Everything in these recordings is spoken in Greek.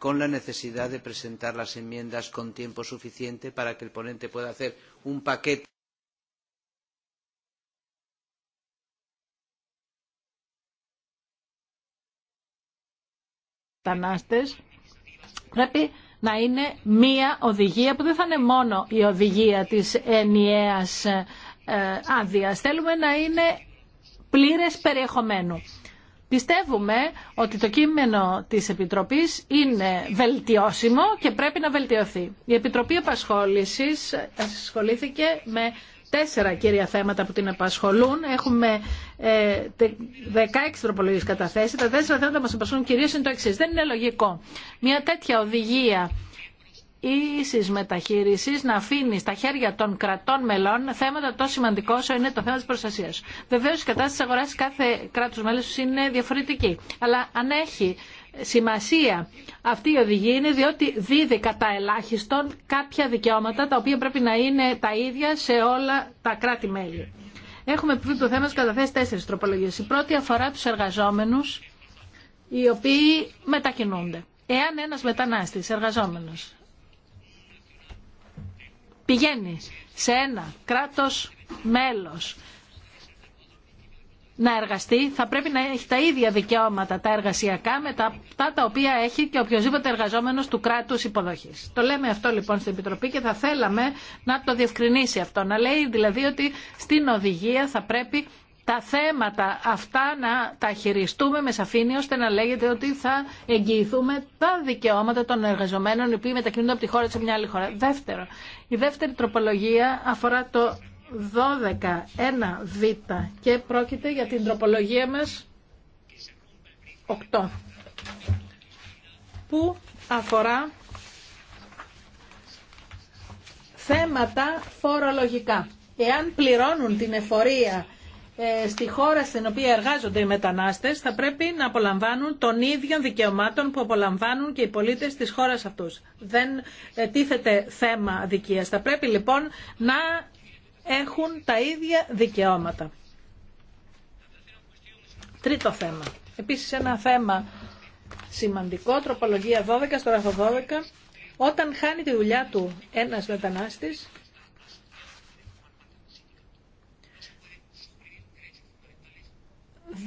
con la necesidad de presentar las enmiendas con tiempo suficiente para que el ponente pueda hacer un paquete πρέπει να είναι μία οδηγία που δεν θα είναι μόνο η οδηγία της ενιαίας ε, άδεια. Θέλουμε να είναι πλήρες περιεχομένου. Πιστεύουμε ότι το κείμενο της Επιτροπής είναι βελτιώσιμο και πρέπει να βελτιωθεί. Η Επιτροπή Επασχόλησης ασχολήθηκε με τέσσερα κύρια θέματα που την απασχολούν. Έχουμε ε, 16 τροπολογίες καταθέσει. Τα τέσσερα θέματα που μας απασχολούν κυρίως είναι το εξή. Δεν είναι λογικό. Μια τέτοια οδηγία ίσης μεταχείρισης να αφήνει στα χέρια των κρατών μελών θέματα τόσο σημαντικό όσο είναι το θέμα τη προστασία. Βεβαίω, η κατάσταση της αγοράς κάθε κράτους μέλου είναι διαφορετική. Αλλά αν έχει σημασία αυτή η οδηγία είναι διότι δίδει κατά ελάχιστον κάποια δικαιώματα τα οποία πρέπει να είναι τα ίδια σε όλα τα κράτη-μέλη. Έχουμε πει το θέμα καταθέσει τέσσερι τροπολογίε. Η πρώτη αφορά του εργαζόμενου οι οποίοι μετακινούνται. Εάν ένα μετανάστης, εργαζόμενο πηγαίνει σε ένα κράτος μέλος να εργαστεί θα πρέπει να έχει τα ίδια δικαιώματα τα εργασιακά με τα τα οποία έχει και οποιοδήποτε εργαζόμενος του κράτους υποδοχής. Το λέμε αυτό λοιπόν στην Επιτροπή και θα θέλαμε να το διευκρινίσει αυτό. Να λέει δηλαδή ότι στην οδηγία θα πρέπει τα θέματα αυτά να τα χειριστούμε με σαφήνεια ώστε να λέγεται ότι θα εγγυηθούμε τα δικαιώματα των εργαζομένων οι οποίοι μετακινούνται από τη χώρα σε μια άλλη χώρα. Δεύτερο, η δεύτερη τροπολογία αφορά το 12.1β και πρόκειται για την τροπολογία μας 8 που αφορά θέματα φορολογικά. Εάν πληρώνουν την εφορία ε, στη χώρα στην οποία εργάζονται οι μετανάστες θα πρέπει να απολαμβάνουν των ίδιων δικαιωμάτων που απολαμβάνουν και οι πολίτες της χώρας αυτούς. Δεν ε, τίθεται θέμα αδικίας. Θα πρέπει λοιπόν να έχουν τα ίδια δικαιώματα. Τρίτο θέμα. Επίσης ένα θέμα σημαντικό, τροπολογία 12 στο 12, όταν χάνει τη δουλειά του ένας μετανάστης,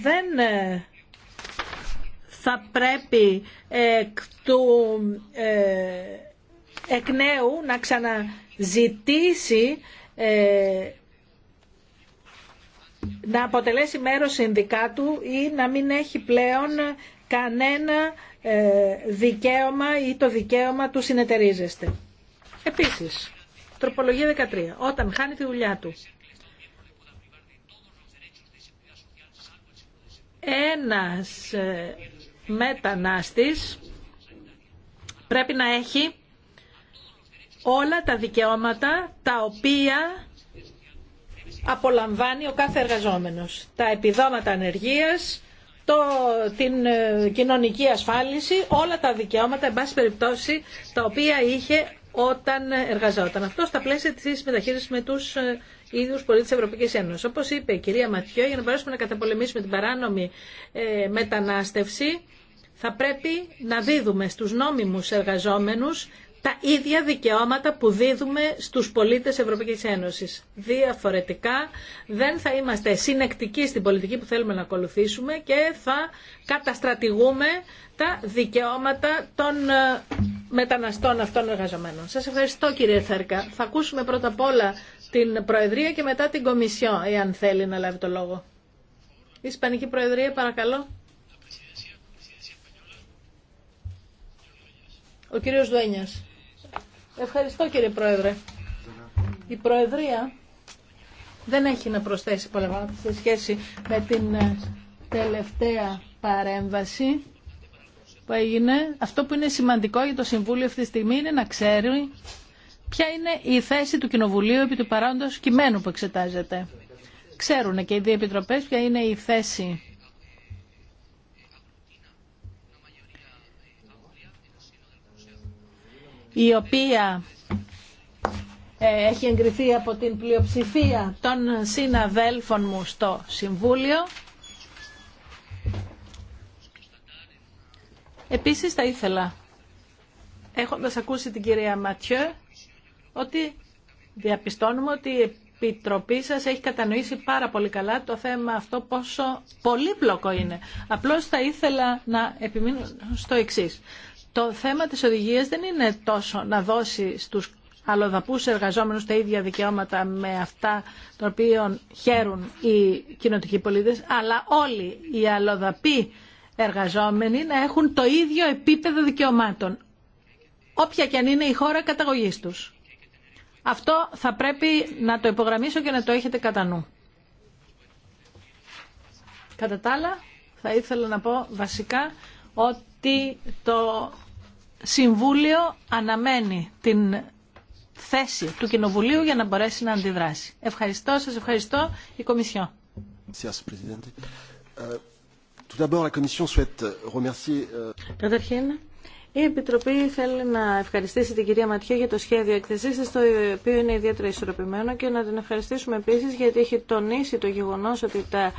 δεν ε, θα πρέπει ε, εκ, του, ε, εκ νέου να ξαναζητήσει να αποτελέσει μέρος συνδικάτου ή να μην έχει πλέον κανένα δικαίωμα ή το δικαίωμα του συνεταιρίζεστε. Επίσης, τροπολογία 13. Όταν χάνει τη δουλειά του ένας ε, μετανάστης πρέπει να έχει όλα τα δικαιώματα τα οποία απολαμβάνει ο κάθε εργαζόμενος. Τα επιδόματα ανεργίας, το, την ε, κοινωνική ασφάλιση, όλα τα δικαιώματα, εν πάση περιπτώσει, τα οποία είχε όταν εργαζόταν. Αυτό στα πλαίσια της μεταχείρισης με τους ε, ίδιου πολίτε τη Ευρωπαϊκή Ένωση. Όπω είπε η κυρία Ματιό, για να μπορέσουμε να καταπολεμήσουμε την παράνομη ε, μετανάστευση, θα πρέπει να δίδουμε στους νόμιμους εργαζόμενους τα ίδια δικαιώματα που δίδουμε στους πολίτες Ευρωπαϊκής Ένωσης. Διαφορετικά δεν θα είμαστε συνεκτικοί στην πολιτική που θέλουμε να ακολουθήσουμε και θα καταστρατηγούμε τα δικαιώματα των ε, μεταναστών αυτών εργαζομένων. Σας ευχαριστώ κύριε Θέρκα. Θα ακούσουμε πρώτα απ' όλα την Προεδρία και μετά την Κομισιό, εάν θέλει να λάβει το λόγο. Η Ισπανική Προεδρία, παρακαλώ. Ο κύριος Δουένιας. Ευχαριστώ κύριε Πρόεδρε. Η Προεδρία δεν έχει να προσθέσει πολλά σε σχέση με την ε, τελευταία παρέμβαση που έγινε. Αυτό που είναι σημαντικό για το Συμβούλιο αυτή τη στιγμή είναι να ξέρει ποια είναι η θέση του Κοινοβουλίου επί του παράγοντος κειμένου που εξετάζεται. Ξέρουν και οι δύο επιτροπές ποια είναι η θέση η οποία ε, έχει εγκριθεί από την πλειοψηφία των συναδέλφων μου στο Συμβούλιο. Επίσης θα ήθελα, έχοντας ακούσει την κυρία Ματιέ, ότι διαπιστώνουμε ότι η Επιτροπή σας έχει κατανοήσει πάρα πολύ καλά το θέμα αυτό πόσο πολύπλοκο είναι. Απλώς θα ήθελα να επιμείνω στο εξής. Το θέμα της οδηγίας δεν είναι τόσο να δώσει στους αλλοδαπούς εργαζόμενους τα ίδια δικαιώματα με αυτά των οποίων χαίρουν οι κοινοτικοί πολίτες, αλλά όλοι οι αλλοδαποί εργαζόμενοι να έχουν το ίδιο επίπεδο δικαιωμάτων, όποια και αν είναι η χώρα καταγωγής τους. Αυτό θα πρέπει να το υπογραμμίσω και να το έχετε κατά νου. Κατά τα άλλα, θα ήθελα να πω βασικά ότι ότι το Συμβούλιο αναμένει την θέση του Κοινοβουλίου για να μπορέσει να αντιδράσει. Ευχαριστώ, σας ευχαριστώ η Κομισιό. Ε, euh, Καταρχήν, η Επιτροπή θέλει να ευχαριστήσει την κυρία Ματιέ για το σχέδιο εκθεσή τη, το οποίο είναι ιδιαίτερα ισορροπημένο και να την ευχαριστήσουμε επίση γιατί έχει τονίσει το γεγονό ότι τα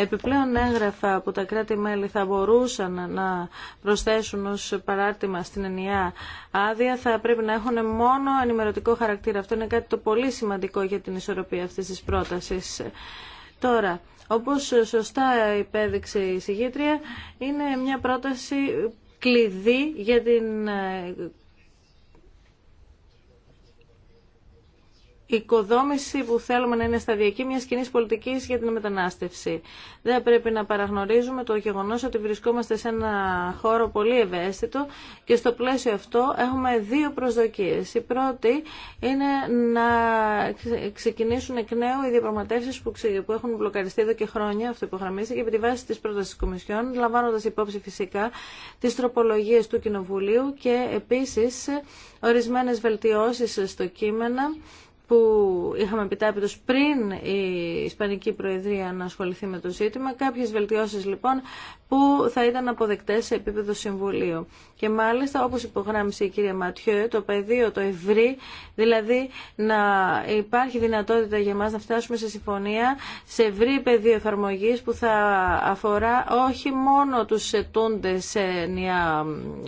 επιπλέον έγγραφα που τα κράτη-μέλη θα μπορούσαν να προσθέσουν ως παράρτημα στην ενιαία άδεια θα πρέπει να έχουν μόνο ενημερωτικό χαρακτήρα. Αυτό είναι κάτι το πολύ σημαντικό για την ισορροπία αυτής της πρότασης. Τώρα, όπως σωστά υπέδειξε η συγγήτρια, είναι μια πρόταση κλειδί για την οικοδόμηση που θέλουμε να είναι σταδιακή μια κοινή πολιτική για την μετανάστευση. Δεν πρέπει να παραγνωρίζουμε το γεγονό ότι βρισκόμαστε σε ένα χώρο πολύ ευαίσθητο και στο πλαίσιο αυτό έχουμε δύο προσδοκίε. Η πρώτη είναι να ξεκινήσουν εκ νέου οι διαπραγματεύσει που έχουν μπλοκαριστεί εδώ και χρόνια, αυτό και επί τη βάση τη πρόταση τη Κομισιόν, λαμβάνοντα υπόψη φυσικά τι τροπολογίε του Κοινοβουλίου και επίση ορισμένε βελτιώσει στο κείμενα που είχαμε επιτάπητος πριν η Ισπανική Προεδρία να ασχοληθεί με το ζήτημα, κάποιες βελτιώσεις λοιπόν που θα ήταν αποδεκτές σε επίπεδο Συμβουλίου. Και μάλιστα, όπως υπογράμμισε η κυρία Ματιό, το πεδίο το ευρύ, δηλαδή να υπάρχει δυνατότητα για μας να φτάσουμε σε συμφωνία σε ευρύ πεδίο εφαρμογής που θα αφορά όχι μόνο τους ετούντες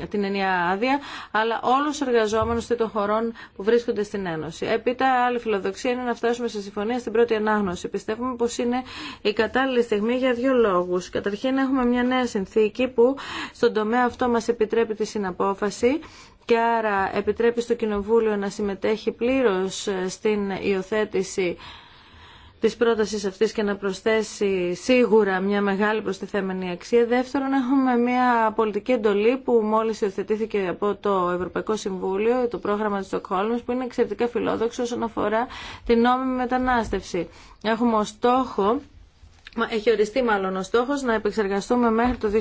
την ενιαία άδεια, αλλά όλους τους εργαζόμενους των χωρών που βρίσκονται στην Ένωση. Επίτα μεγάλη φιλοδοξία είναι να φτάσουμε σε συμφωνία στην πρώτη ανάγνωση. Πιστεύουμε πω είναι η κατάλληλη στιγμή για δύο λόγου. Καταρχήν, έχουμε μια νέα συνθήκη που στον τομέα αυτό μα επιτρέπει τη συναπόφαση και άρα επιτρέπει στο Κοινοβούλιο να συμμετέχει πλήρως στην υιοθέτηση της πρότασης αυτής και να προσθέσει σίγουρα μια μεγάλη προστιθέμενη αξία. Δεύτερον, έχουμε μια πολιτική εντολή που μόλις υιοθετήθηκε από το Ευρωπαϊκό Συμβούλιο, το πρόγραμμα της Στοκχόλμης, που είναι εξαιρετικά φιλόδοξο όσον αφορά την νόμιμη μετανάστευση. Έχουμε ως στόχο έχει οριστεί μάλλον ο στόχο να επεξεργαστούμε μέχρι το 2013-2014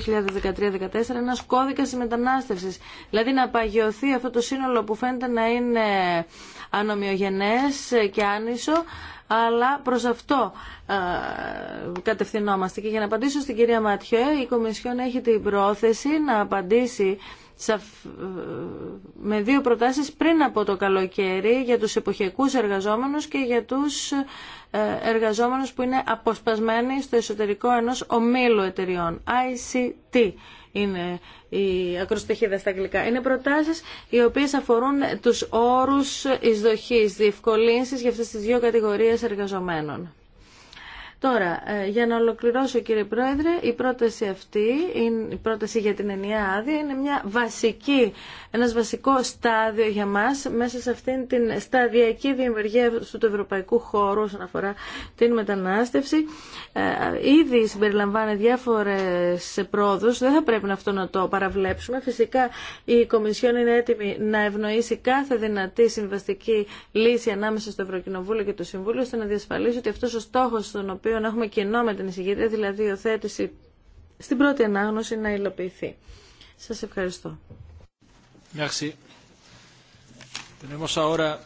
ένα κώδικα μετανάστευση. Δηλαδή να παγιωθεί αυτό το σύνολο που φαίνεται να είναι ανομοιογενέ και άνισο αλλά προς αυτό ε, κατευθυνόμαστε. Και για να απαντήσω στην κυρία Ματιέ, η Κομισιόν έχει την πρόθεση να απαντήσει ε, με δύο προτάσεις πριν από το καλοκαίρι για τους εποχιακούς εργαζόμενους και για τους ε, εργαζόμενους που είναι αποσπασμένοι στο εσωτερικό ενός ομίλου εταιριών, ICT είναι η στα αγγλικά. Είναι προτάσεις οι οποίες αφορούν τους όρους εισδοχή, διευκολύνσει για αυτές τις δύο κατηγορίες εργαζομένων. Τώρα, ε, για να ολοκληρώσω κύριε Πρόεδρε, η πρόταση αυτή, η πρόταση για την ενιαία άδεια είναι μια βασική, ένας βασικό στάδιο για μας μέσα σε αυτήν την σταδιακή δημιουργία του ευρωπαϊκού χώρου όσον αφορά την μετανάστευση. Ε, ήδη συμπεριλαμβάνει διάφορες πρόοδους, δεν θα πρέπει αυτό να το παραβλέψουμε. Φυσικά η Κομισιόν είναι έτοιμη να ευνοήσει κάθε δυνατή συμβαστική λύση ανάμεσα στο Ευρωκοινοβούλιο και το Συμβούλιο ώστε να διασφαλίσει ότι αυτός ο στόχος στον οποίο οποίο έχουμε κενό με την εισηγήτρια, δηλαδή η οθέτηση στην πρώτη ανάγνωση να υλοποιηθεί. Σας ευχαριστώ. Merci. Tenemos ahora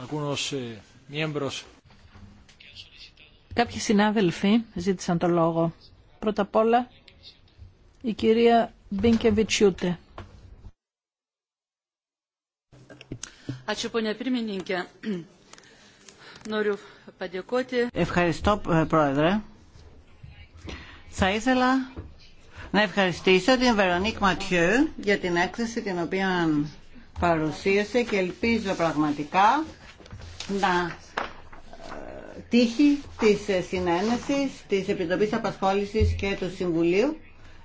algunos eh, miembros. Κάποιοι συνάδελφοι ζήτησαν το λόγο. Πρώτα απ' όλα η κυρία Μπίνκεβιτσιούτε. Ačiū, ponia pirmininkė. Noriu Ευχαριστώ, ε, Πρόεδρε. Θα ήθελα να ευχαριστήσω την Βερονίκ Ματιού για την έκθεση την οποία παρουσίασε και ελπίζω πραγματικά να ε, τύχει της συνένεσης της Επιτροπής Απασχόλησης και του Συμβουλίου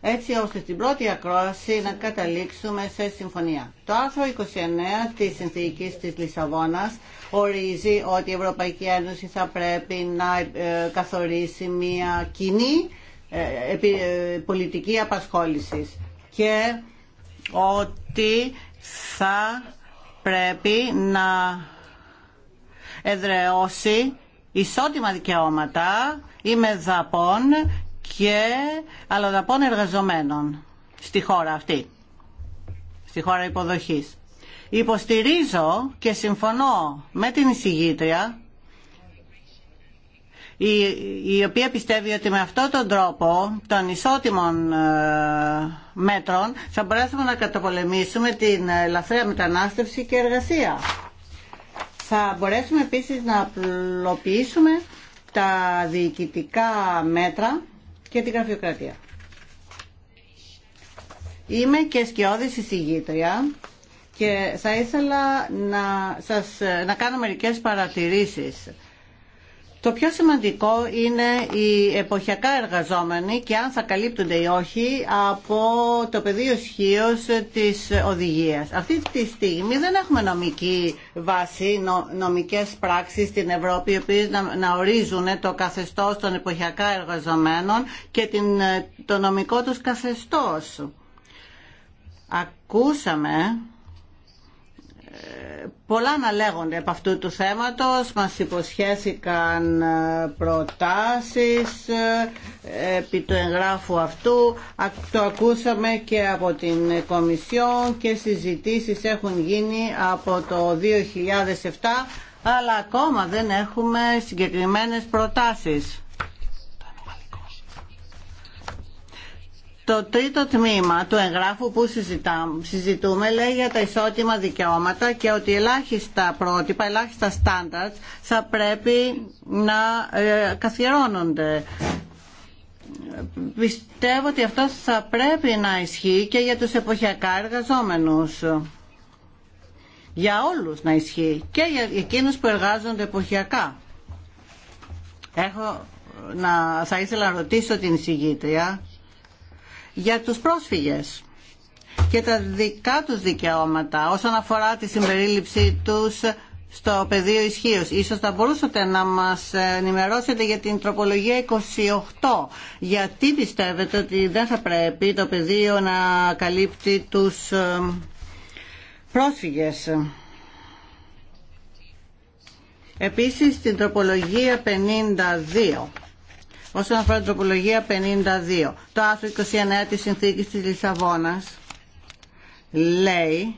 έτσι ώστε στην πρώτη ακρόαση να καταλήξουμε σε συμφωνία. Το άρθρο 29 της Συνθήκης της Λισαβόνας ορίζει ότι η Ευρωπαϊκή Ένωση θα πρέπει να ε, καθορίσει μια κοινή ε, ε, πολιτική απασχόλησης και ότι θα πρέπει να εδραιώσει ισότιμα δικαιώματα ή με δαπών και αλλοδαπών εργαζομένων στη χώρα αυτή, στη χώρα υποδοχής. Υποστηρίζω και συμφωνώ με την εισηγήτρια η, οποία πιστεύει ότι με αυτόν τον τρόπο των ισότιμων ε, μέτρων θα μπορέσουμε να καταπολεμήσουμε την ελαφραία μετανάστευση και εργασία. Θα μπορέσουμε επίσης να απλοποιήσουμε τα διοικητικά μέτρα και την γραφειοκρατία. Είμαι και σκιώδης εισηγήτρια και θα ήθελα να, σας, να κάνω μερικές παρατηρήσεις το πιο σημαντικό είναι οι εποχιακά εργαζόμενοι και αν θα καλύπτονται ή όχι από το πεδίο ισχύω της οδηγίας. Αυτή τη στιγμή δεν έχουμε νομική βάση, νομικές πράξεις στην Ευρώπη οι οποίες να, ορίζουν το καθεστώς των εποχιακά εργαζομένων και την, το νομικό τους καθεστώς. Ακούσαμε πολλά να λέγονται από αυτού του θέματος. Μας υποσχέθηκαν ε, προτάσεις ε, επί του εγγράφου αυτού. Το ακούσαμε και από την Κομισιόν και συζητήσεις έχουν γίνει από το 2007 αλλά ακόμα δεν έχουμε συγκεκριμένες προτάσεις. Το τρίτο τμήμα του εγγράφου που συζητούμε λέει για τα ισότιμα δικαιώματα και ότι ελάχιστα πρότυπα, ελάχιστα στάνταρτς θα πρέπει να ε, καθιερώνονται. Πιστεύω ότι αυτό θα πρέπει να ισχύει και για τους εποχιακά εργαζόμενους. Για όλους να ισχύει και για εκείνους που εργάζονται εποχιακά. Έχω να, θα ήθελα να ρωτήσω την εισηγήτρια για τους πρόσφυγες και τα δικά τους δικαιώματα όσον αφορά τη συμπερίληψή τους στο πεδίο ισχύω. Ίσως θα μπορούσατε να μας ενημερώσετε για την τροπολογία 28. Γιατί πιστεύετε ότι δεν θα πρέπει το πεδίο να καλύπτει τους ε, πρόσφυγες. Επίσης την τροπολογία 52 όσον αφορά την τροπολογία 52. Το άρθρο 29 της συνθήκης της Λισαβόνας λέει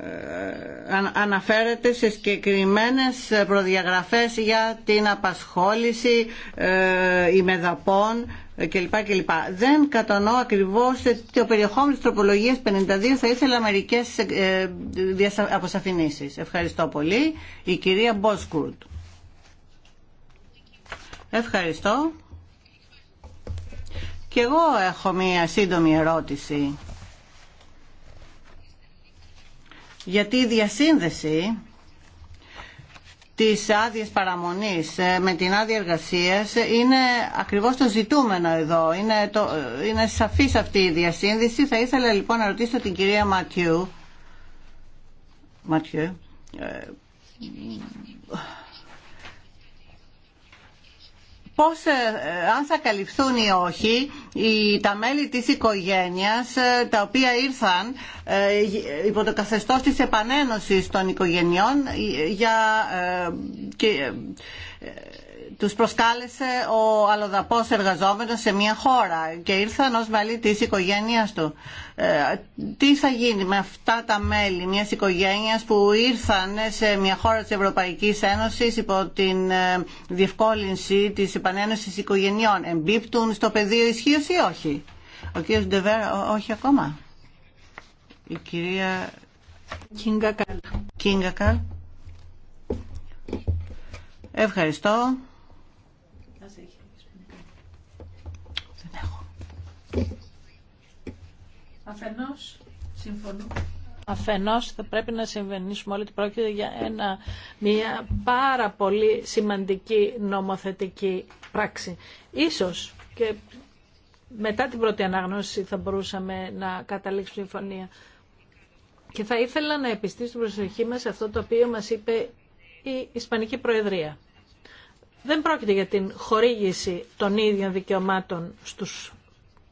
ε, αναφέρεται σε συγκεκριμένες προδιαγραφές για την απασχόληση ε, ημεδαπών ε, κλπ. κλπ. Δεν κατανοώ ακριβώς το περιεχόμενο της τροπολογίας 52. Θα ήθελα μερικές ε, αποσαφηνήσεις. Ευχαριστώ πολύ. Η κυρία Μπόσκουρτ. Ευχαριστώ. Και εγώ έχω μία σύντομη ερώτηση. Γιατί η διασύνδεση της άδειας παραμονής ε, με την άδεια εργασίας είναι ακριβώς το ζητούμενο εδώ. Είναι, το, ε, είναι σαφής αυτή η διασύνδεση. Θα ήθελα λοιπόν να ρωτήσω την κυρία Ματιού. Ματιού. Ε, πώς, ε, αν θα καλυφθούν ή όχι οι, τα μέλη της οικογένειας ε, τα οποία ήρθαν ε, υπό το καθεστώς της επανένωσης των οικογενειών ε, για, τους προσκάλεσε ο αλλοδαπός εργαζόμενος σε μια χώρα και ήρθαν ως μέλη της οικογένειας του. Ε, τι θα γίνει με αυτά τα μέλη μιας οικογένειας που ήρθαν σε μια χώρα της Ευρωπαϊκής Ένωσης υπό την ε, διευκόλυνση της επανένωσης οικογενειών. Εμπίπτουν στο πεδίο ισχύω ή όχι. Ο κύριος Ντεβέρ όχι ακόμα. Η οχι ο κυριος ντεβερα οχι Κίνγκα Καλ. Ευχαριστώ. Αφενός, συμφωνώ. Αφενός θα πρέπει να συμβενήσουμε όλοι ότι πρόκειται για ένα, μια πάρα πολύ σημαντική νομοθετική πράξη. Ίσως και μετά την πρώτη αναγνώση θα μπορούσαμε να καταλήξουμε συμφωνία. Και θα ήθελα να επιστήσω την προσοχή μας σε αυτό το οποίο μας είπε η Ισπανική Προεδρία. Δεν πρόκειται για την χορήγηση των ίδιων δικαιωμάτων στους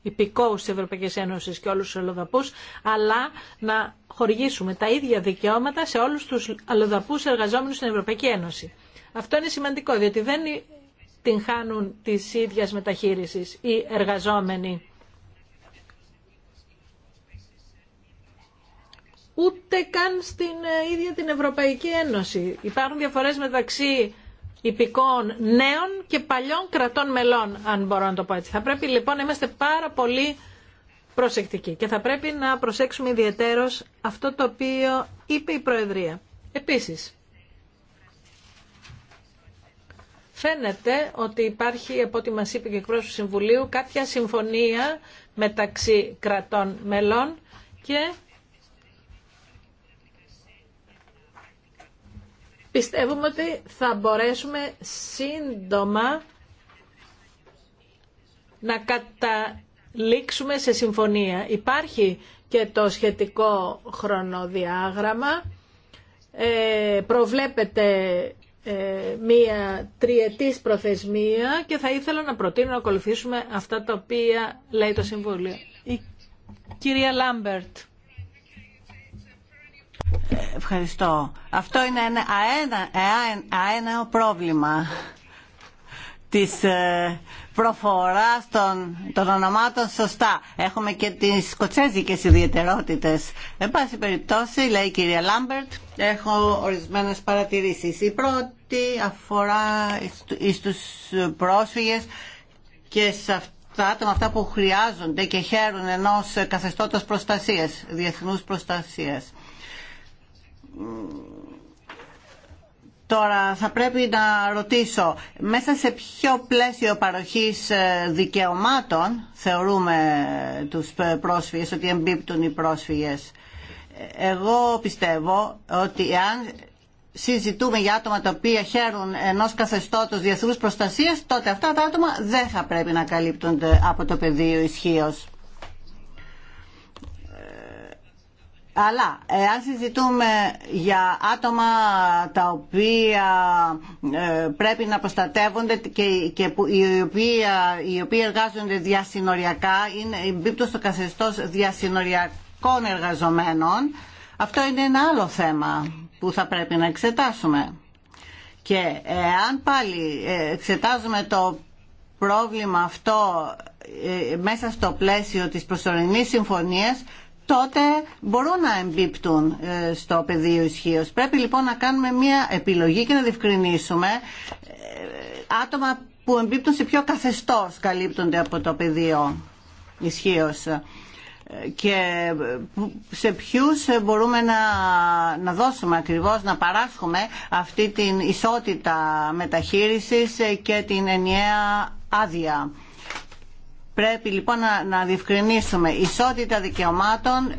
υπηκόους της Ευρωπαϊκής Ένωσης και όλους τους αλλοδαπούς, αλλά να χορηγήσουμε τα ίδια δικαιώματα σε όλους τους αλλοδαπούς εργαζόμενους στην Ευρωπαϊκή Ένωση. Αυτό είναι σημαντικό, διότι δεν την χάνουν τις ίδιες μεταχείρισης οι εργαζόμενοι. Ούτε καν στην ε, ίδια την Ευρωπαϊκή Ένωση. Υπάρχουν διαφορές μεταξύ υπηκόων νέων και παλιών κρατών μελών, αν μπορώ να το πω έτσι. Θα πρέπει λοιπόν να είμαστε πάρα πολύ προσεκτικοί και θα πρέπει να προσέξουμε ιδιαιτέρως αυτό το οποίο είπε η Προεδρία. Επίσης, φαίνεται ότι υπάρχει, από ό,τι μας είπε και εκπρόσωπος του Συμβουλίου, κάποια συμφωνία μεταξύ κρατών μελών και Πιστεύουμε ότι θα μπορέσουμε σύντομα να καταλήξουμε σε συμφωνία. Υπάρχει και το σχετικό χρονοδιάγραμμα. Ε, προβλέπεται ε, μία τριετής προθεσμία και θα ήθελα να προτείνω να ακολουθήσουμε αυτά τα οποία λέει το Συμβούλιο. Η κυρία Λάμπερτ. Ευχαριστώ. Αυτό είναι ένα αένα, πρόβλημα της ε, προφοράς των, των ονομάτων σωστά. Έχουμε και τις σκοτσέζικες ιδιαιτερότητες. Εν πάση περιπτώσει, λέει η κυρία Λάμπερτ, έχω ορισμένες παρατηρήσεις. Η πρώτη αφορά στους πρόσφυγες και σε αυτά τα άτομα αυτά που χρειάζονται και χαίρουν ενός καθεστώτος προστασίας, διεθνούς προστασίας. Τώρα θα πρέπει να ρωτήσω, μέσα σε ποιο πλαίσιο παροχής ε, δικαιωμάτων θεωρούμε τους πρόσφυγες, ότι εμπίπτουν οι πρόσφυγες. Εγώ πιστεύω ότι αν συζητούμε για άτομα τα οποία χαίρουν ενός καθεστώτος διεθνού προστασίας, τότε αυτά τα άτομα δεν θα πρέπει να καλύπτονται από το πεδίο ισχύω. Αλλά εάν συζητούμε για άτομα τα οποία ε, πρέπει να προστατεύονται και, που, οι, οποίοι, οι οποίοι εργάζονται διασυνοριακά, είναι, μπίπτω στο καθεστώς διασυνοριακών εργαζομένων, αυτό είναι ένα άλλο θέμα που θα πρέπει να εξετάσουμε. Και ε, αν πάλι ε, εξετάζουμε το πρόβλημα αυτό μέσα στο πλαίσιο της προσωρινής συμφωνίας, τότε μπορούν να εμπίπτουν ε, στο πεδίο ισχύω. Πρέπει λοιπόν να κάνουμε μια επιλογή και να διευκρινίσουμε ε, άτομα που εμπίπτουν σε ποιο καθεστώς καλύπτονται από το πεδίο ισχύω ε, και σε ποιους μπορούμε να, να δώσουμε ακριβώς, να παράσχουμε αυτή την ισότητα μεταχείρισης και την ενιαία άδεια. Πρέπει λοιπόν να, να διευκρινίσουμε ισότητα δικαιωμάτων,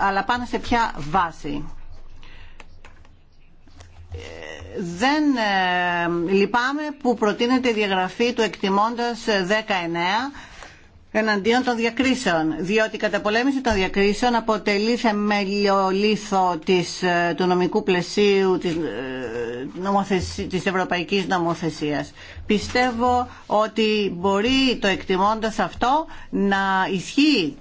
αλλά πάνω σε ποια βάση. Ε, δεν ε, λυπάμαι που προτείνεται η διαγραφή του εκτιμώντας 19 ε, εναντίον των διακρίσεων, διότι η καταπολέμηση των διακρίσεων αποτελεί θεμελιολήθο της, ε, του νομικού πλαισίου της, ε, νομοθεσί, της ευρωπαϊκής νομοθεσίας. Πιστεύω ότι μπορεί το εκτιμώντας αυτό να ισχύει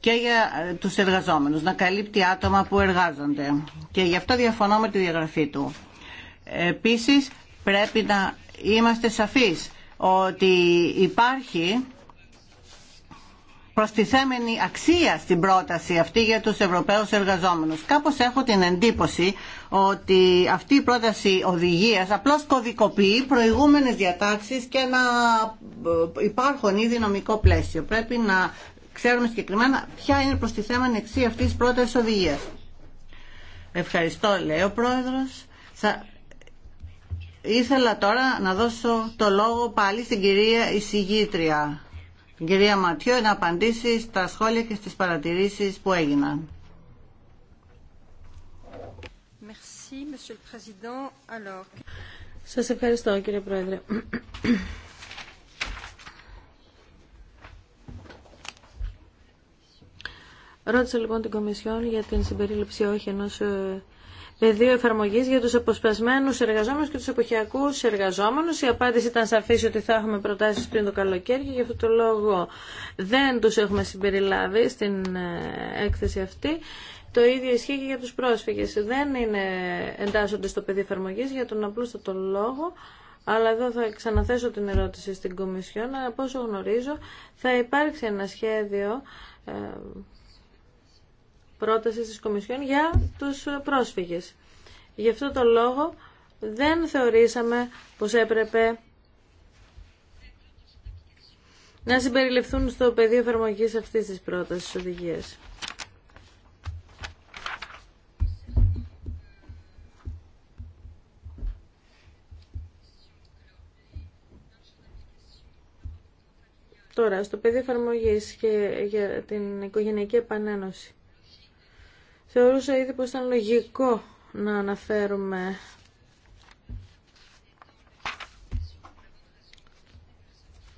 και για ε, τους εργαζόμενους, να καλύπτει άτομα που εργάζονται. Και γι' αυτό διαφωνώ με τη διαγραφή του. Επίσης, πρέπει να είμαστε σαφείς ότι υπάρχει προστιθέμενη αξία στην πρόταση αυτή για τους Ευρωπαίους εργαζόμενους. Κάπως έχω την εντύπωση ότι αυτή η πρόταση οδηγίας απλώς κωδικοποιεί προηγούμενες διατάξεις και να ε, υπάρχουν ήδη νομικό πλαίσιο. Πρέπει να ξέρουμε συγκεκριμένα ποια είναι η προστιθέμενη αξία αυτής της πρότασης οδηγίας. Ευχαριστώ, λέει ο Πρόεδρος. Ήθελα τώρα να δώσω το λόγο πάλι στην κυρία εισηγήτρια κυρία Ματιό να απαντήσει στα σχόλια και στις παρατηρήσεις που έγιναν. Σας ευχαριστώ κύριε Πρόεδρε. Ρώτησα λοιπόν την Κομισιόν για την συμπερίληψη όχι ενός ε, πεδίο εφαρμογή για του αποσπασμένου εργαζόμενου και του εποχιακού εργαζόμενου. Η απάντηση ήταν σαφή ότι θα έχουμε προτάσει πριν το καλοκαίρι και γι' αυτό το λόγο δεν του έχουμε συμπεριλάβει στην ε, έκθεση αυτή. Το ίδιο ισχύει και για τους πρόσφυγες. Δεν είναι, εντάσσονται στο πεδίο εφαρμογή για τον απλούστατο λόγο, αλλά εδώ θα ξαναθέσω την ερώτηση στην Κομισιόν, Από όσο γνωρίζω θα υπάρξει ένα σχέδιο ε, πρόταση της Κομισιόν για τους πρόσφυγες. Γι' αυτό το λόγο δεν θεωρήσαμε πως έπρεπε να συμπεριληφθούν στο πεδίο εφαρμογή αυτής της πρότασης οδηγίας. Τώρα, στο πεδίο εφαρμογή και για την οικογενειακή επανένωση. Θεωρούσα ήδη πως ήταν λογικό να αναφέρουμε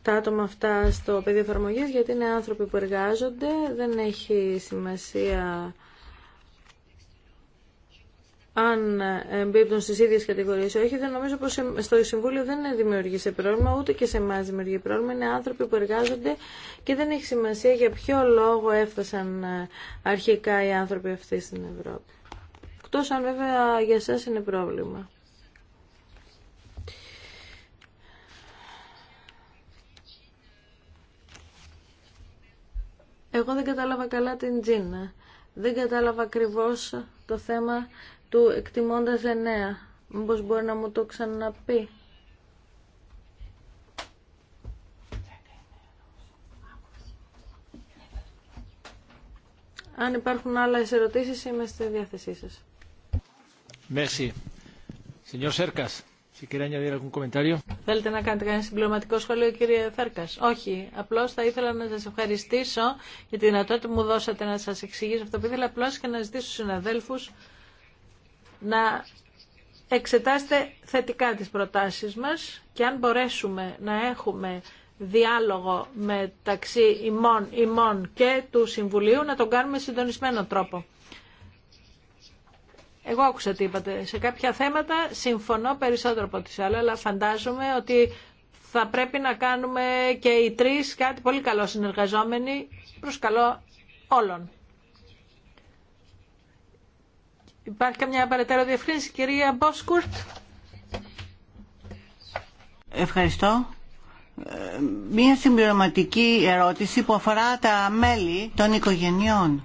τα άτομα αυτά στο πεδίο εφαρμογή γιατί είναι άνθρωποι που εργάζονται, δεν έχει σημασία αν εμπίπτουν στι ίδιες κατηγορίες ή όχι, δεν νομίζω πω στο Συμβούλιο δεν δημιουργήσε πρόβλημα, ούτε και σε εμά δημιουργεί πρόβλημα. Είναι άνθρωποι που εργάζονται και δεν έχει σημασία για ποιο λόγο έφτασαν ε, αρχικά οι άνθρωποι αυτοί στην Ευρώπη. Εκτό αν βέβαια για εσά είναι πρόβλημα. Εγώ δεν κατάλαβα καλά την Τζίνα. Δεν κατάλαβα ακριβώς το θέμα του εκτιμώντας εννέα. Μήπως μπορεί να μου το ξαναπεί. Αν υπάρχουν άλλε ερωτήσει, είμαι στη διάθεσή σα. Θέλετε να κάνετε κανένα συμπληρωματικό σχόλιο, κύριε Σέρκα. Όχι. απλώ θα ήθελα να σα ευχαριστήσω για τη δυνατότητα που μου δώσατε να σα εξηγήσω αυτό που ήθελα. απλώ και να ζητήσω στους συναδέλφους να εξετάστε θετικά τις προτάσεις μας και αν μπορέσουμε να έχουμε διάλογο μεταξύ ημών, ημών και του Συμβουλίου να τον κάνουμε συντονισμένο τρόπο. Εγώ άκουσα τι είπατε. Σε κάποια θέματα συμφωνώ περισσότερο από τις άλλα, αλλά φαντάζομαι ότι θα πρέπει να κάνουμε και οι τρεις κάτι πολύ καλό συνεργαζόμενοι προς καλό όλων. Υπάρχει καμιά παρετέρω διευκρίνηση, κυρία Μπόσκουρτ. Ευχαριστώ. Μία συμπληρωματική ερώτηση που αφορά τα μέλη των οικογενειών.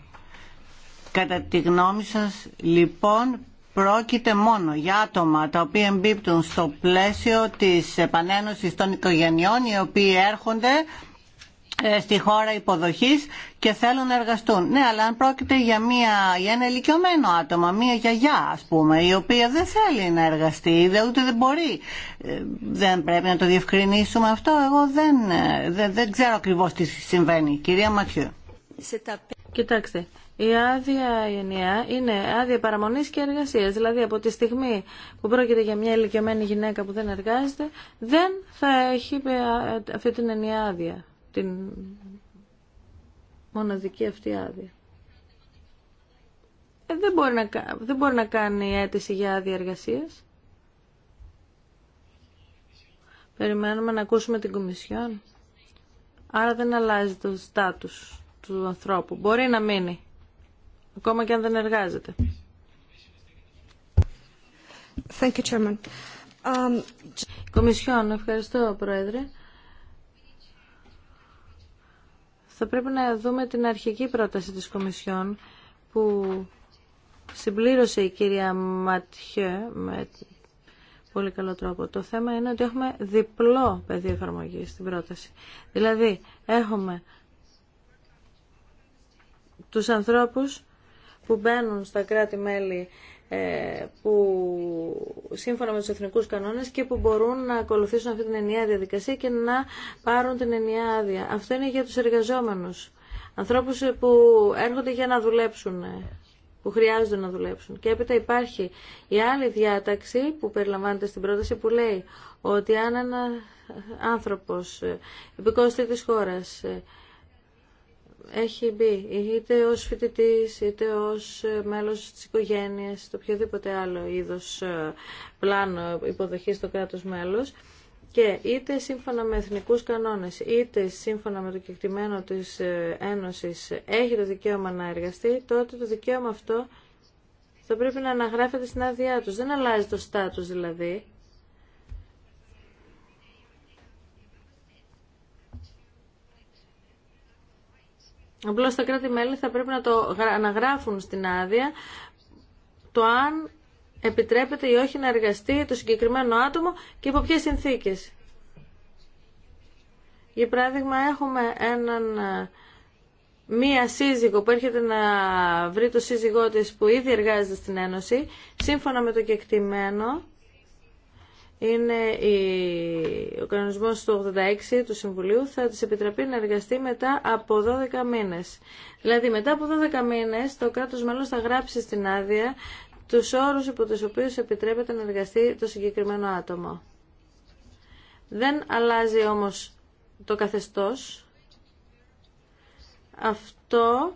Κατά τη γνώμη σας, λοιπόν, πρόκειται μόνο για άτομα τα οποία εμπίπτουν στο πλαίσιο της επανένωσης των οικογενειών, οι οποίοι έρχονται ε, στη χώρα υποδοχής και θέλουν να εργαστούν. Ναι, αλλά αν πρόκειται για, μια, για ένα ηλικιωμένο άτομο, μια γιαγιά ας πούμε, η οποία δεν θέλει να εργαστεί, ούτε δεν μπορεί, ε, δεν πρέπει να το διευκρινίσουμε αυτό. Εγώ ε, δεν, δεν ξέρω ακριβώς τι συμβαίνει. Κυρία Ματιού. Κοιτάξτε, η άδεια ενιαία είναι άδεια παραμονής και εργασίας. Δηλαδή από τη στιγμή που πρόκειται για μια ηλικιωμένη γυναίκα που δεν εργάζεται, δεν θα έχει αυτή την ενιαία άδεια την μοναδική αυτή άδεια. Ε, δεν, μπορεί να, δεν μπορεί να κάνει αίτηση για άδεια εργασία. Περιμένουμε να ακούσουμε την Κομισιόν. Άρα δεν αλλάζει το στάτους του ανθρώπου. Μπορεί να μείνει, ακόμα και αν δεν εργάζεται. Thank um, Κομισιόν, ευχαριστώ, Πρόεδρε. θα πρέπει να δούμε την αρχική πρόταση της Κομισιόν που συμπλήρωσε η κυρία Ματιέ με πολύ καλό τρόπο. Το θέμα είναι ότι έχουμε διπλό πεδίο εφαρμογή στην πρόταση. Δηλαδή, έχουμε τους ανθρώπους που μπαίνουν στα κράτη-μέλη ε, που σύμφωνα με τους εθνικούς κανόνες και που μπορούν να ακολουθήσουν αυτή την ενιαία διαδικασία και να πάρουν την ενιαία άδεια. Αυτό είναι για τους εργαζόμενους. Ανθρώπους που έρχονται για να δουλέψουν που χρειάζονται να δουλέψουν. Και έπειτα υπάρχει η άλλη διάταξη που περιλαμβάνεται στην πρόταση που λέει ότι αν ένα άνθρωπος, ε, επικόστη της χώρας, ε, έχει μπει είτε ως φοιτητή, είτε ως ε, μέλος της οικογένειας το οποιοδήποτε άλλο είδος ε, πλάνο υποδοχής στο κράτος μέλος και είτε σύμφωνα με εθνικούς κανόνες είτε σύμφωνα με το κεκτημένο της ε, Ένωσης έχει το δικαίωμα να εργαστεί τότε το δικαίωμα αυτό θα πρέπει να αναγράφεται στην άδειά τους δεν αλλάζει το στάτους δηλαδή Απλώ τα κράτη-μέλη θα πρέπει να, το, αναγράφουν στην άδεια το αν επιτρέπεται ή όχι να εργαστεί το συγκεκριμένο άτομο και υπό ποιες συνθήκες. Για παράδειγμα, έχουμε έναν ε, μία σύζυγο που έρχεται να βρει το σύζυγό της που ήδη εργάζεται στην Ένωση, σύμφωνα με το κεκτημένο, είναι η... ο κανονισμός του 86 του Συμβουλίου θα της επιτραπεί να εργαστεί μετά από 12 μήνες. Δηλαδή μετά από 12 μήνες το κράτος μέλος θα γράψει στην άδεια τους όρους υπό τους οποίους επιτρέπεται να εργαστεί το συγκεκριμένο άτομο. Δεν αλλάζει όμως το καθεστώς. Αυτό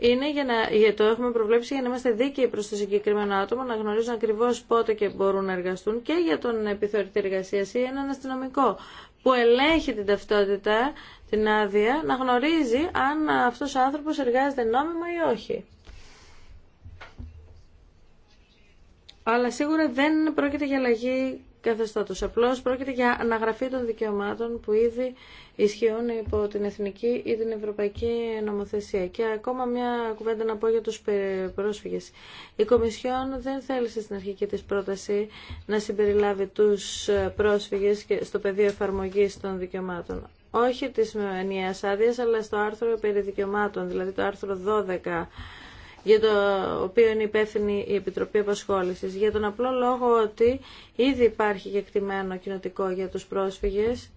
είναι για να, για το έχουμε προβλέψει για να είμαστε δίκαιοι προς το συγκεκριμένο άτομο, να γνωρίζουν ακριβώς πότε και μπορούν να εργαστούν και για τον επιθεωρητή εργασία ή έναν αστυνομικό που ελέγχει την ταυτότητα, την άδεια, να γνωρίζει αν αυτός ο άνθρωπος εργάζεται νόμιμα ή όχι. Αλλά σίγουρα δεν πρόκειται για αλλαγή καθεστώτος. Απλώς πρόκειται για αναγραφή των δικαιωμάτων που ήδη ισχύουν υπό την εθνική ή την ευρωπαϊκή νομοθεσία. Και ακόμα μια κουβέντα να πω για τους πρόσφυγες. Η Κομισιόν δεν θέλησε στην αρχική της πρόταση να συμπεριλάβει τους πρόσφυγες στο πεδίο εφαρμογής των δικαιωμάτων. Όχι της ενιαίας άδεια, αλλά στο άρθρο περί δικαιωμάτων, δηλαδή το άρθρο 12 για το οποίο είναι υπεύθυνη η Επιτροπή Απασχόλησης. Για τον απλό λόγο ότι ήδη υπάρχει κεκτημένο κοινοτικό για τους πρόσφυγες.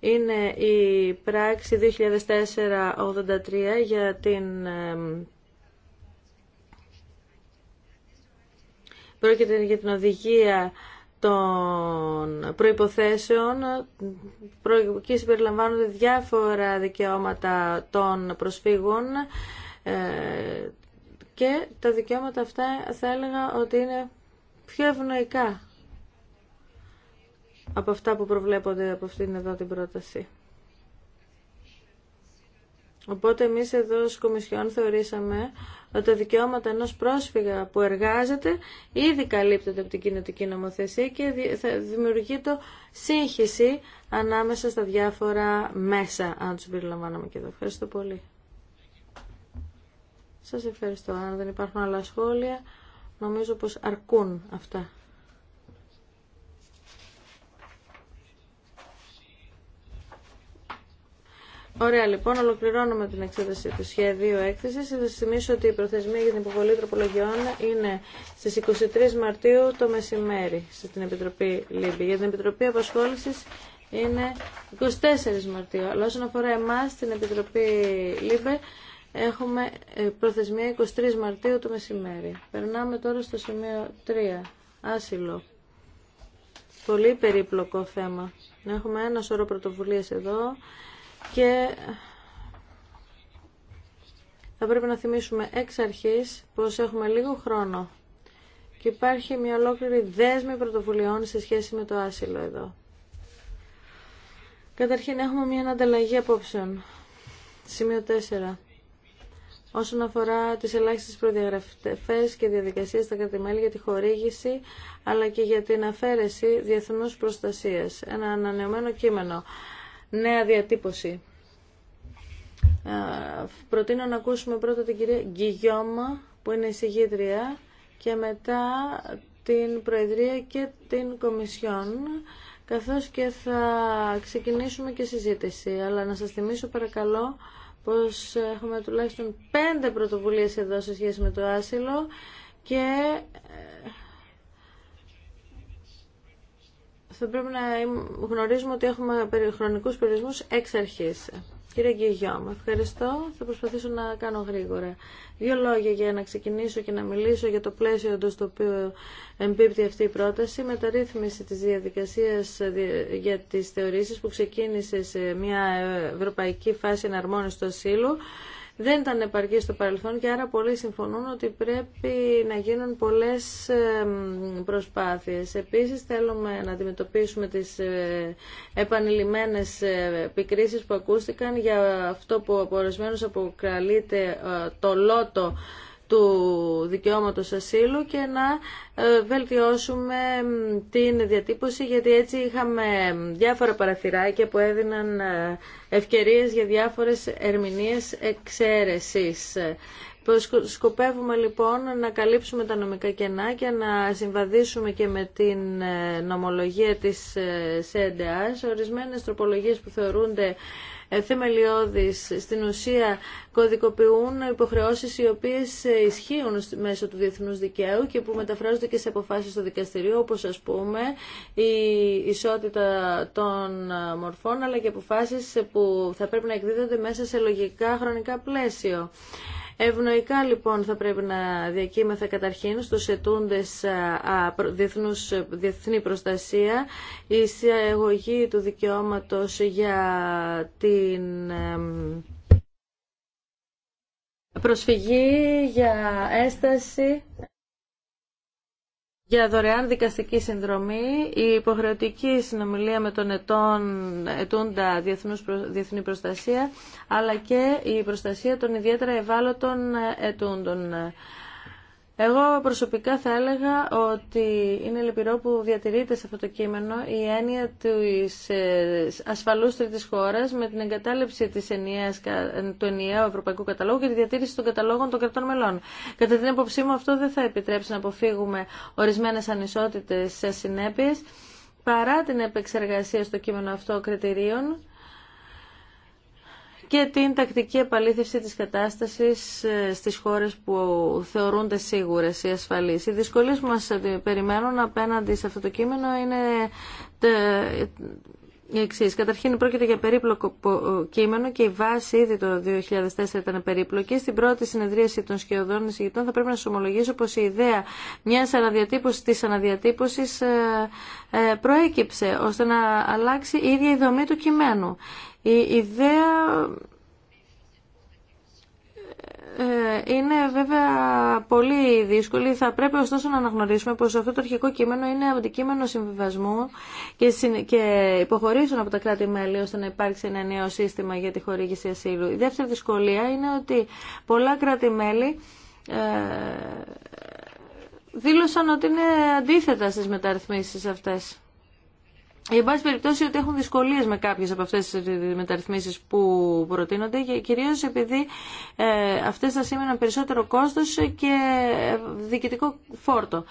Είναι η πράξη 2004-83 για την... Πρόκειται για την οδηγία των προϋποθέσεων εκεί συμπεριλαμβάνονται διάφορα δικαιώματα των προσφύγων ε, και τα δικαιώματα αυτά θα έλεγα ότι είναι πιο ευνοϊκά από αυτά που προβλέπονται από αυτήν εδώ την πρόταση. Οπότε εμείς εδώ ως Κομισιόν θεωρήσαμε ότι τα δικαιώματα ενός πρόσφυγα που εργάζεται ήδη καλύπτονται από την κοινωτική νομοθεσία και θα δημιουργεί το σύγχυση ανάμεσα στα διάφορα μέσα, αν τους περιλαμβάνομαι και εδώ. Ευχαριστώ πολύ. Σας ευχαριστώ. Αν δεν υπάρχουν άλλα σχόλια, νομίζω πως αρκούν αυτά. Ωραία, λοιπόν, ολοκληρώνουμε την εξέταση του σχεδίου έκθεση. Θα σα θυμίσω ότι η προθεσμία για την υποβολή τροπολογιών είναι στι 23 Μαρτίου το μεσημέρι στην Επιτροπή Λίμπη. Για την Επιτροπή Απασχόληση είναι 24 Μαρτίου. Αλλά όσον αφορά εμά, την Επιτροπή Λίμπη, Έχουμε ε, προθεσμία 23 Μαρτίου το μεσημέρι. Περνάμε τώρα στο σημείο 3. Άσυλο. Πολύ περίπλοκο θέμα. Έχουμε ένα σωρό πρωτοβουλίες εδώ και θα πρέπει να θυμίσουμε εξ αρχής πως έχουμε λίγο χρόνο και υπάρχει μια ολόκληρη δέσμη πρωτοβουλειών σε σχέση με το άσυλο εδώ. Καταρχήν έχουμε μια ανταλλαγή απόψεων. Σημείο 4 όσον αφορά τις ελάχιστες προδιαγραφές και διαδικασίες στα κρατημέλη για τη χορήγηση αλλά και για την αφαίρεση διεθνού προστασία. Ένα ανανεωμένο κείμενο. Νέα διατύπωση. Προτείνω να ακούσουμε πρώτα την κυρία Γκυγιώμα που είναι η εισηγήτρια και μετά την Προεδρία και την Κομισιόν καθώς και θα ξεκινήσουμε και συζήτηση. Αλλά να σας θυμίσω παρακαλώ πως έχουμε τουλάχιστον πέντε πρωτοβουλίες εδώ σε σχέση με το άσυλο και ε, θα πρέπει να γνωρίζουμε ότι έχουμε χρονικούς περιορισμούς εξ αρχής. Κύριε Γκυγιόμ, ευχαριστώ. Θα προσπαθήσω να κάνω γρήγορα. Δύο λόγια για να ξεκινήσω και να μιλήσω για το πλαίσιο εντό το οποίο εμπίπτει αυτή η πρόταση. Μεταρρύθμιση τη διαδικασία ε, για τις θεωρήσεις που ξεκίνησε σε μια ευρωπαϊκή φάση εναρμόνιση του ασύλου δεν ήταν επαρκή στο παρελθόν και άρα πολλοί συμφωνούν ότι πρέπει να γίνουν πολλές προσπάθειες. Επίσης θέλουμε να αντιμετωπίσουμε τις ε, επανειλημμένες ε, επικρίσεις που ακούστηκαν για αυτό που από αποκαλείται ε, το λότο του δικαιώματος ασύλου και να ε, βελτιώσουμε την διατύπωση γιατί έτσι είχαμε διάφορα παραθυράκια που έδιναν ε, ευκαιρίες για διάφορες ερμηνείες εξαίρεσης. Σκοπεύουμε λοιπόν να καλύψουμε τα νομικά κενά και να συμβαδίσουμε και με την ε, νομολογία της ΣΕΝΤΕΑΣ. Ορισμένες τροπολογίες που θεωρούνται θεμελιώδης. στην ουσία κωδικοποιούν υποχρεώσεις οι οποίες ισχύουν μέσω του διεθνούς δικαίου και που μεταφράζονται και σε αποφάσεις στο δικαστηρίο όπως ας πούμε η ισότητα των μορφών αλλά και αποφάσεις που θα πρέπει να εκδίδονται μέσα σε λογικά χρονικά πλαίσιο. Ευνοϊκά λοιπόν θα πρέπει να διακύμαθα καταρχήν στους ετούντες διεθνούς, διεθνή προστασία η εισαγωγή του δικαιώματος για την προσφυγή, για έσταση για δωρεάν δικαστική συνδρομή, η υποχρεωτική συνομιλία με τον ετών, ετούντα διεθνούς, διεθνή προστασία, αλλά και η προστασία των ιδιαίτερα ευάλωτων ετούντων. Εγώ προσωπικά θα έλεγα ότι είναι λυπηρό που διατηρείται σε αυτό το κείμενο η έννοια της ε, ασφαλούς τρίτης χώρας με την εγκατάλειψη της ενιαίας, του ενιαίου ευρωπαϊκού καταλόγου και τη διατήρηση των καταλόγων των κρατών μελών. Κατά την άποψή μου αυτό δεν θα επιτρέψει να αποφύγουμε ορισμένες ανισότητες σε συνέπειες παρά την επεξεργασία στο κείμενο αυτό κριτηρίων και την τακτική επαλήθευση της κατάστασης ε, στις χώρες που θεωρούνται σίγουρες ή ασφαλείς. Οι δυσκολίες που μας περιμένουν απέναντι σε αυτό το κείμενο είναι Εξής. Καταρχήν πρόκειται για περίπλοκο κείμενο και η βάση ήδη το 2004 ήταν περίπλοκη. Στην πρώτη συνεδρίαση των σκιωδών εισηγητών θα πρέπει να σου ομολογήσω πως η ιδέα μιας αναδιατύπωσης της αναδιατύπωσης ε, ε, προέκυψε ώστε να αλλάξει η ίδια η δομή του κειμένου. Η ιδέα ε, είναι βέβαια πολύ δύσκολη. Θα πρέπει ωστόσο να αναγνωρίσουμε πως αυτό το αρχικό κείμενο είναι αντικείμενο συμβιβασμού και υποχωρήσουν από τα κράτη-μέλη ώστε να υπάρξει ένα νέο σύστημα για τη χορήγηση ασύλου. Η δεύτερη δυσκολία είναι ότι πολλά κράτη-μέλη ε, δήλωσαν ότι είναι αντίθετα στις μεταρρυθμίσεις αυτές. Εν πάση περιπτώσει ότι έχουν δυσκολίες με κάποιες από αυτές τις μεταρρυθμίσεις που προτείνονται και κυρίως επειδή ε, αυτές θα σήμαιναν περισσότερο κόστος και διοικητικό φόρτο.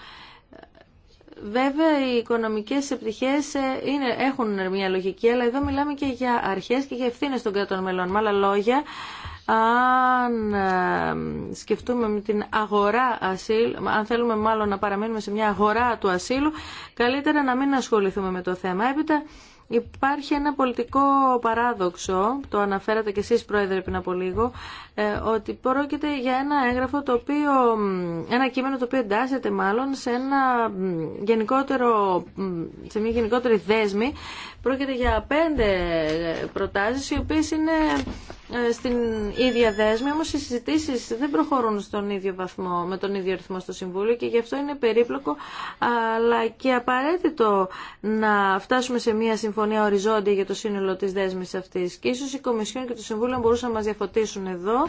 Βέβαια οι οικονομικές επιτυχίες ε, είναι, έχουν μια λογική, αλλά εδώ μιλάμε και για αρχές και για ευθύνε των κρατών μελών. Με άλλα λόγια, αν ε, σκεφτούμε με την αγορά ασύλου, αν θέλουμε μάλλον να παραμείνουμε σε μια αγορά του ασύλου, καλύτερα να μην ασχοληθούμε με το θέμα. Έπειτα υπάρχει ένα πολιτικό παράδοξο, το αναφέρατε και εσείς πρόεδρε πριν από λίγο, ε, ότι πρόκειται για ένα έγγραφο το οποίο, ένα κείμενο το οποίο εντάσσεται μάλλον σε ένα γενικότερο, σε μια γενικότερη δέσμη. Πρόκειται για πέντε ε, προτάσεις οι οποίες είναι ε, στην ίδια δέσμη, όμως οι συζητήσεις δεν προχωρούν στον ίδιο βαθμό, με τον ίδιο ρυθμό στο Συμβούλιο και γι' αυτό είναι περίπλοκο αλλά και απαραίτητο να φτάσουμε σε μια συμφωνία οριζόντια για το σύνολο της δέσμης αυτής. Και ίσως η Κομισιόν και το Συμβούλιο μπορούσαν να μας διαφωτίσουν εδώ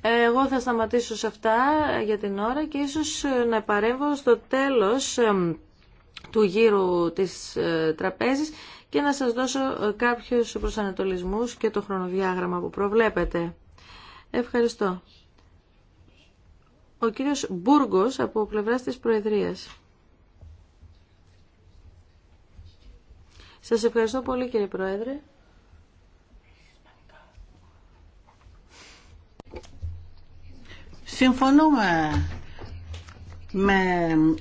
εγώ θα σταματήσω σε αυτά για την ώρα και ίσως να παρέμβω στο τέλος του γύρου της ε, τραπέζης και να σας δώσω ε, κάποιους προσανατολισμούς και το χρονοδιάγραμμα που προβλέπετε. Ευχαριστώ. Ο κύριος Μπούργος από πλευράς της Προεδρίας. Σας ευχαριστώ πολύ κύριε Πρόεδρε. Συμφωνούμε με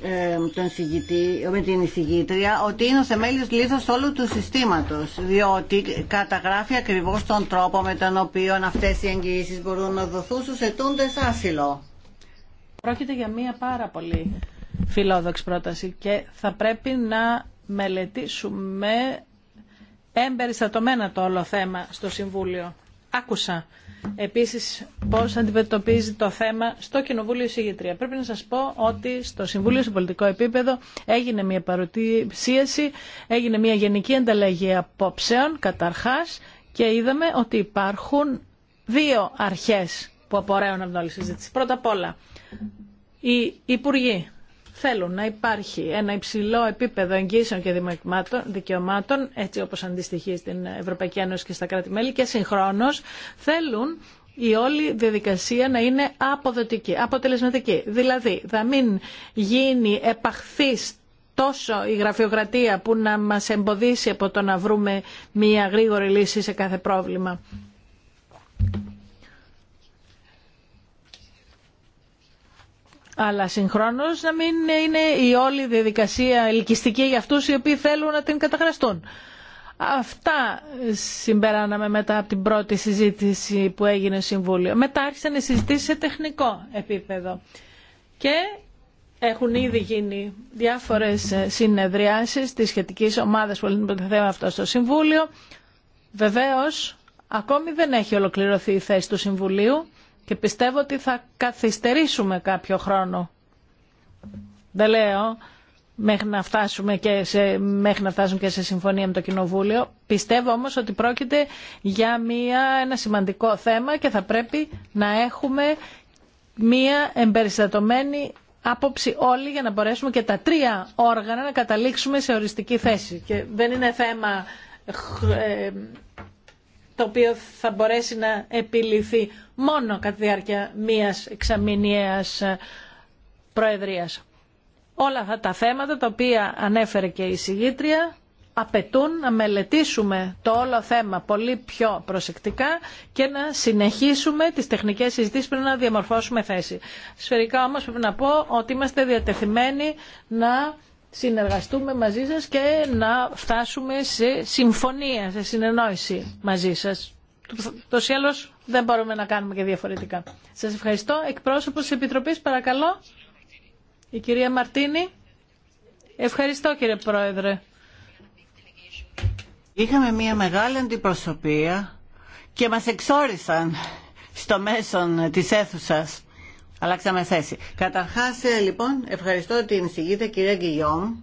ε, τον συγητή, με την εισηγήτρια ότι είναι ο θεμέλιος λίθος όλου του συστήματος διότι καταγράφει ακριβώς τον τρόπο με τον οποίο αυτές οι εγγυήσεις μπορούν να δοθούν στους ετούντες άσυλο. Πρόκειται για μία πάρα πολύ φιλόδοξη πρόταση και θα πρέπει να μελετήσουμε εμπεριστατωμένα το όλο θέμα στο Συμβούλιο. Άκουσα επίσης πώς αντιμετωπίζει το θέμα στο Κοινοβούλιο Συγγετρία. Πρέπει να σας πω ότι στο Συμβούλιο σε πολιτικό επίπεδο έγινε μια παρουσίαση, έγινε μια γενική ανταλλαγή απόψεων καταρχάς και είδαμε ότι υπάρχουν δύο αρχές που απορρέουν από την όλη συζήτηση. Πρώτα απ' όλα, οι υπουργοί θέλουν να υπάρχει ένα υψηλό επίπεδο εγγύσεων και δικαιωμάτων, έτσι όπως αντιστοιχεί στην Ευρωπαϊκή Ένωση και στα κράτη-μέλη, και συγχρόνως θέλουν η όλη διαδικασία να είναι αποδοτική, αποτελεσματική. Δηλαδή, θα μην γίνει επαχθής τόσο η γραφειοκρατία που να μας εμποδίσει από το να βρούμε μία γρήγορη λύση σε κάθε πρόβλημα. αλλά συγχρόνω, να μην είναι η όλη διαδικασία ελκυστική για αυτούς οι οποίοι θέλουν να την καταχραστούν. Αυτά συμπεράναμε μετά από την πρώτη συζήτηση που έγινε στο Συμβούλιο. Μετά άρχισαν οι συζητήσει σε τεχνικό επίπεδο. Και έχουν ήδη γίνει διάφορες συνεδριάσεις της σχετικής ομάδας που έλεγε το θέμα αυτό στο Συμβούλιο. Βεβαίως, ακόμη δεν έχει ολοκληρωθεί η θέση του Συμβουλίου και πιστεύω ότι θα καθυστερήσουμε κάποιο χρόνο. Δεν λέω μέχρι να, φτάσουμε και σε, μέχρι φτάσουμε και σε συμφωνία με το Κοινοβούλιο. Πιστεύω όμως ότι πρόκειται για μια, ένα σημαντικό θέμα και θα πρέπει να έχουμε μια εμπεριστατωμένη άποψη όλοι για να μπορέσουμε και τα τρία όργανα να καταλήξουμε σε οριστική θέση. Και δεν είναι θέμα ε, το οποίο θα μπορέσει να επιληθεί μόνο κατά τη διάρκεια μίας εξαμηνιαίας ε, προεδρίας. Όλα αυτά τα θέματα τα οποία ανέφερε και η συγγήτρια απαιτούν να μελετήσουμε το όλο θέμα πολύ πιο προσεκτικά και να συνεχίσουμε τις τεχνικές συζητήσεις πριν να διαμορφώσουμε θέση. Σφαιρικά όμως πρέπει να πω ότι είμαστε διατεθειμένοι να συνεργαστούμε μαζί σας και να φτάσουμε σε συμφωνία, σε συνεννόηση μαζί σας. Το σέλος δεν μπορούμε να κάνουμε και διαφορετικά. Σας ευχαριστώ. Εκπρόσωπος της Επιτροπής, παρακαλώ. Η κυρία Μαρτίνη. Ευχαριστώ κύριε Πρόεδρε. Είχαμε μια μεγάλη αντιπροσωπεία και μας εξόρισαν στο μέσον της αίθουσας. Αλλάξαμε θέση. Καταρχά, ε, λοιπόν, ευχαριστώ την συγγύητα κυρία Γκυλιόμ.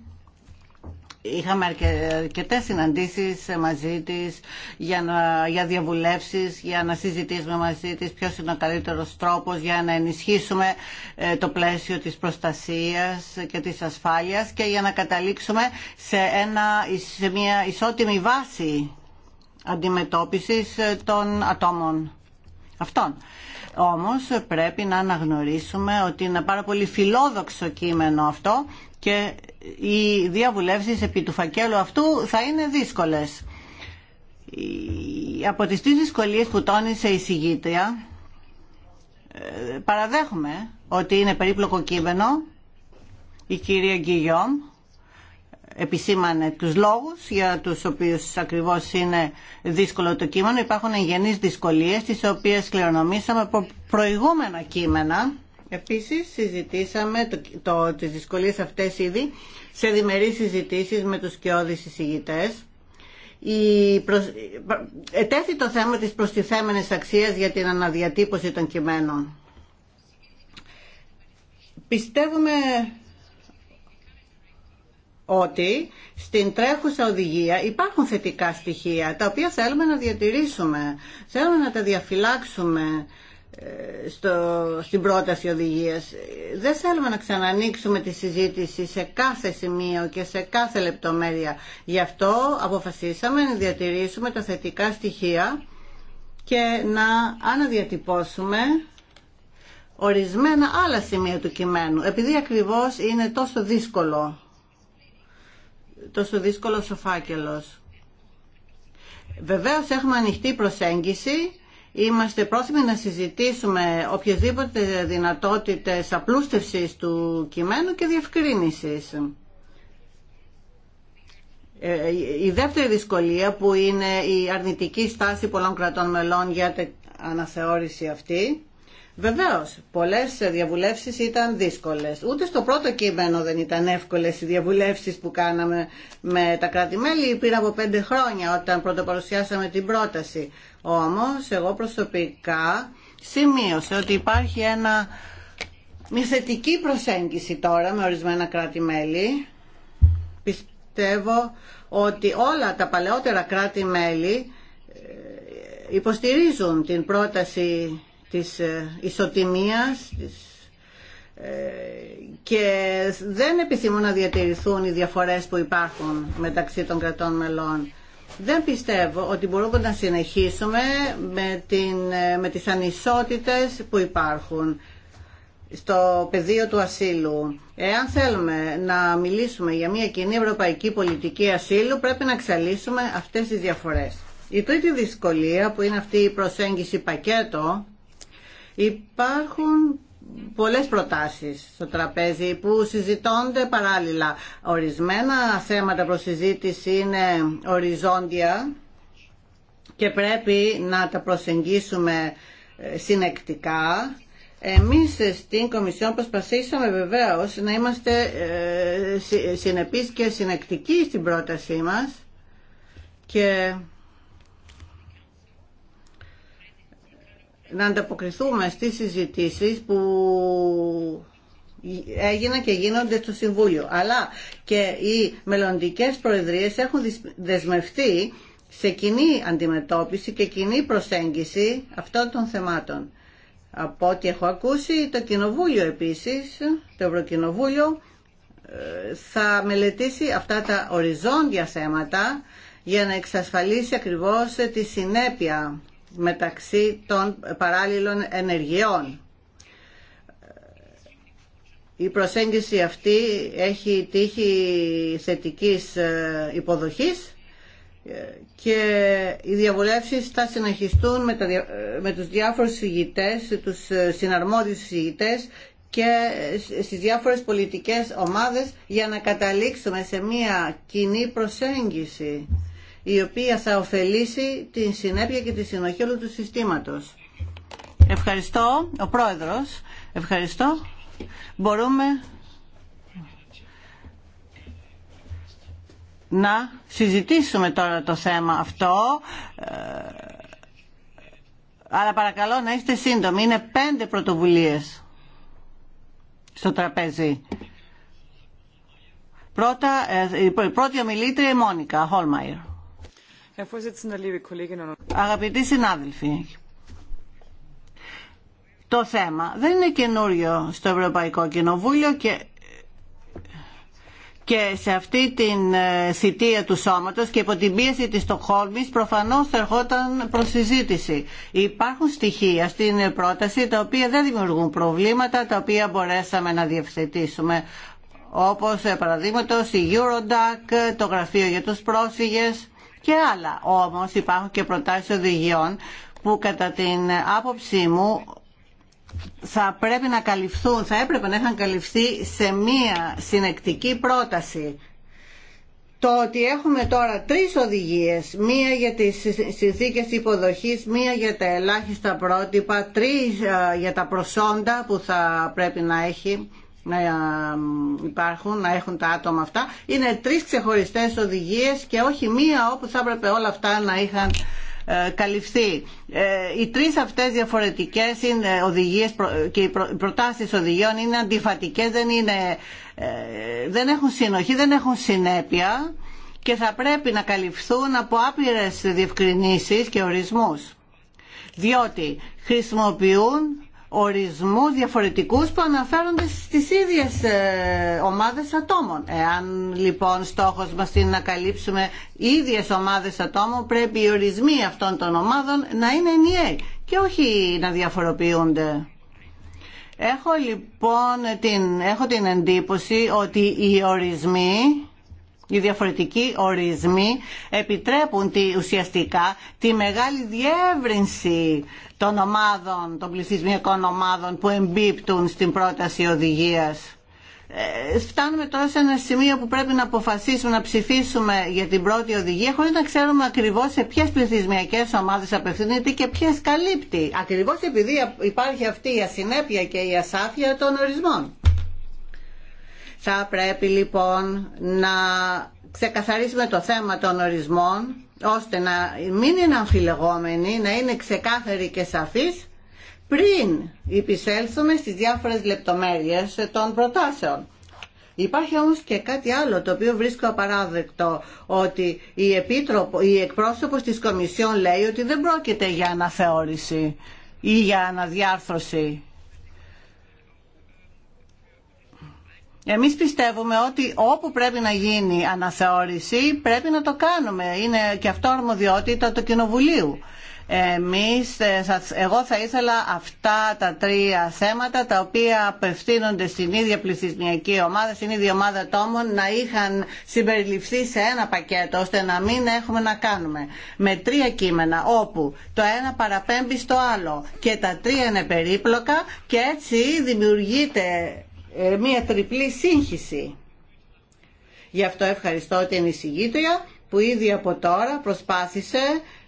Είχαμε αρκετέ συναντήσει ε, μαζί τη για, για διαβουλεύσει, για να συζητήσουμε μαζί τη ποιο είναι ο καλύτερο τρόπο για να ενισχύσουμε ε, το πλαίσιο τη προστασία και τη ασφάλεια και για να καταλήξουμε σε, ένα, σε μια ισότιμη βάση αντιμετώπισης των ατόμων αυτών. Όμως πρέπει να αναγνωρίσουμε ότι είναι πάρα πολύ φιλόδοξο κείμενο αυτό και οι διαβουλεύσεις επί του φακέλου αυτού θα είναι δύσκολες. Από τις τρεις δυσκολίες που τόνισε η συγγήτρια, ε, παραδέχουμε ότι είναι περίπλοκο κείμενο, η κυρία Γκυγιόμ, επισήμανε τους λόγους για τους οποίους ακριβώς είναι δύσκολο το κείμενο. Υπάρχουν εγγενείς δυσκολίες τις οποίες κληρονομήσαμε από προηγούμενα κείμενα. Επίσης συζητήσαμε το, τις δυσκολίες αυτές ήδη σε διμερείς συζητήσεις με τους κοιόδης εισηγητές. Η Ετέθη το θέμα της προστιθέμενης αξίας για την αναδιατύπωση των κειμένων. Πιστεύουμε ότι στην τρέχουσα οδηγία υπάρχουν θετικά στοιχεία τα οποία θέλουμε να διατηρήσουμε, θέλουμε να τα διαφυλάξουμε ε, στο, στην πρόταση οδηγίας. Δεν θέλουμε να ξανανοίξουμε τη συζήτηση σε κάθε σημείο και σε κάθε λεπτομέρεια. Γι' αυτό αποφασίσαμε να διατηρήσουμε τα θετικά στοιχεία και να αναδιατυπώσουμε ορισμένα άλλα σημεία του κειμένου, επειδή ακριβώς είναι τόσο δύσκολο τόσο δύσκολος ο φάκελος. Βεβαίως έχουμε ανοιχτή προσέγγιση. Είμαστε πρόθυμοι να συζητήσουμε οποιασδήποτε δυνατότητες απλούστευσης του κειμένου και διευκρίνησης. Ε, η δεύτερη δυσκολία που είναι η αρνητική στάση πολλών κρατών μελών για την αναθεώρηση αυτή Βεβαίω, πολλέ διαβουλεύσει ήταν δύσκολε. Ούτε στο πρώτο κείμενο δεν ήταν εύκολε οι διαβουλεύσει που κάναμε με τα κράτη-μέλη Πήρα από πέντε χρόνια, όταν πρώτα παρουσιάσαμε την πρόταση. Όμω, εγώ προσωπικά σημείωσα ότι υπάρχει ένα, μια θετική προσέγγιση τώρα με ορισμένα κράτη-μέλη. Πιστεύω ότι όλα τα παλαιότερα κράτη-μέλη ε, υποστηρίζουν την πρόταση της ε, ισοτιμίας της, ε, και δεν επιθυμούν να διατηρηθούν οι διαφορές που υπάρχουν μεταξύ των κρατών μελών. Δεν πιστεύω ότι μπορούμε να συνεχίσουμε με, την, ε, με τις ανισότητες που υπάρχουν στο πεδίο του ασύλου. Εάν θέλουμε να μιλήσουμε για μια κοινή ευρωπαϊκή πολιτική ασύλου, πρέπει να εξαλείψουμε αυτές τις διαφορές. Η τρίτη δυσκολία, που είναι αυτή η προσέγγιση πακέτο, Υπάρχουν πολλές προτάσεις στο τραπέζι που συζητώνται παράλληλα. Ορισμένα θέματα προς συζήτηση είναι οριζόντια και πρέπει να τα προσεγγίσουμε ε, συνεκτικά. Εμείς στην Κομισιόν προσπαθήσαμε βεβαίως να είμαστε ε, συνεπείς και συνεκτικοί στην πρότασή μας και να ανταποκριθούμε στις συζητήσεις που έγιναν και γίνονται στο Συμβούλιο. Αλλά και οι μελλοντικέ προεδρίες έχουν δεσμευτεί σε κοινή αντιμετώπιση και κοινή προσέγγιση αυτών των θεμάτων. Από ό,τι έχω ακούσει, το Κοινοβούλιο επίσης, το Ευρωκοινοβούλιο, ε, θα μελετήσει αυτά τα οριζόντια θέματα για να εξασφαλίσει ακριβώς τη συνέπεια μεταξύ των παράλληλων ενεργειών. Η προσέγγιση αυτή έχει τύχει θετικής ε, υποδοχής ε, και οι διαβουλεύσεις θα συνεχιστούν με, τα, ε, με τους διάφορους συγητές, τους συναρμόδιους και στις διάφορες πολιτικές ομάδες για να καταλήξουμε σε μια κοινή προσέγγιση η οποία θα ωφελήσει την συνέπεια και τη συνοχή όλου του συστήματος. Ευχαριστώ, ο Πρόεδρος. Ευχαριστώ. Μπορούμε να συζητήσουμε τώρα το θέμα αυτό. Ε, αλλά παρακαλώ να είστε σύντομοι. Είναι πέντε πρωτοβουλίες στο τραπέζι. Πρώτα, ε, η πρώτη ομιλήτρια η Μόνικα Χόλμαϊρ. Αγαπητοί συνάδελφοι, το θέμα δεν είναι καινούριο στο Ευρωπαϊκό Κοινοβούλιο και και σε αυτή την ε, θητεία του σώματος και υπό την πίεση της Στοχόλμης προφανώς θα ερχόταν προς Υπάρχουν στοιχεία στην πρόταση τα οποία δεν δημιουργούν προβλήματα, τα οποία μπορέσαμε να διευθετήσουμε όπως ε, παραδείγματος η Eurodac, το Γραφείο για τους Πρόσφυγες και άλλα. Όμως υπάρχουν και προτάσεις οδηγιών που κατά την άποψή μου θα πρέπει να καλυφθούν, θα έπρεπε να είχαν καλυφθεί σε μία συνεκτική πρόταση. Το ότι έχουμε τώρα τρεις οδηγίες, μία για τις συνθήκες υποδοχής, μία για τα ελάχιστα πρότυπα, τρεις ε, για τα προσόντα που θα πρέπει να έχει να ε, υπάρχουν, να έχουν τα άτομα αυτά. Είναι τρεις ξεχωριστές οδηγίες και όχι μία όπου θα έπρεπε όλα αυτά να είχαν ε, καλυφθεί. Ε, οι τρεις αυτές διαφορετικές είναι οδηγίες και οι προτάσεις οδηγιών είναι αντιφατικές, δεν, είναι, δεν έχουν συνοχή, δεν έχουν συνέπεια και θα πρέπει να καλυφθούν από άπειρες διευκρινήσεις και ορισμούς. Διότι χρησιμοποιούν ορισμού διαφορετικούς που αναφέρονται στις ίδιες ε, ομάδες ατόμων. Εάν λοιπόν στόχος μας είναι να καλύψουμε ίδιες ομάδες ατόμων πρέπει οι ορισμοί αυτών των ομάδων να είναι ενιαίοι και όχι να διαφοροποιούνται. Έχω λοιπόν την, έχω την εντύπωση ότι οι ορισμοί οι διαφορετικοί ορισμοί επιτρέπουν ουσιαστικά τη μεγάλη διεύρυνση των ομάδων, των πληθυσμιακών ομάδων που εμπίπτουν στην πρόταση οδηγίας. Ε, φτάνουμε τώρα σε ένα σημείο που πρέπει να αποφασίσουμε να ψηφίσουμε για την πρώτη οδηγία χωρίς να ξέρουμε ακριβώς σε ποιες πληθυσμιακές ομάδες απευθύνεται και ποιες καλύπτει. Ακριβώς επειδή υπάρχει αυτή η ασυνέπεια και η ασάφεια των ορισμών. Θα πρέπει λοιπόν να ξεκαθαρίσουμε το θέμα των ορισμών ώστε να μην είναι αμφιλεγόμενοι, να είναι ξεκάθαροι και σαφείς πριν υπησέλθουμε στις διάφορες λεπτομέρειες των προτάσεων. Υπάρχει όμως και κάτι άλλο το οποίο βρίσκω απαράδεκτο, ότι η, επίτροπο, η εκπρόσωπος της Κομισιόν λέει ότι δεν πρόκειται για αναθεώρηση ή για αναδιάρθρωση Εμείς πιστεύουμε ότι όπου πρέπει να γίνει αναθεώρηση πρέπει να το κάνουμε. Είναι και αυτό αρμοδιότητα του Κοινοβουλίου. Εμείς, ε, εγώ θα ήθελα αυτά τα τρία θέματα τα οποία απευθύνονται στην ίδια πληθυσμιακή ομάδα, στην ίδια ομάδα τόμων να είχαν συμπεριληφθεί σε ένα πακέτο ώστε να μην έχουμε να κάνουμε με τρία κείμενα όπου το ένα παραπέμπει στο άλλο και τα τρία είναι περίπλοκα και έτσι δημιουργείται ε, μια τριπλή σύγχυση. Γι' αυτό ευχαριστώ την εισηγήτρια που ήδη από τώρα προσπάθησε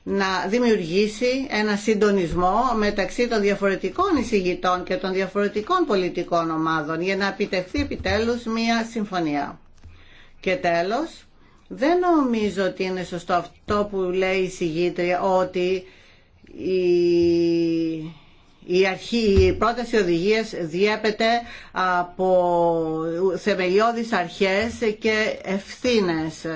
να δημιουργήσει ένα συντονισμό μεταξύ των διαφορετικών εισηγητών και των διαφορετικών πολιτικών ομάδων για να επιτευχθεί επιτέλους μια συμφωνία. Και τέλος, δεν νομίζω ότι είναι σωστό αυτό που λέει η εισηγήτρια ότι η η, αρχή, η πρόταση οδηγίας διέπεται από θεμελιώδεις αρχές και ευθύνες.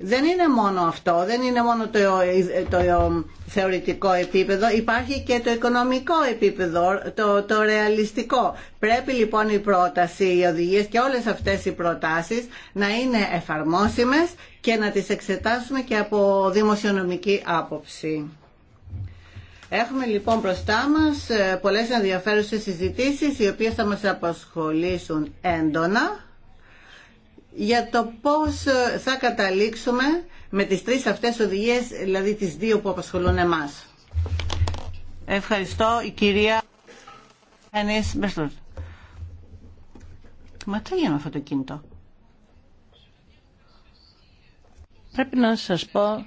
Δεν είναι μόνο αυτό, δεν είναι μόνο το, θεωρητικό επίπεδο, υπάρχει και το οικονομικό επίπεδο, το, το ρεαλιστικό. Πρέπει λοιπόν η πρόταση, οι οδηγίες και όλες αυτές οι προτάσεις να είναι εφαρμόσιμες και να τις εξετάσουμε και από δημοσιονομική άποψη. Έχουμε λοιπόν μπροστά μας ε, πολλές ενδιαφέρουσες συζητήσεις οι οποίες θα μας απασχολήσουν έντονα για το πώς ε, θα καταλήξουμε με τις τρεις αυτές οδηγίες, δηλαδή τις δύο που απασχολούν εμάς. Ευχαριστώ η κυρία Ενής Μα τι έγινε με αυτό το κινητό. Πρέπει να σας πω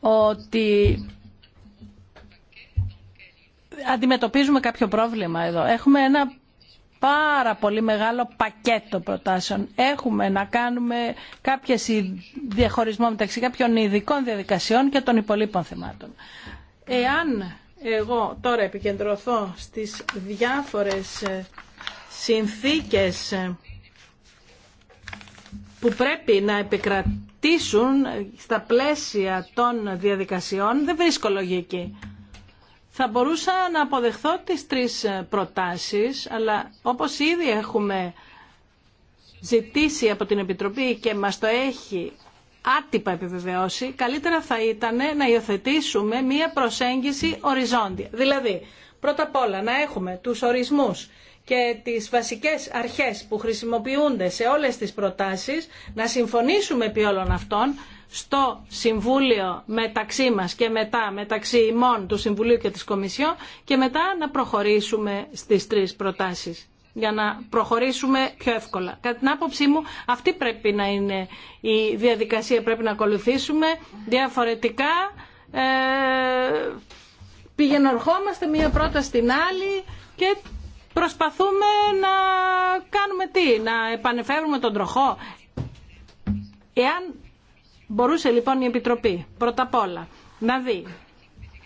ότι αντιμετωπίζουμε κάποιο πρόβλημα εδώ. Έχουμε ένα πάρα πολύ μεγάλο πακέτο προτάσεων. Έχουμε να κάνουμε κάποιες διαχωρισμό μεταξύ κάποιων ειδικών διαδικασιών και των υπολείπων θεμάτων. Εάν εγώ τώρα επικεντρωθώ στις διάφορες ε, συνθήκες ε, που πρέπει να επικρατήσουν στα πλαίσια των διαδικασιών, δεν βρίσκω λογική. Θα μπορούσα να αποδεχθώ τις τρεις ε, προτάσεις, αλλά όπως ήδη έχουμε ζητήσει από την Επιτροπή και μας το έχει άτυπα επιβεβαιώσει, καλύτερα θα ήταν να υιοθετήσουμε μία προσέγγιση οριζόντια. Δηλαδή, πρώτα απ' όλα να έχουμε τους ορισμούς και τις βασικές αρχές που χρησιμοποιούνται σε όλες τις προτάσεις, να συμφωνήσουμε επί όλων αυτών στο Συμβούλιο μεταξύ μας και μετά μεταξύ ημών του Συμβουλίου και της Κομισιόν και μετά να προχωρήσουμε στις τρεις προτάσεις για να προχωρήσουμε πιο εύκολα. Κατά την άποψή μου αυτή πρέπει να είναι η διαδικασία πρέπει να ακολουθήσουμε. Διαφορετικά ε, ερχόμαστε μία πρόταση στην άλλη και προσπαθούμε να κάνουμε τι, να επανεφέρουμε τον τροχό. Εάν μπορούσε λοιπόν η Επιτροπή πρώτα απ' όλα να δει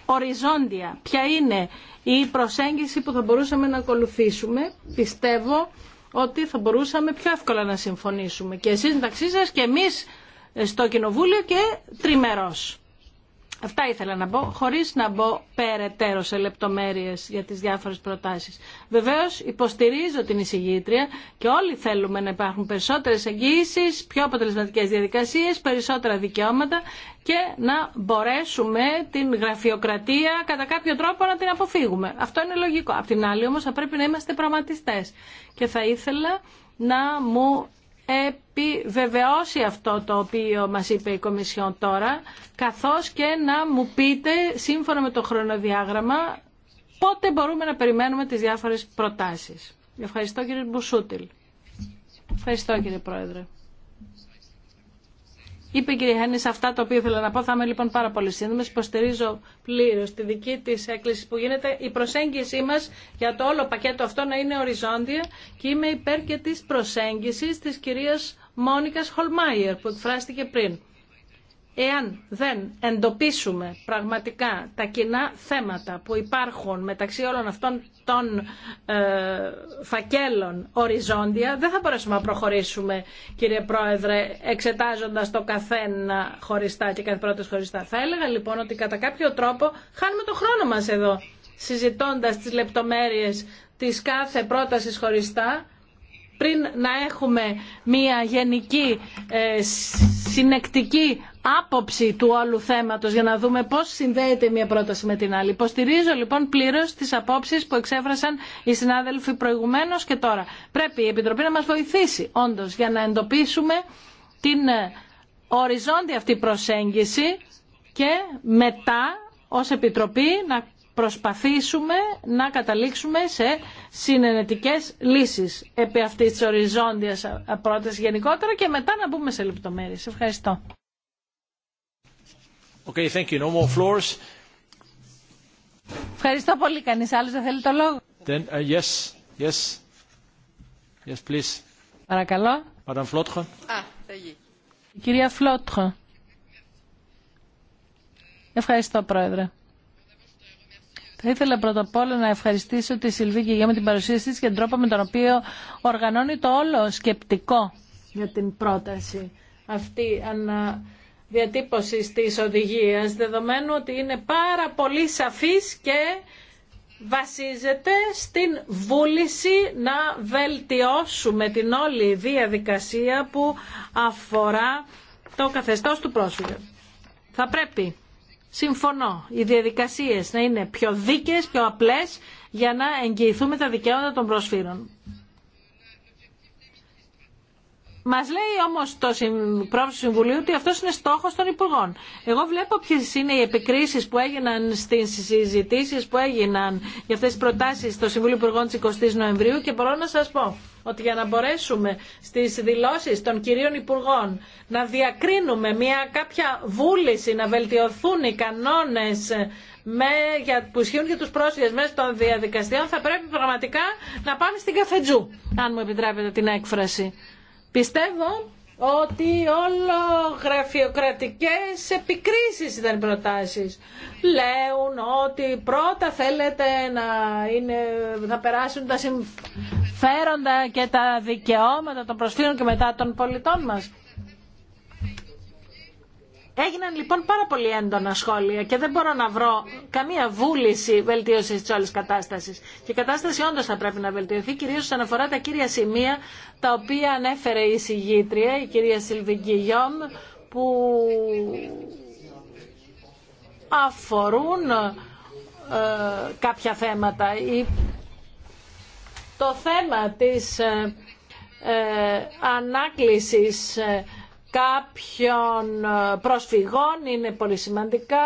οριζόντια ποια είναι η προσέγγιση που θα μπορούσαμε να ακολουθήσουμε, πιστεύω ότι θα μπορούσαμε πιο εύκολα να συμφωνήσουμε και εσείς μεταξύ σας και εμείς στο Κοινοβούλιο και τριμερός. Αυτά ήθελα να πω, χωρίς να μπω περαιτέρω σε λεπτομέρειες για τις διάφορες προτάσεις. Βεβαίως υποστηρίζω την εισηγήτρια και όλοι θέλουμε να υπάρχουν περισσότερες εγγύησεις, πιο αποτελεσματικές διαδικασίες, περισσότερα δικαιώματα και να μπορέσουμε την γραφειοκρατία κατά κάποιο τρόπο να την αποφύγουμε. Αυτό είναι λογικό. Απ' την άλλη όμω θα πρέπει να είμαστε πραγματιστές. Και θα ήθελα να μου επιβεβαιώσει αυτό το οποίο μας είπε η Κομισιόν τώρα, καθώς και να μου πείτε, σύμφωνα με το χρονοδιάγραμμα, πότε μπορούμε να περιμένουμε τις διάφορες προτάσεις. Ευχαριστώ κύριε Μπουσούτιλ. Ευχαριστώ κύριε Πρόεδρε. Είπε η κυρία Χένη αυτά τα οποία ήθελα να πω. Θα είμαι λοιπόν πάρα πολύ σύντομη. Υποστηρίζω πλήρω τη δική τη έκκληση που γίνεται. Η προσέγγιση μα για το όλο πακέτο αυτό να είναι οριζόντια και είμαι υπέρ και τη προσέγγιση τη κυρία Μόνικα Χολμάιερ που εκφράστηκε πριν εάν δεν εντοπίσουμε πραγματικά τα κοινά θέματα που υπάρχουν μεταξύ όλων αυτών των ε, φακέλων οριζόντια, δεν θα μπορέσουμε να προχωρήσουμε, κύριε Πρόεδρε, εξετάζοντας το καθένα χωριστά και κάθε πρώτος χωριστά. Θα έλεγα λοιπόν ότι κατά κάποιο τρόπο χάνουμε το χρόνο μας εδώ, συζητώντας τις λεπτομέρειες της κάθε πρότασης χωριστά, πριν να έχουμε μια γενική ε, συνεκτική άποψη του όλου θέματος για να δούμε πώς συνδέεται μια πρόταση με την άλλη. Υποστηρίζω λοιπόν πλήρως τις απόψεις που εξέφρασαν οι συνάδελφοι προηγουμένως και τώρα. Πρέπει η Επιτροπή να μας βοηθήσει όντως για να εντοπίσουμε την ε, οριζόντια αυτή προσέγγιση και μετά ως Επιτροπή να προσπαθήσουμε να καταλήξουμε σε συνενετικές λύσεις επί αυτής της οριζόντιας πρόταση γενικότερα και μετά να μπούμε σε λεπτομέρειες. Ευχαριστώ. Okay, thank you. No more floors. Ευχαριστώ πολύ. Κανείς άλλος δεν θέλει το λόγο. Then, uh, yes, yes. Yes, please. Παρακαλώ. Madame Flotre. Ah, Κυρία Φλότχο. Ευχαριστώ, Πρόεδρε. Θα ήθελα πρώτα απ' όλα να ευχαριστήσω τη Σιλβή για με την παρουσία της και τον τρόπο με τον οποίο οργανώνει το όλο σκεπτικό για την πρόταση αυτή αναδιατύπωση της οδηγίας, δεδομένου ότι είναι πάρα πολύ σαφής και βασίζεται στην βούληση να βελτιώσουμε την όλη διαδικασία που αφορά το καθεστώς του πρόσφυγα. Θα πρέπει Συμφωνώ. Οι διαδικασίες να είναι πιο δίκαιες, πιο απλές για να εγγυηθούμε τα δικαιώματα των προσφύρων. Μα λέει όμως το πρόεδρο του Συμβουλίου ότι αυτό είναι στόχος των Υπουργών. Εγώ βλέπω ποιε είναι οι επικρίσει που έγιναν στις συζητήσεις που έγιναν για αυτές τις προτάσεις στο Συμβούλιο Υπουργών τη 20 Νοεμβρίου και μπορώ να σα πω ότι για να μπορέσουμε στις δηλώσεις των κυρίων Υπουργών να διακρίνουμε μια κάποια βούληση να βελτιωθούν οι κανόνες με, για, που ισχύουν για τους πρόσφυγες μέσα των διαδικαστιών θα πρέπει πραγματικά να πάμε στην καφετζού, αν μου επιτρέπετε την έκφραση. Πιστεύω ότι όλο γραφειοκρατικές επικρίσεις ήταν προτάσεις. Λέουν ότι πρώτα θέλετε να, περάσουν τα συμφέροντα και τα δικαιώματα των προσφύγων και μετά των πολιτών μας. Έγιναν λοιπόν πάρα πολύ έντονα σχόλια και δεν μπορώ να βρω καμία βούληση βελτίωση τη όλη κατάσταση. Και η κατάσταση όντω θα πρέπει να βελτιωθεί, κυρίω όσον αφορά τα κύρια σημεία τα οποία ανέφερε η συγγήτρια, η κυρία Σιλβιγκή που αφορούν ε, κάποια θέματα. Η το θέμα της ε, ε ανάκλησης ε, κάποιων ε, προσφυγών είναι πολύ σημαντικά,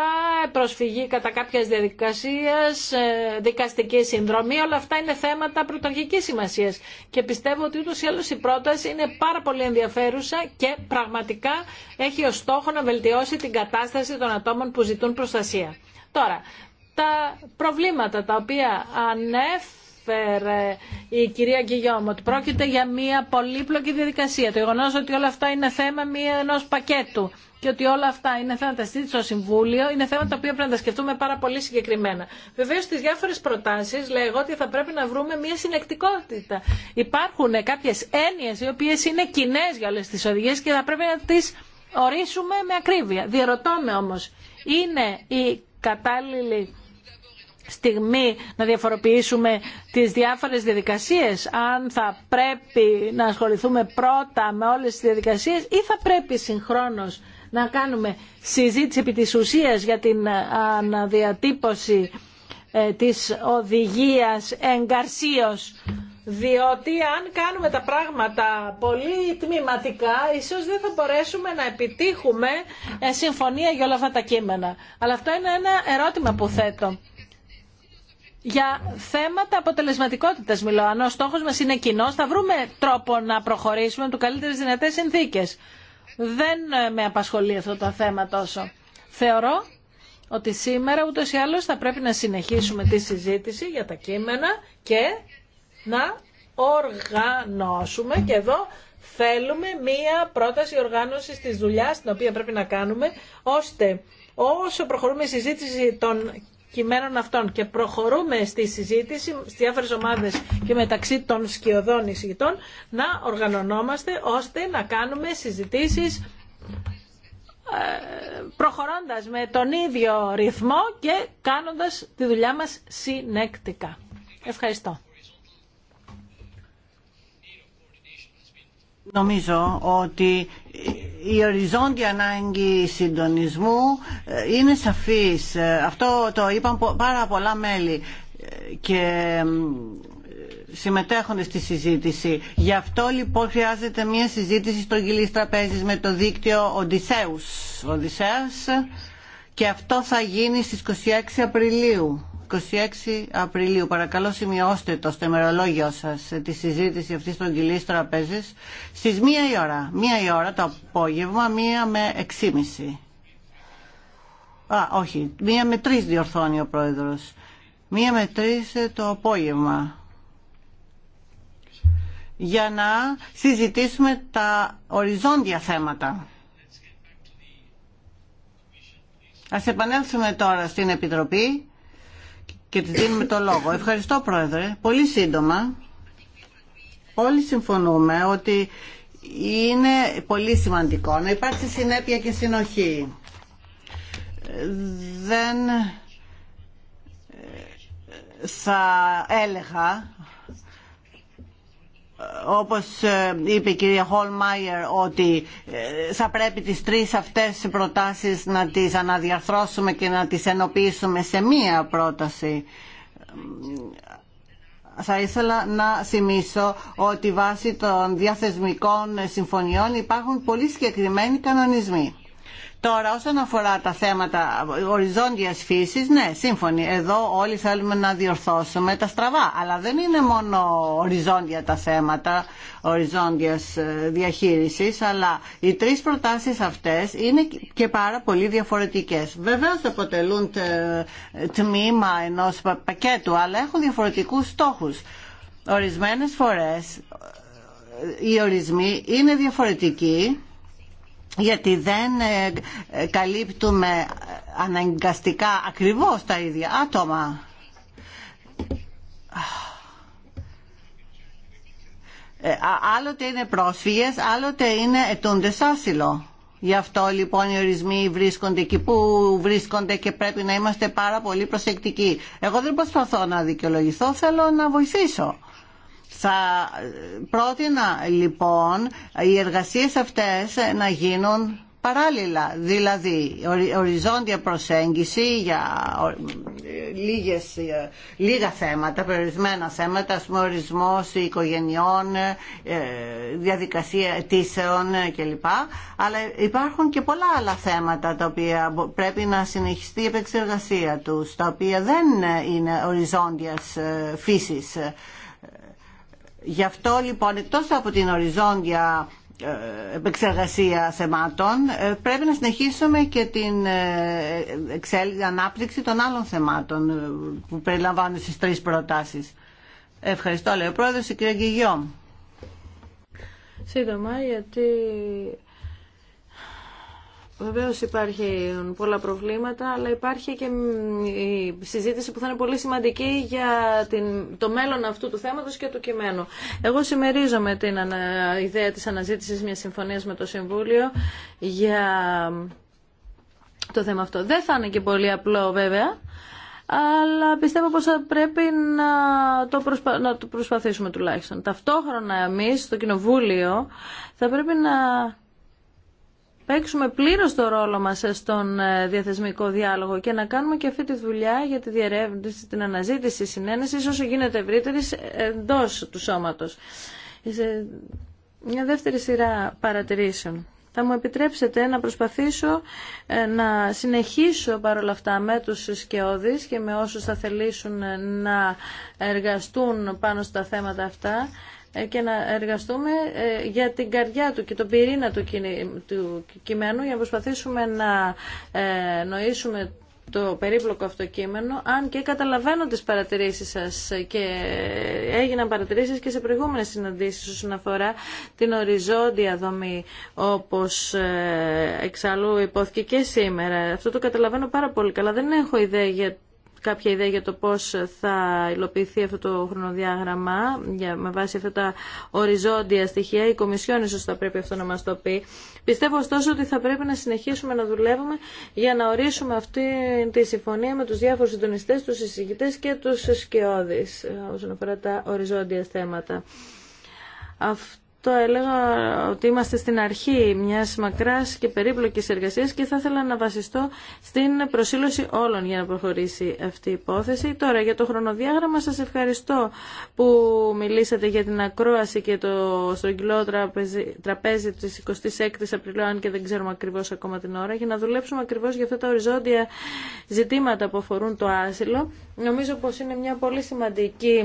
προσφυγή κατά κάποιες διαδικασίες δικαστική συνδρομή, όλα αυτά είναι θέματα πρωταρχικής σημασίας. Και πιστεύω ότι ούτως ή άλλως η πρόταση είναι πάρα πολύ ενδιαφέρουσα και πραγματικά έχει ως στόχο να βελτιώσει την κατάσταση των ατόμων που ζητούν προστασία. Τώρα, τα προβλήματα τα οποία ανέφερα Φερ, ε, η κυρία Κιγιώμ, ότι πρόκειται για μια πολύπλοκη διαδικασία. Το γεγονό ότι όλα αυτά είναι θέμα ενό πακέτου και ότι όλα αυτά είναι θέματα στη στο Συμβούλιο, είναι θέματα τα οποία πρέπει να τα σκεφτούμε πάρα πολύ συγκεκριμένα. Βεβαίω, στι διάφορε προτάσει λέγω ότι θα πρέπει να βρούμε μια συνεκτικότητα. Υπάρχουν κάποιε έννοιε οι οποίε είναι κοινέ για όλε τι οδηγίε και θα πρέπει να τι ορίσουμε με ακρίβεια. Διερωτώ όμω, είναι η κατάλληλη στιγμή να διαφοροποιήσουμε τις διάφορες διαδικασίες, αν θα πρέπει να ασχοληθούμε πρώτα με όλες τις διαδικασίες ή θα πρέπει συγχρόνως να κάνουμε συζήτηση επί της ουσίας για την αναδιατύπωση ε, της οδηγίας εγκαρσίως διότι αν κάνουμε τα πράγματα πολύ τμηματικά, ίσως δεν θα μπορέσουμε να επιτύχουμε ε, συμφωνία για όλα αυτά τα κείμενα. Αλλά αυτό είναι ένα ερώτημα που θέτω για θέματα αποτελεσματικότητα μιλώ. Αν ο στόχος μας είναι κοινό, θα βρούμε τρόπο να προχωρήσουμε με του καλύτερε δυνατέ συνθήκε. Δεν ε, με απασχολεί αυτό το θέμα τόσο. Θεωρώ ότι σήμερα ούτως ή άλλως θα πρέπει να συνεχίσουμε τη συζήτηση για τα κείμενα και να οργανώσουμε και εδώ θέλουμε μία πρόταση οργάνωση τη δουλειά, την οποία πρέπει να κάνουμε ώστε όσο προχωρούμε η συζήτηση των κειμένων αυτών και προχωρούμε στη συζήτηση στις διάφορες ομάδες και μεταξύ των σκιωδών εισηγητών να οργανωνόμαστε ώστε να κάνουμε συζητήσεις ε, προχωρώντας με τον ίδιο ρυθμό και κάνοντας τη δουλειά μας συνεκτικά. Ευχαριστώ. Νομίζω ότι η οριζόντια ανάγκη συντονισμού ε, είναι σαφής. Ε, αυτό το είπαν πάρα πολλά μέλη ε, και συμμετέχονται στη συζήτηση. Γι' αυτό λοιπόν χρειάζεται μια συζήτηση στο γυλής τραπέζης με το δίκτυο Οδυσσέους. Οδυσσέας και αυτό θα γίνει στις 26 Απριλίου 26 Απριλίου. Παρακαλώ σημειώστε το στεμερολόγιο ημερολόγιο σας τη συζήτηση αυτή των Αγγυλής Τραπέζης στις 1 η ώρα. 1 η ώρα το απόγευμα, 1 με 6.30. Α, όχι, 1 με 3 διορθώνει ο πρόεδρος. 1 με 3 το απόγευμα για να συζητήσουμε τα οριζόντια θέματα. Ας επανέλθουμε τώρα στην Επιτροπή και τη δίνουμε το λόγο. Ευχαριστώ Πρόεδρε. Πολύ σύντομα. Όλοι συμφωνούμε ότι είναι πολύ σημαντικό να υπάρξει συνέπεια και συνοχή. Δεν θα έλεγα όπως ε, είπε η κυρία Χολμάιερ ότι ε, θα πρέπει τις τρεις αυτές προτάσεις να τις αναδιαρθρώσουμε και να τις ενοποιήσουμε σε μία πρόταση. Θα ήθελα να θυμίσω ότι βάσει των διαθεσμικών συμφωνιών υπάρχουν πολύ συγκεκριμένοι κανονισμοί. Τώρα, όσον αφορά τα θέματα οριζόντιας φύσης, ναι, σύμφωνοι. Εδώ όλοι θέλουμε να διορθώσουμε τα στραβά. Αλλά δεν είναι μόνο οριζόντια τα θέματα οριζόντιας ε, διαχείρισης, αλλά οι τρεις προτάσεις αυτές είναι και πάρα πολύ διαφορετικές. Βεβαίως αποτελούν ε, τμήμα ενός πακέτου, αλλά έχουν διαφορετικούς στόχους. Ορισμένες φορές ε, οι ορισμοί είναι διαφορετικοί γιατί δεν ε, ε, καλύπτουμε αναγκαστικά ακριβώς τα ίδια άτομα. Ε, άλλοτε είναι πρόσφυγες, άλλοτε είναι ετούντες άσυλο. Γι' αυτό λοιπόν οι ορισμοί βρίσκονται εκεί που βρίσκονται και πρέπει να είμαστε πάρα πολύ προσεκτικοί. Εγώ δεν προσπαθώ να δικαιολογηθώ, θέλω να βοηθήσω. Θα πρότεινα λοιπόν οι εργασίες αυτές να γίνουν παράλληλα, δηλαδή οριζόντια προσέγγιση για λίγες, ε, λίγα θέματα, περιορισμένα θέματα, ας πούμε ορισμός οικογενειών, ε, διαδικασία αιτήσεων ε, κλπ. Αλλά υπάρχουν και πολλά άλλα θέματα τα οποία πρέπει να συνεχιστεί η επεξεργασία τους, τα οποία δεν είναι οριζόντιας φύσης. Γι' αυτό λοιπόν εκτός από την οριζόντια ε, επεξεργασία θεμάτων ε, πρέπει να συνεχίσουμε και την ε, ανάπτυξη των άλλων θεμάτων που περιλαμβάνουν στις τρεις προτάσεις. Ευχαριστώ λέει ο πρόεδρος η κυρία Γκυγιόμ. Σύντομα γιατί Βεβαίω υπάρχουν πολλά προβλήματα, αλλά υπάρχει και η συζήτηση που θα είναι πολύ σημαντική για την, το μέλλον αυτού του θέματος και του κειμένου. Εγώ συμμερίζομαι την ιδέα της αναζήτησης μια συμφωνίας με το Συμβούλιο για το θέμα αυτό. Δεν θα είναι και πολύ απλό βέβαια, αλλά πιστεύω πως θα πρέπει να το, να το προσπαθήσουμε τουλάχιστον. Ταυτόχρονα εμείς στο Κοινοβούλιο θα πρέπει να παίξουμε πλήρως το ρόλο μας στον ε, διαθεσμικό διάλογο και να κάνουμε και αυτή τη δουλειά για τη διερεύνηση, την αναζήτηση συνένεση όσο γίνεται ευρύτερη εντό του σώματος. μια δεύτερη σειρά παρατηρήσεων. Θα μου επιτρέψετε να προσπαθήσω ε, να συνεχίσω παρόλα αυτά με τους σκεώδεις και με όσους θα θελήσουν να εργαστούν πάνω στα θέματα αυτά ε, και να εργαστούμε ε, για την καρδιά του και τον πυρήνα του κειμένου για να προσπαθήσουμε να ε, νοήσουμε το περίπλοκο αυτό κείμενο, αν και καταλαβαίνω τις παρατηρήσεις σας και έγιναν παρατηρήσεις και σε προηγούμενες συναντήσεις όσον αφορά την οριζόντια δομή όπως εξάλλου υπόθηκε και σήμερα. Αυτό το καταλαβαίνω πάρα πολύ καλά. Δεν έχω ιδέα για κάποια ιδέα για το πώς θα υλοποιηθεί αυτό το χρονοδιάγραμμα για, με βάση αυτά τα οριζόντια στοιχεία. Η Κομισιόν ίσως θα πρέπει αυτό να μας το πει. Πιστεύω ωστόσο ότι θα πρέπει να συνεχίσουμε να δουλεύουμε για να ορίσουμε αυτή τη συμφωνία με τους διάφορους συντονιστές, τους συζητητές και τους σκιώδεις ε, όσον αφορά τα οριζόντια θέματα. Το έλεγα ότι είμαστε στην αρχή μιας μακράς και περίπλοκης εργασίας και θα ήθελα να βασιστώ στην προσήλωση όλων για να προχωρήσει αυτή η υπόθεση. Τώρα για το χρονοδιάγραμμα σας ευχαριστώ που μιλήσατε για την ακρόαση και το στρογγυλό τραπέζι, τραπέζι της 26 η Απριλίου αν και δεν ξέρουμε ακριβώς ακόμα την ώρα για να δουλέψουμε ακριβώς για αυτά τα οριζόντια ζητήματα που αφορούν το άσυλο. Νομίζω πως είναι μια πολύ σημαντική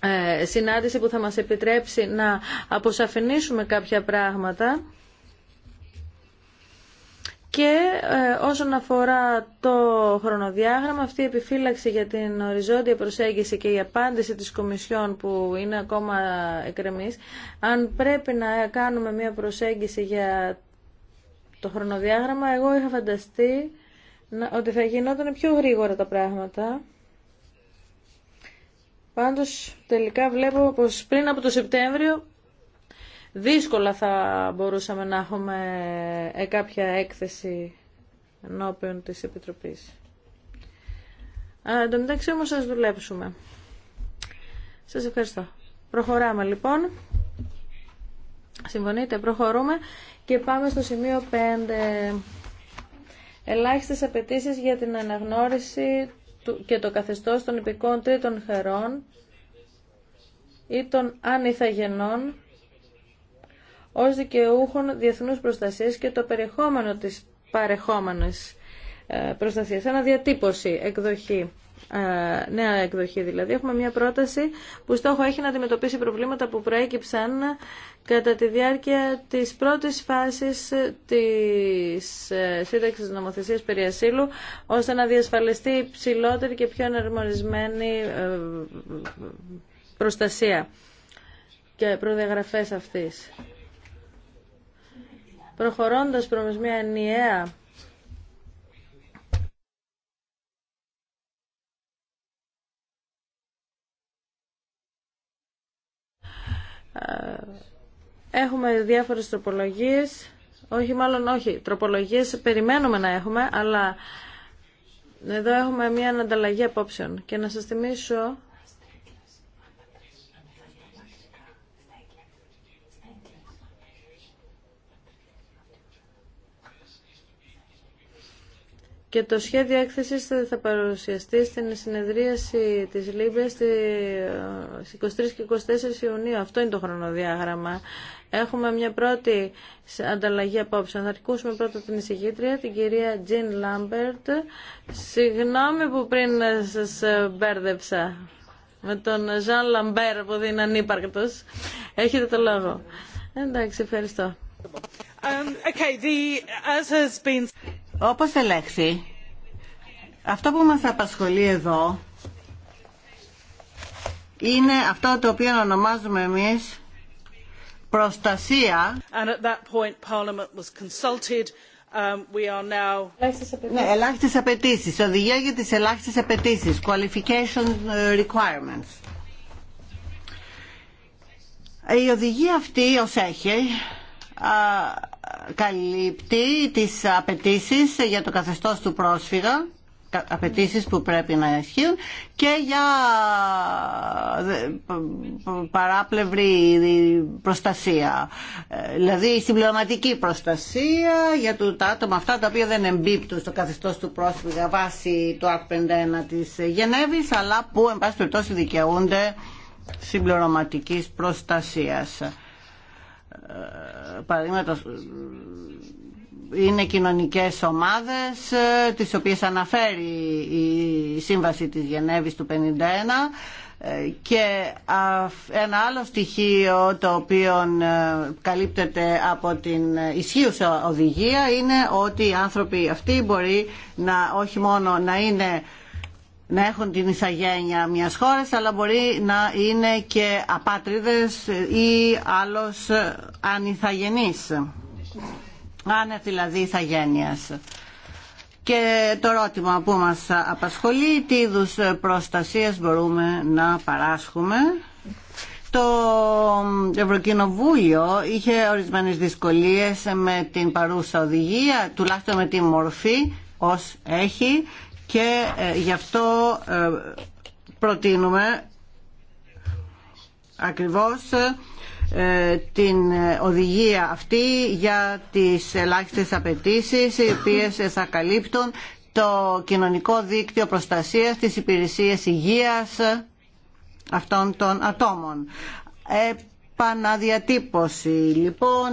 ε, συνάντηση που θα μας επιτρέψει να αποσαφηνίσουμε κάποια πράγματα και ε, όσον αφορά το χρονοδιάγραμμα, αυτή η επιφύλαξη για την οριζόντια προσέγγιση και η απάντηση της Κομισιόν που είναι ακόμα εκρεμής, αν πρέπει να κάνουμε μια προσέγγιση για το χρονοδιάγραμμα, εγώ είχα φανταστεί ότι θα γινόταν πιο γρήγορα τα πράγματα. Πάντως τελικά βλέπω πως πριν από το Σεπτέμβριο δύσκολα θα μπορούσαμε να έχουμε ε, κάποια έκθεση ενώπιον της Επιτροπής. Ε, εν τω μεταξύ όμως σας δουλέψουμε. Σας ευχαριστώ. Προχωράμε λοιπόν. Συμφωνείτε, προχωρούμε και πάμε στο σημείο 5. Ελάχιστες απαιτήσει για την αναγνώριση και το καθεστώς των υπηκών τρίτων χερών ή των ανιθαγενών ως δικαιούχων διεθνούς προστασίας και το περιεχόμενο της παρεχόμενης ε, προστασίας. Ένα διατύπωση, εκδοχή. Ε, νέα εκδοχή δηλαδή. Έχουμε μια πρόταση που στόχο έχει να αντιμετωπίσει προβλήματα που προέκυψαν κατά τη διάρκεια της πρώτης φάσης της ε, σύνταξης νομοθεσίας περί ώστε να διασφαλιστεί ψηλότερη και πιο εναρμονισμένη ε, προστασία και προδιαγραφές αυτής. Προχωρώντας προς μια ενιαία Ε, έχουμε διάφορες τροπολογίες, όχι μάλλον όχι, τροπολογίες περιμένουμε να έχουμε, αλλά εδώ έχουμε μια ανταλλαγή απόψεων. Και να σας θυμίσω Και το σχέδιο έκθεσης θα παρουσιαστεί στην συνεδρίαση της Λίμπιας στις 23 και 24 Ιουνίου. Αυτό είναι το χρονοδιάγραμμα. Έχουμε μια πρώτη ανταλλαγή απόψε. Θα ακούσουμε πρώτα την εισηγήτρια, την κυρία Τζιν Λάμπερτ. Συγγνώμη που πριν σας μπέρδεψα με τον Ζαν Λαμπέρ που δεν είναι ανύπαρκτος. Έχετε το λόγο. Εντάξει, ευχαριστώ. Um, okay, the, as has been... Όπως ελέγχθη, αυτό που μας απασχολεί εδώ είναι αυτό το οποίο ονομάζουμε εμείς προστασία. And at that point, Parliament was consulted. Um, we are now... Ναι, ελάχιστες απαιτήσεις. Οδηγία για τις ελάχιστες απαιτήσεις. Qualification uh, requirements. Η οδηγία αυτή ως έχει καλύπτει τις απαιτήσει για το καθεστώς του πρόσφυγα απαιτήσει που πρέπει να ισχύουν και για παράπλευρη προστασία. Ε, δηλαδή συμπληρωματική προστασία για τα άτομα αυτά τα οποία δεν εμπίπτουν στο καθεστώς του πρόσφυγα βάσει του ΑΚ 51 της Γενέβης αλλά που εν πάση περιπτώσει δικαιούνται συμπληρωματικής προστασίας παραδείγματος είναι κοινωνικές ομάδες ε, τις οποίες αναφέρει η Σύμβαση της Γενέβης του 51 ε, και ένα άλλο στοιχείο το οποίο ε, καλύπτεται από την ισχύουσα οδηγία είναι ότι οι άνθρωποι αυτοί μπορεί να όχι μόνο να είναι να έχουν την ηθαγένεια μιας χώρας αλλά μπορεί να είναι και απάτριδες ή άλλος ανηθαγενής άνευ δηλαδή ηθαγένειας και το ερώτημα που μας απασχολεί τι είδου προστασίας μπορούμε να παράσχουμε το Ευρωκοινοβούλιο είχε ορισμένες δυσκολίες με την παρούσα οδηγία τουλάχιστον με τη μορφή ως έχει και ε, γι' αυτό ε, προτείνουμε ακριβώς ε, την οδηγία αυτή για τις ελάχιστες απαιτήσεις οι οποίες θα καλύπτουν το κοινωνικό δίκτυο προστασίας της υπηρεσίας υγείας αυτών των ατόμων. Παναδιατύπωση λοιπόν,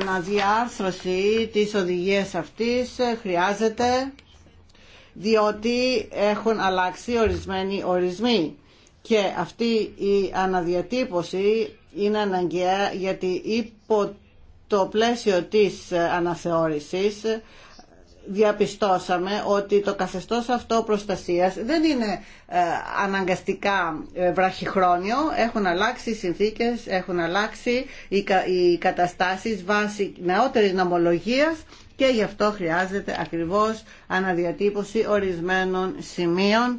αναδιάρθρωση της οδηγίας αυτής χρειάζεται διότι έχουν αλλάξει ορισμένοι ορισμοί. Και αυτή η αναδιατύπωση είναι αναγκαία γιατί υπό το πλαίσιο της αναθεώρησης διαπιστώσαμε ότι το καθεστώς αυτό προστασίας δεν είναι ε, αναγκαστικά ε, βραχυχρόνιο. Έχουν αλλάξει οι συνθήκες, έχουν αλλάξει οι καταστάσεις βάσει νεότερης νομολογίας και γι' αυτό χρειάζεται ακριβώς αναδιατύπωση ορισμένων σημείων,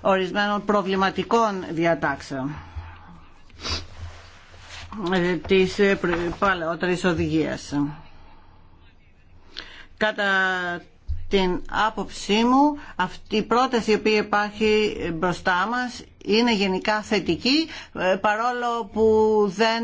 ορισμένων προβληματικών διατάξεων ε, της ε, παλαιότερης οδηγίας. Κατά την άποψή μου, αυτή η πρόταση η οποία υπάρχει μπροστά μας είναι γενικά θετική, ε, παρόλο που δεν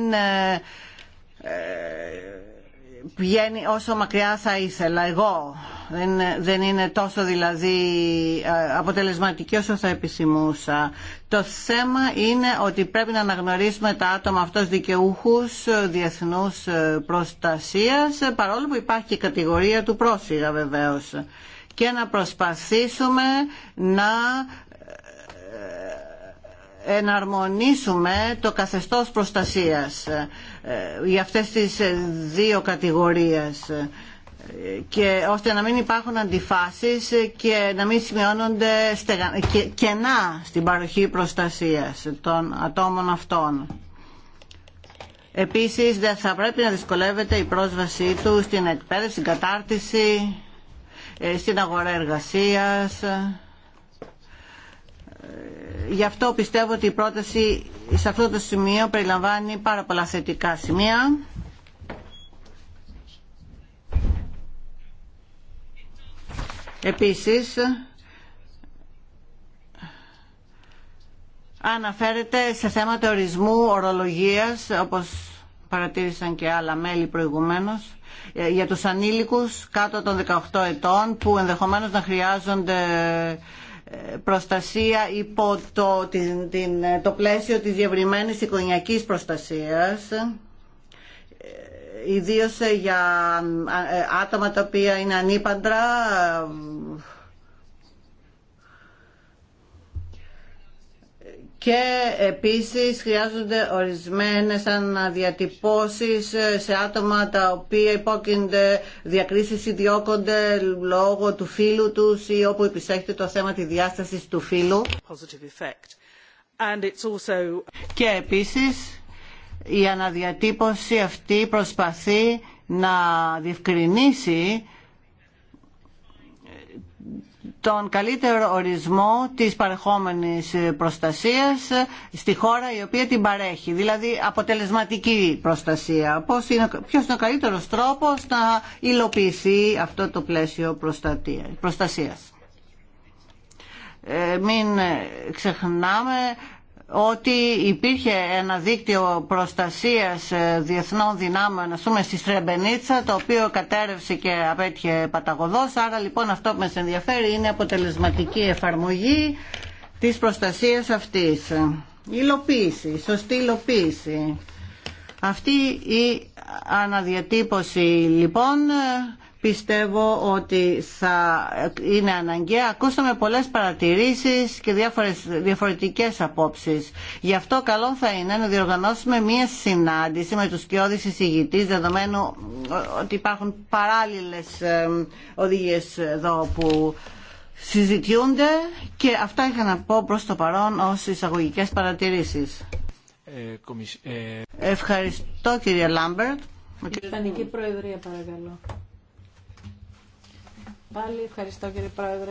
πηγαίνει όσο μακριά θα ήθελα εγώ. Δεν, δεν είναι τόσο δηλαδή ε, αποτελεσματική όσο θα επισημούσα. Το θέμα είναι ότι πρέπει να αναγνωρίσουμε τα άτομα αυτός δικαιούχους διεθνούς ε, προστασίας παρόλο που υπάρχει και η κατηγορία του πρόσφυγα βεβαίως και να προσπαθήσουμε να ε, εναρμονίσουμε το καθεστώς προστασίας ε, ε, για αυτές τις ε, δύο κατηγορίες και ώστε να μην υπάρχουν αντιφάσεις και να μην σημειώνονται κενά στην παροχή προστασίας των ατόμων αυτών. Επίσης δεν θα πρέπει να δυσκολεύεται η πρόσβασή του στην εκπαίδευση, στην κατάρτιση, στην αγορά εργασίας γι' αυτό πιστεύω ότι η πρόταση σε αυτό το σημείο περιλαμβάνει πάρα πολλά θετικά σημεία. Επίσης, αναφέρεται σε θέματα ορισμού ορολογίας, όπως παρατήρησαν και άλλα μέλη προηγουμένως, για τους ανήλικους κάτω των 18 ετών που ενδεχομένως να χρειάζονται προστασία υπό το, την, το πλαίσιο της διευρυμένης οικογενειακής προστασίας ε, ιδίως για ε, άτομα τα οποία είναι ανήπαντρα ε, και επίσης χρειάζονται ορισμένες αναδιατυπώσεις σε άτομα τα οποία υπόκεινται διακρίσεις ή διώκονται λόγω του φίλου τους ή όπου επισέχεται το θέμα τη διάστασης του φιλου also... Και επίσης η αναδιατύπωση αυτή προσπαθεί να διευκρινίσει τον καλύτερο ορισμό της παρεχόμενης προστασίας στη χώρα η οποία την παρέχει, δηλαδή αποτελεσματική προστασία. Πώς είναι, ποιος είναι ο καλύτερος τρόπος να υλοποιηθεί αυτό το πλαίσιο προστασίας. Ε, μην ξεχνάμε ότι υπήρχε ένα δίκτυο προστασίας ε, διεθνών δυνάμεων, ας πούμε στη Στρεμπενίτσα, το οποίο κατέρευσε και απέτυχε παταγωδός. Άρα λοιπόν αυτό που μας ενδιαφέρει είναι αποτελεσματική εφαρμογή της προστασίας αυτής. Υλοποίηση, σωστή υλοποίηση. Αυτή η αναδιατύπωση λοιπόν πιστεύω ότι θα είναι αναγκαία. Ακούσαμε πολλές παρατηρήσεις και διάφορες, διαφορετικές απόψεις. Γι' αυτό καλό θα είναι να διοργανώσουμε μία συνάντηση με τους κοιόδης εισηγητής, δεδομένου ε, ότι υπάρχουν παράλληλες ε, οδηγίες εδώ που συζητιούνται και αυτά είχα να πω προς το παρόν ως εισαγωγικές παρατηρήσεις. Ε, Ευχαριστώ κύριε Λάμπερτ. Ισπανική Προεδρία παρακαλώ. Πάλι ευχαριστώ κύριε Πρόεδρε.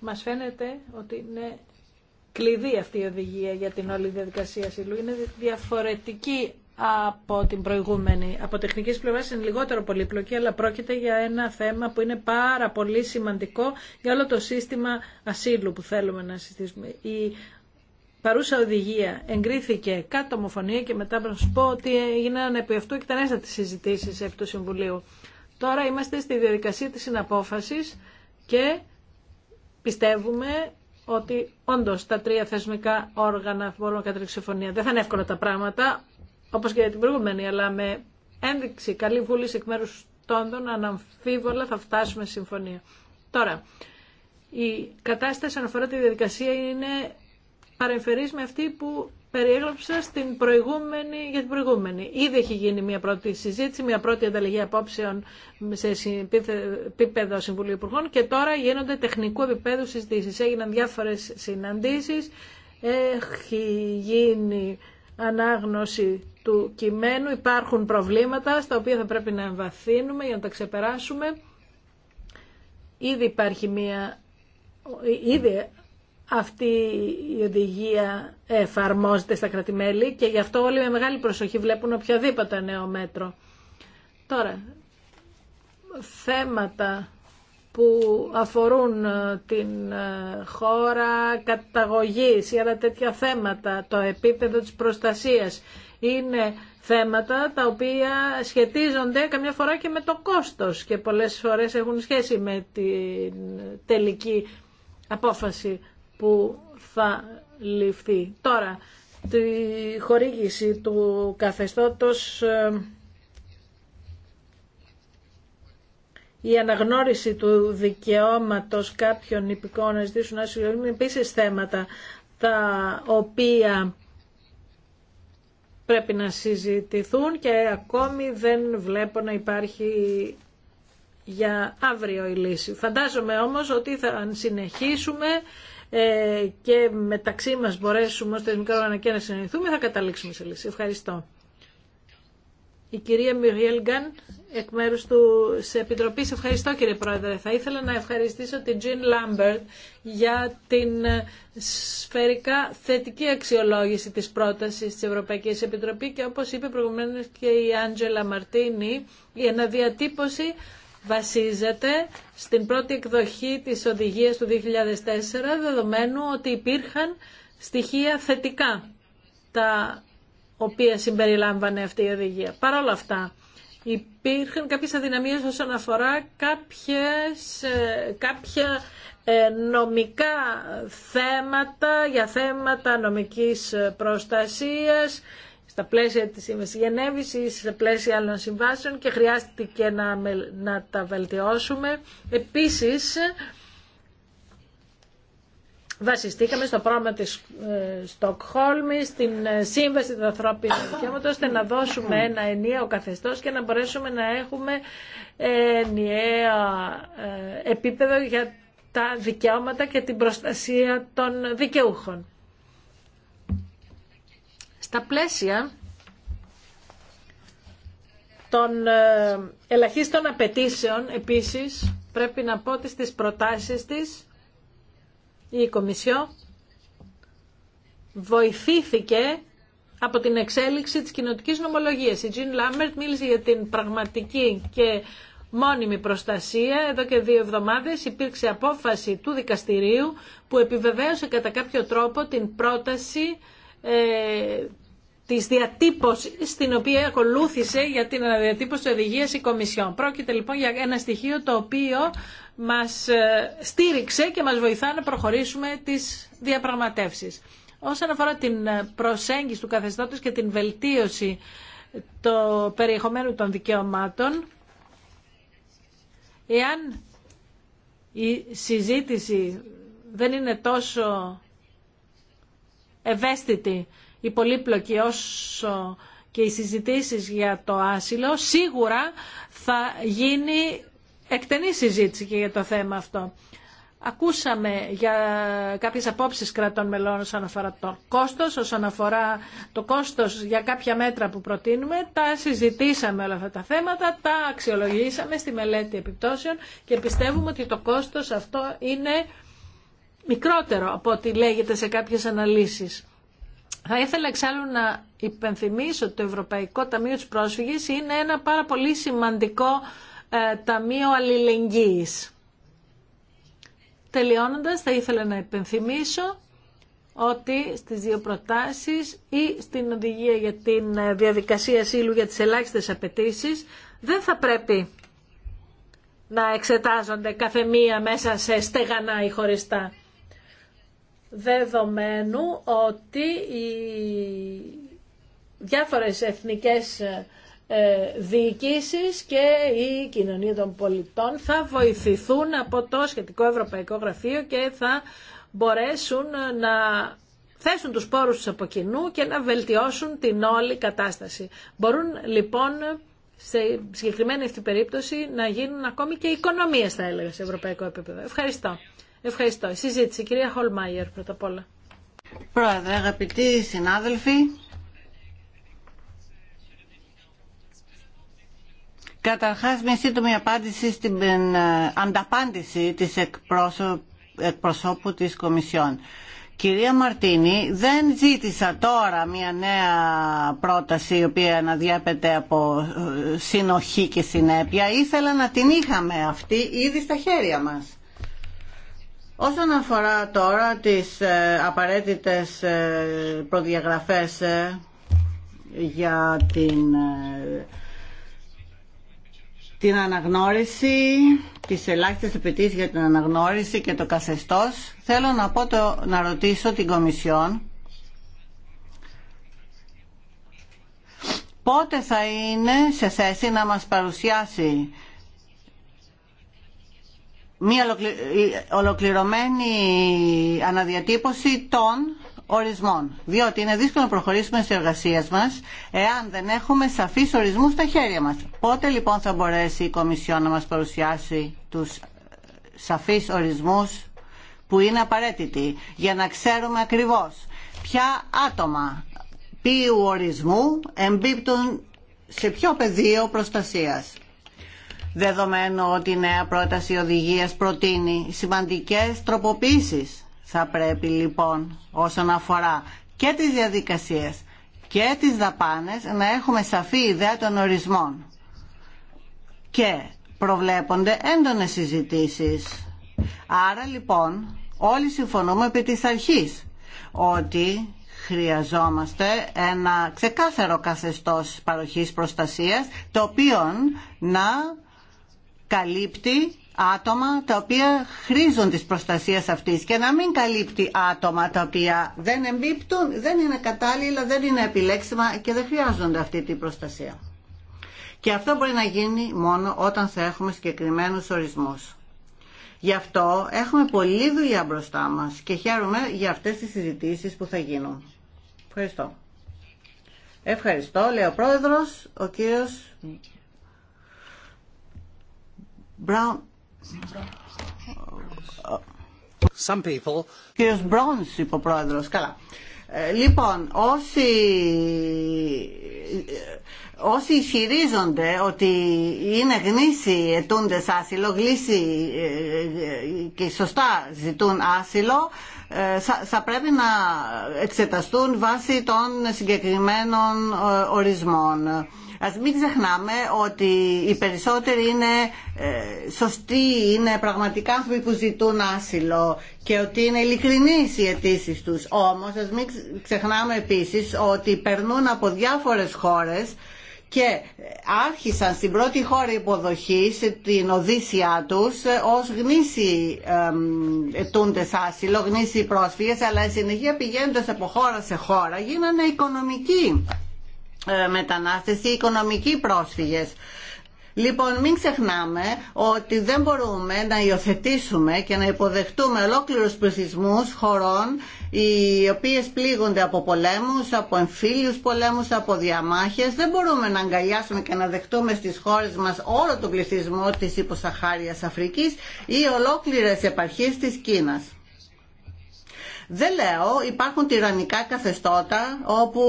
Μας φαίνεται ότι είναι κλειδί αυτή η οδηγία για την όλη διαδικασία συλλού. Είναι διαφορετική από την προηγούμενη. Από τεχνική πλευρά είναι λιγότερο πολύπλοκη, αλλά πρόκειται για ένα θέμα που είναι πάρα πολύ σημαντικό για όλο το σύστημα ασύλου που θέλουμε να συστήσουμε. Η παρούσα οδηγία εγκρίθηκε κάτω ομοφωνία και μετά πρέπει να σου πω ότι έγιναν επί αυτού τις συζητήσεις επί του Συμβουλίου. Τώρα είμαστε στη διαδικασία της συναπόφασης και πιστεύουμε ότι όντως τα τρία θεσμικά όργανα μπορούν να κατρέξουν συμφωνία. Δεν θα είναι εύκολα τα πράγματα, όπως και για την προηγούμενη, αλλά με ένδειξη καλή βούληση εκ μέρους τόντων, αναμφίβολα θα φτάσουμε σε συμφωνία. Τώρα, η κατάσταση αναφορά τη διαδικασία είναι παρεμφερείς με αυτή που περιέγραψα στην προηγούμενη, για την προηγούμενη. Ήδη έχει γίνει μια πρώτη συζήτηση, μια πρώτη ανταλλαγή απόψεων σε επίπεδο Συμβουλίου Υπουργών και τώρα γίνονται τεχνικού επίπεδου συζητήσεις. Έγιναν διάφορες συναντήσεις, έχει γίνει ανάγνωση του κειμένου, υπάρχουν προβλήματα στα οποία θα πρέπει να εμβαθύνουμε για να τα ξεπεράσουμε. Ήδη υπάρχει μια αυτή η οδηγία εφαρμόζεται στα κρατημέλη και γι' αυτό όλοι με μεγάλη προσοχή βλέπουν οποιαδήποτε νέο μέτρο. Τώρα, θέματα που αφορούν ε, την ε, χώρα καταγωγής ή άλλα τέτοια θέματα, το επίπεδο της προστασίας, είναι θέματα τα οποία σχετίζονται καμιά φορά και με το κόστος και πολλές φορές έχουν σχέση με την τελική απόφαση που θα ληφθεί. Τώρα, τη χορήγηση του καθεστώτος ε, η αναγνώριση του δικαιώματος κάποιων υπηκών να ζητήσουν είναι επίσης θέματα τα οποία πρέπει να συζητηθούν και ακόμη δεν βλέπω να υπάρχει για αύριο η λύση. Φαντάζομαι όμως ότι θα, συνεχίσουμε ε, και μεταξύ μας μπορέσουμε ως θεσμικά όργανα και να συνεννοηθούμε, θα καταλήξουμε σε λύση. Ευχαριστώ. Η κυρία Μιριέλ Γκάν, εκ μέρου του σε Επιτροπή. ευχαριστώ κύριε Πρόεδρε. Θα ήθελα να ευχαριστήσω την Τζιν Λάμπερτ για την ε, σφαιρικά θετική αξιολόγηση της πρότασης της Ευρωπαϊκής Επιτροπής και όπως είπε προηγουμένως και η Άντζελα Μαρτίνη, η αναδιατύπωση βασίζεται στην πρώτη εκδοχή της οδηγίας του 2004, δεδομένου ότι υπήρχαν στοιχεία θετικά, τα οποία συμπεριλάμβανε αυτή η οδηγία. Παρ' όλα αυτά, υπήρχαν κάποιες αδυναμίες όσον αφορά κάποιες, ε, κάποια ε, νομικά θέματα για θέματα νομικής ε, προστασίας στα πλαίσια της Σύμβασης ή σε πλαίσια άλλων συμβάσεων και χρειάστηκε να, να τα βελτιώσουμε. Επίσης, βασιστήκαμε στο πρόγραμμα της ε, στην ε, Σύμβαση του Ανθρώπινου Δικαιώματος, ώστε να δώσουμε ένα ενιαίο καθεστώς και να μπορέσουμε να έχουμε ενιαία ε, επίπεδο για τα δικαιώματα και την προστασία των δικαιούχων στα πλαίσια των ε, ελαχίστων απαιτήσεων επίσης πρέπει να πω ότι στις προτάσεις της η Κομισιό βοηθήθηκε από την εξέλιξη της κοινοτικής νομολογίας. Η Τζιν Λάμπερτ μίλησε για την πραγματική και μόνιμη προστασία. Εδώ και δύο εβδομάδες υπήρξε απόφαση του δικαστηρίου που επιβεβαίωσε κατά κάποιο τρόπο την πρόταση ε, της διατύπωσης στην οποία ακολούθησε για την αναδιατύπωση οδηγίας η Κομισιόν. Πρόκειται λοιπόν για ένα στοιχείο το οποίο μας ε, στήριξε και μας βοηθά να προχωρήσουμε τις διαπραγματεύσεις. Όσον αφορά την προσέγγιση του καθεστώτος και την βελτίωση το περιεχομένου των δικαιωμάτων, εάν η συζήτηση δεν είναι τόσο ευαίσθητη η πολύπλοκη όσο και οι συζητήσεις για το άσυλο, σίγουρα θα γίνει εκτενή συζήτηση και για το θέμα αυτό. Ακούσαμε για κάποιες απόψεις κρατών μελών όσον αφορά το κόστος, όσον αφορά το κόστος για κάποια μέτρα που προτείνουμε. Τα συζητήσαμε όλα αυτά τα θέματα, τα αξιολογήσαμε στη μελέτη επιπτώσεων και πιστεύουμε ότι το κόστος αυτό είναι μικρότερο από ό,τι λέγεται σε κάποιες αναλύσεις. Θα ήθελα εξάλλου να υπενθυμίσω ότι το Ευρωπαϊκό Ταμείο της Πρόσφυγης είναι ένα πάρα πολύ σημαντικό ε, ταμείο αλληλεγγύης. Τελειώνοντας, θα ήθελα να υπενθυμίσω ότι στις δύο προτάσεις ή στην οδηγία για την ε, διαδικασία ασύλου για τις ελάχιστες απαιτήσει δεν θα πρέπει να εξετάζονται κάθε μία μέσα σε στεγανά ή χωριστά δεδομένου ότι οι διάφορες εθνικές ε, διοικήσεις και η κοινωνία των πολιτών θα βοηθηθούν από το σχετικό Ευρωπαϊκό Γραφείο και θα μπορέσουν ε, να θέσουν τους πόρους τους από κοινού και να βελτιώσουν την όλη κατάσταση. Μπορούν λοιπόν σε συγκεκριμένη αυτή περίπτωση να γίνουν ακόμη και οικονομίες θα έλεγα σε ευρωπαϊκό επίπεδο. Ευχαριστώ. Ευχαριστώ. Η συζήτηση, κυρία Χολμάιερ, πρώτα απ' όλα. Πρόεδρε, αγαπητοί συνάδελφοι, Καταρχάς, μια σύντομη απάντηση στην ε, ανταπάντηση της εκπροσώπου της Κομισιόν. Κυρία Μαρτίνη, δεν ζήτησα τώρα μια νέα πρόταση η οποία αναδιέπεται από ε, συνοχή και συνέπεια. Ήθελα να την είχαμε αυτή ήδη στα χέρια μας. Όσον αφορά τώρα τις ε, απαραίτητες ε, προδιαγραφές ε, για την, την αναγνώριση, τις ελάχιστες επιτήσεις για την αναγνώριση και το καθεστώς, θέλω να, πω το, να ρωτήσω την Κομισιόν πότε θα είναι σε θέση να μας παρουσιάσει μια ολοκληρωμένη αναδιατύπωση των ορισμών. Διότι είναι δύσκολο να προχωρήσουμε στις εργασίες μας εάν δεν έχουμε σαφείς ορισμούς στα χέρια μας. Πότε λοιπόν θα μπορέσει η Κομισιόν να μας παρουσιάσει τους σαφείς ορισμούς που είναι απαραίτητοι για να ξέρουμε ακριβώς ποια άτομα ποιου ορισμού εμπίπτουν σε ποιο πεδίο προστασίας δεδομένου ότι η νέα πρόταση οδηγίας προτείνει σημαντικές τροποποίησεις. Θα πρέπει λοιπόν όσον αφορά και τις διαδικασίες και τις δαπάνες να έχουμε σαφή ιδέα των ορισμών. Και προβλέπονται έντονες συζητήσεις. Άρα λοιπόν όλοι συμφωνούμε επί της αρχής ότι χρειαζόμαστε ένα ξεκάθαρο καθεστώς παροχής προστασίας το οποίο να καλύπτει άτομα τα οποία χρήζουν της προστασίας αυτής και να μην καλύπτει άτομα τα οποία δεν εμπίπτουν, δεν είναι κατάλληλα, δεν είναι επιλέξιμα και δεν χρειάζονται αυτή την προστασία. Και αυτό μπορεί να γίνει μόνο όταν θα έχουμε συγκεκριμένους ορισμούς. Γι' αυτό έχουμε πολλή δουλειά μπροστά μας και χαίρομαι για αυτές τις συζητήσεις που θα γίνουν. Ευχαριστώ. Ευχαριστώ, λέει ο πρόεδρος, ο κύριος Brown... Some people. Κύριος Μπρόνς, είπε ο πρόεδρος. Καλά. Ε, λοιπόν, όσοι, ε, όσοι ισχυρίζονται ότι είναι γνήσιοι ετούντες άσυλο, γλήσιοι ε, και σωστά ζητούν άσυλο, θα πρέπει να εξεταστούν βάσει των συγκεκριμένων ορισμών Ας μην ξεχνάμε ότι οι περισσότεροι είναι ε, σωστοί, είναι πραγματικά άνθρωποι που ζητούν άσυλο και ότι είναι ειλικρινείς οι αιτήσει τους. Όμως ας μην ξεχνάμε επίσης ότι περνούν από διάφορες χώρες και ε, άρχισαν στην πρώτη χώρα υποδοχής την Οδύσσια τους ε, ως γνήσιοι ετούντες άσυλο, γνήσιοι πρόσφυγες αλλά η συνεχεία πηγαίνοντας από χώρα σε χώρα γίνανε οικονομικοί ε, μετανάστες ή οικονομικοί πρόσφυγες. Λοιπόν, μην ξεχνάμε ότι δεν μπορούμε να υιοθετήσουμε και να υποδεχτούμε ολόκληρους πληθυσμού χωρών οι οποίες πλήγονται από πολέμους, από εμφύλιους πολέμους, από διαμάχες. Δεν μπορούμε να αγκαλιάσουμε και να δεχτούμε στις χώρες μας όλο τον πληθυσμό της υποσαχάριας Αφρικής ή ολόκληρες επαρχίες της Κίνας. Δεν λέω, υπάρχουν τυραννικά καθεστώτα όπου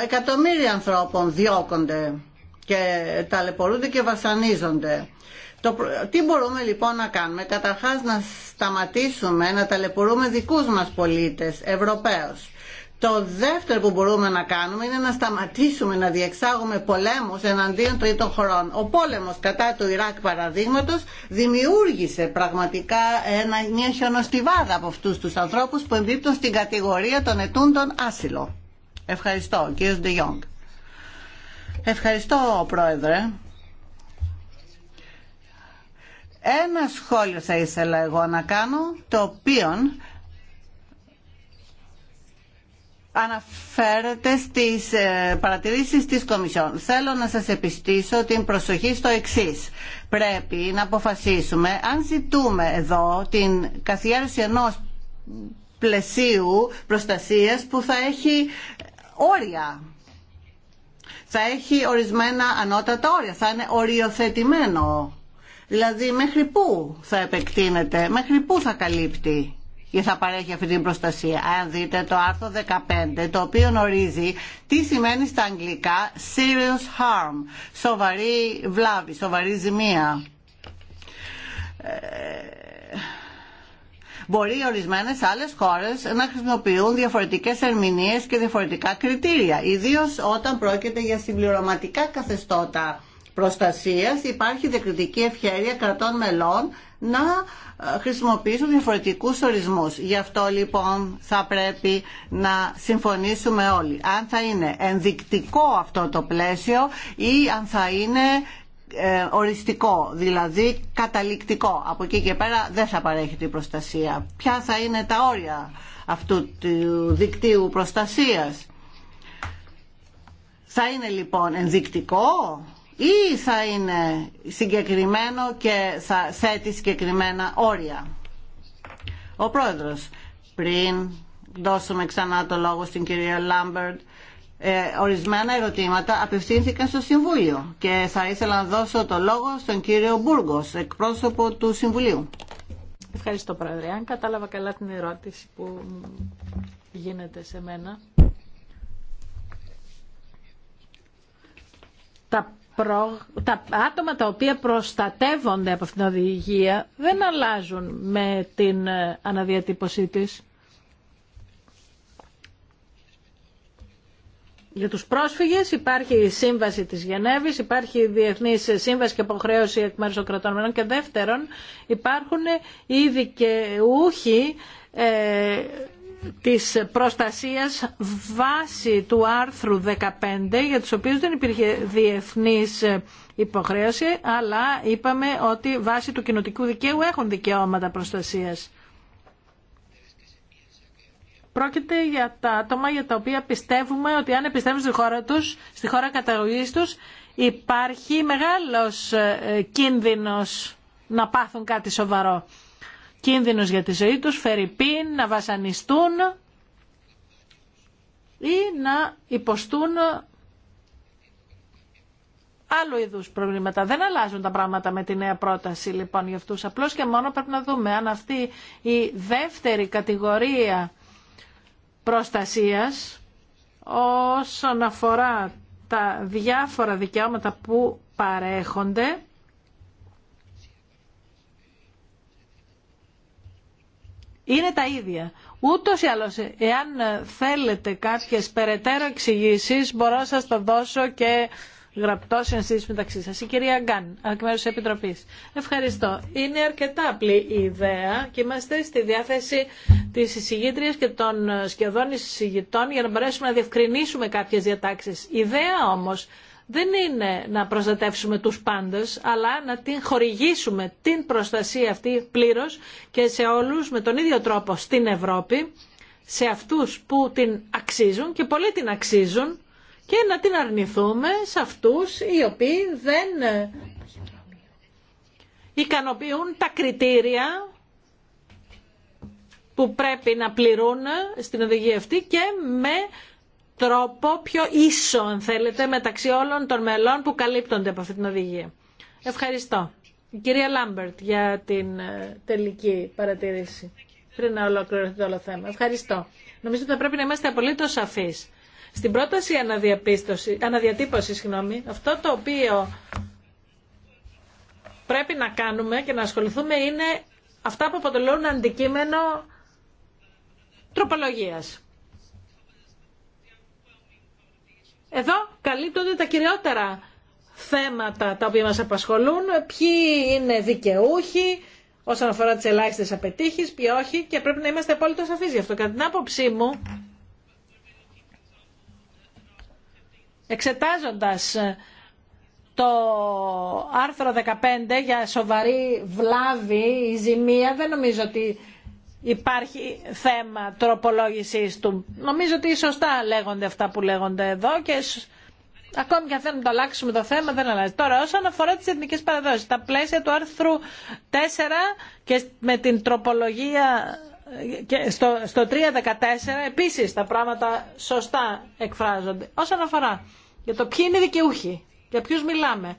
ε, εκατομμύρια ανθρώπων διώκονται και ταλαιπωρούνται και βασανίζονται. τι μπορούμε λοιπόν να κάνουμε, καταρχάς να σταματήσουμε να ταλαιπωρούμε δικούς μας πολίτες, Ευρωπαίους. Το δεύτερο που μπορούμε να κάνουμε είναι να σταματήσουμε να διεξάγουμε πολέμους εναντίον τρίτων χωρών. Ο πόλεμος κατά του Ιράκ παραδείγματος δημιούργησε πραγματικά ένα, μια χιονοστιβάδα από αυτούς τους ανθρώπους που εμπίπτουν στην κατηγορία των ετούντων άσυλο. Ευχαριστώ, κύριος Ντεγιόγκ. Ευχαριστώ, Πρόεδρε. Ένα σχόλιο θα ήθελα εγώ να κάνω, το οποίο αναφέρεται στις ε, παρατηρήσεις της Κομισιόν. Θέλω να σας επιστήσω την προσοχή στο εξής. Πρέπει να αποφασίσουμε αν ζητούμε εδώ την καθιέρωση ενός πλαισίου προστασίας που θα έχει όρια. Θα έχει ορισμένα ανώτατα όρια, θα είναι οριοθετημένο. Δηλαδή μέχρι πού θα επεκτείνεται, μέχρι πού θα καλύπτει και θα παρέχει αυτή την προστασία. Αν δείτε το άρθρο 15, το οποίο ορίζει τι σημαίνει στα αγγλικά serious harm, σοβαρή βλάβη, σοβαρή ζημία. Ε, μπορεί ορισμένε άλλε χώρε να χρησιμοποιούν διαφορετικέ ερμηνείε και διαφορετικά κριτήρια, ιδίω όταν πρόκειται για συμπληρωματικά καθεστώτα προστασίας υπάρχει διακριτική ευχέρεια κρατών μελών να ε, χρησιμοποιήσουν διαφορετικούς ορισμούς. Γι' αυτό λοιπόν θα πρέπει να συμφωνήσουμε όλοι. Αν θα είναι ενδεικτικό αυτό το πλαίσιο ή αν θα είναι ε, οριστικό, δηλαδή καταληκτικό. Από εκεί και πέρα δεν θα παρέχεται η προστασία. Ποια θα είναι τα όρια αυτού του δικτύου προστασίας. Θα είναι λοιπόν ενδεικτικό ή θα είναι συγκεκριμένο και θα θέτει συγκεκριμένα όρια. Ο πρόεδρος, πριν δώσουμε ξανά το λόγο στην κυρία Λάμπερτ, ε, ορισμένα ερωτήματα απευθύνθηκαν στο Συμβούλιο και θα ήθελα να δώσω το λόγο στον κύριο Μπούργος, εκπρόσωπο του Συμβουλίου. Ευχαριστώ Πρόεδρε. Αν κατάλαβα καλά την ερώτηση που γίνεται σε μένα. Τα τα άτομα τα οποία προστατεύονται από αυτήν την οδηγία δεν αλλάζουν με την ε, αναδιατύπωσή της. Για τους πρόσφυγες υπάρχει η Σύμβαση της Γενέβης, υπάρχει η Διεθνής Σύμβαση και Αποχρέωση εκ μέρους των κρατών και δεύτερον υπάρχουν οι δικαιούχοι ε, της προστασίας βάση του άρθρου 15 για τους οποίους δεν υπήρχε διεθνής υποχρέωση αλλά είπαμε ότι βάση του κοινοτικού δικαίου έχουν δικαιώματα προστασίας. Πρόκειται για τα άτομα για τα οποία πιστεύουμε ότι αν επιστρέψουν στη χώρα τους, στη χώρα καταγωγής τους, υπάρχει μεγάλος ε, κίνδυνος να πάθουν κάτι σοβαρό κίνδυνος για τη ζωή τους, φερειπίν, να βασανιστούν ή να υποστούν άλλου είδους προβλήματα. Δεν αλλάζουν τα πράγματα με τη νέα πρόταση λοιπόν για αυτούς. Απλώς και μόνο πρέπει να δούμε αν αυτή η δεύτερη κατηγορία προστασίας όσον αφορά τα διάφορα δικαιώματα που παρέχονται είναι τα ίδια. Ούτως ή άλλως, εάν θέλετε κάποιες περαιτέρω εξηγήσει, μπορώ να σας το δώσω και γραπτό συνστήση μεταξύ σα. Η κυρία Γκάν, εκ μέρου τη Επιτροπής. Ευχαριστώ. Είναι αρκετά απλή η ιδέα και είμαστε στη διάθεση τη εισηγήτρια και των σχεδόν εισηγητών για να μπορέσουμε να διευκρινίσουμε κάποιε διατάξει. Η ιδέα όμω δεν είναι να προστατεύσουμε τους πάντες, αλλά να την χορηγήσουμε την προστασία αυτή πλήρως και σε όλους με τον ίδιο τρόπο στην Ευρώπη, σε αυτούς που την αξίζουν και πολλοί την αξίζουν και να την αρνηθούμε σε αυτούς οι οποίοι δεν ε, ικανοποιούν τα κριτήρια που πρέπει να πληρούν στην οδηγία αυτή και με τρόπο πιο ίσο, αν θέλετε, μεταξύ όλων των μελών που καλύπτονται από αυτή την οδηγία. Ευχαριστώ. Η κυρία Λάμπερτ για την ε, τελική παρατηρήση πριν να ολοκληρωθεί το όλο θέμα. Ευχαριστώ. Νομίζω ότι θα πρέπει να είμαστε απολύτω σαφεί. Στην πρόταση αναδιατύπωση, συγγνώμη, αυτό το οποίο πρέπει να κάνουμε και να ασχοληθούμε είναι αυτά που αποτελούν αντικείμενο τροπολογίας. Εδώ καλύπτονται τα κυριότερα θέματα τα οποία μας απασχολούν, ποιοι είναι δικαιούχοι όσον αφορά τις ελάχιστες απαιτήσει, ποιοι όχι και πρέπει να είμαστε απόλυτα σαφείς γι' αυτό. Κατά την άποψή μου, εξετάζοντας το άρθρο 15 για σοβαρή βλάβη ή ζημία, δεν νομίζω ότι υπάρχει θέμα τροπολόγησής του. Νομίζω ότι σωστά λέγονται αυτά που λέγονται εδώ και ακόμη και αν θέλουμε να το αλλάξουμε το θέμα δεν αλλάζει. Τώρα όσον αφορά τις εθνικές παραδόσεις, τα πλαίσια του άρθρου 4 και με την τροπολογία ε, και στο, στο 3.14 επίσης τα πράγματα σωστά εκφράζονται. Όσον αφορά για το ποιοι είναι οι δικαιούχοι, για ποιους μιλάμε,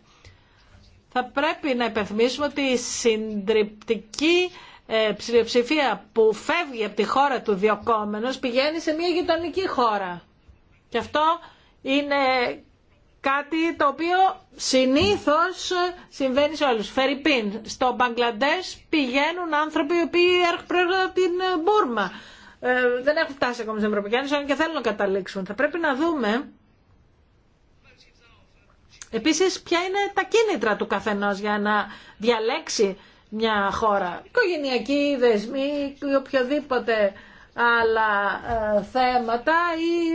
θα πρέπει να υπενθυμίσουμε ότι η συντριπτική ε, ψηφία που φεύγει από τη χώρα του διοκόμενος πηγαίνει σε μια γειτονική χώρα. Και αυτό είναι κάτι το οποίο συνήθως συμβαίνει σε όλους. Φερρυπίν, στο Μπαγκλαντές πηγαίνουν άνθρωποι οι οποίοι έρχονται από την ε, Μπούρμα. Ε, δεν έχουν φτάσει ακόμα στην Ευρωπαϊκή και θέλουν να καταλήξουν. Θα πρέπει να δούμε επίσης ποια είναι τα κίνητρα του καθενός για να διαλέξει μια χώρα. Οικογενειακοί δεσμοί ή οποιοδήποτε άλλα ε, θέματα ή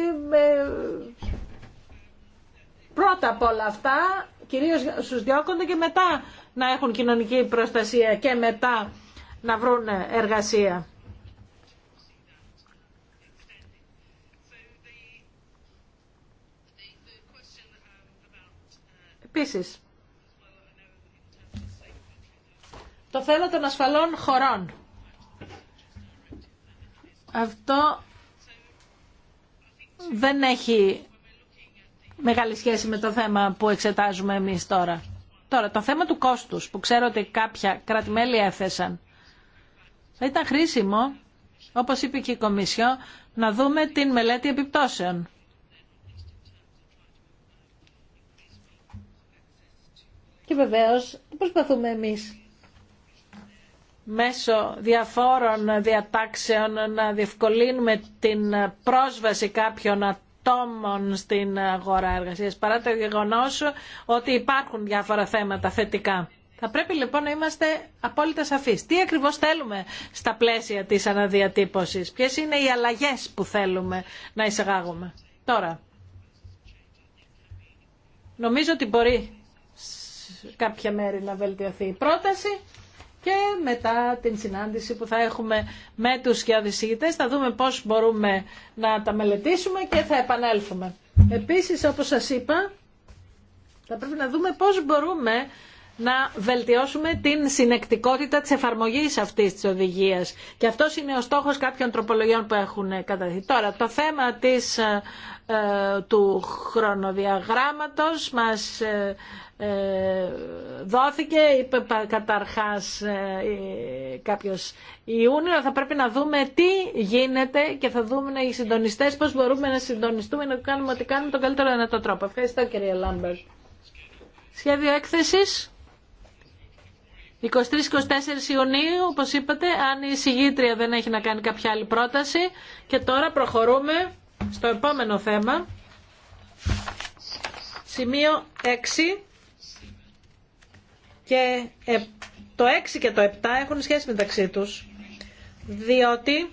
πρώτα απ' όλα αυτά κυρίως στους διώκονται και μετά να έχουν κοινωνική προστασία και μετά να βρουν εργασία. Επίσης, το θέμα των ασφαλών χωρών. Αυτό δεν έχει μεγάλη σχέση με το θέμα που εξετάζουμε εμείς τώρα. Τώρα, το θέμα του κόστους που ξέρω ότι κάποια έθεσαν. Θα ήταν χρήσιμο, όπως είπε και η Κομισιό, να δούμε την μελέτη επιπτώσεων. Και βεβαίως, προσπαθούμε εμείς μέσω διαφόρων διατάξεων να διευκολύνουμε την πρόσβαση κάποιων ατόμων στην αγορά εργασίας παρά το γεγονός ότι υπάρχουν διάφορα θέματα θετικά. Θα πρέπει λοιπόν να είμαστε απόλυτα σαφείς. Τι ακριβώς θέλουμε στα πλαίσια της αναδιατύπωσης. Ποιες είναι οι αλλαγές που θέλουμε να εισαγάγουμε. Τώρα, νομίζω ότι μπορεί κάποια μέρη να βελτιωθεί η πρόταση και μετά την συνάντηση που θα έχουμε με τους σκιαδησίτες θα δούμε πώς μπορούμε να τα μελετήσουμε και θα επανέλθουμε. Επίσης, όπως σας είπα, θα πρέπει να δούμε πώς μπορούμε να βελτιώσουμε την συνεκτικότητα της εφαρμογής αυτής της οδηγίας. Και αυτός είναι ο στόχος κάποιων τροπολογιών που έχουν καταθεί. Τώρα, το θέμα της, ε, ε, του χρονοδιαγράμματος μας ε, ε δόθηκε, είπε καταρχάς κάποιος Ιούνιο, θα πρέπει να δούμε τι γίνεται και θα δούμε οι συντονιστές πώς μπορούμε να συντονιστούμε να κάνουμε ό,τι κάνουμε τον καλύτερο δυνατό τρόπο. Ευχαριστώ κύριε Λάμπερ. Σχέδιο έκθεσης. 23-24 Ιουνίου, όπως είπατε, αν η συγγήτρια δεν έχει να κάνει κάποια άλλη πρόταση. Και τώρα προχωρούμε στο επόμενο θέμα. Σημείο 6 ε, και το 6 και το 7 έχουν σχέση μεταξύ τους, διότι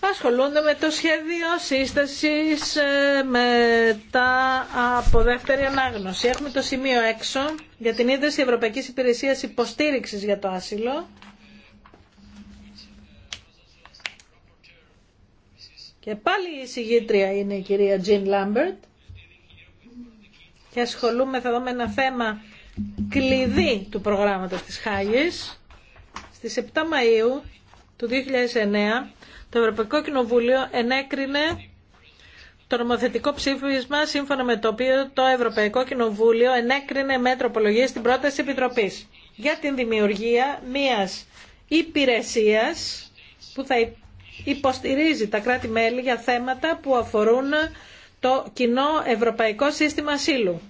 ασχολούνται με το σχέδιο σύστασης ε, μετά από δεύτερη ανάγνωση. Έχουμε το σημείο έξω για την ίδρυση Ευρωπαϊκής Υπηρεσίας Υποστήριξης για το άσυλο. Και πάλι η συγγήτρια είναι η κυρία Τζιν Λάμπερτ και ασχολούμε θα δούμε ένα θέμα κλειδί του προγράμματος της Χάγης. Στις 7 Μαΐου του 2009 το Ευρωπαϊκό Κοινοβούλιο ενέκρινε το νομοθετικό ψήφισμα σύμφωνα με το οποίο το Ευρωπαϊκό Κοινοβούλιο ενέκρινε με τροπολογία στην πρόταση Επιτροπής για την δημιουργία μιας υπηρεσίας που θα υποστηρίζει τα κράτη-μέλη για θέματα που αφορούν το κοινό Ευρωπαϊκό Σύστημα Ασύλου.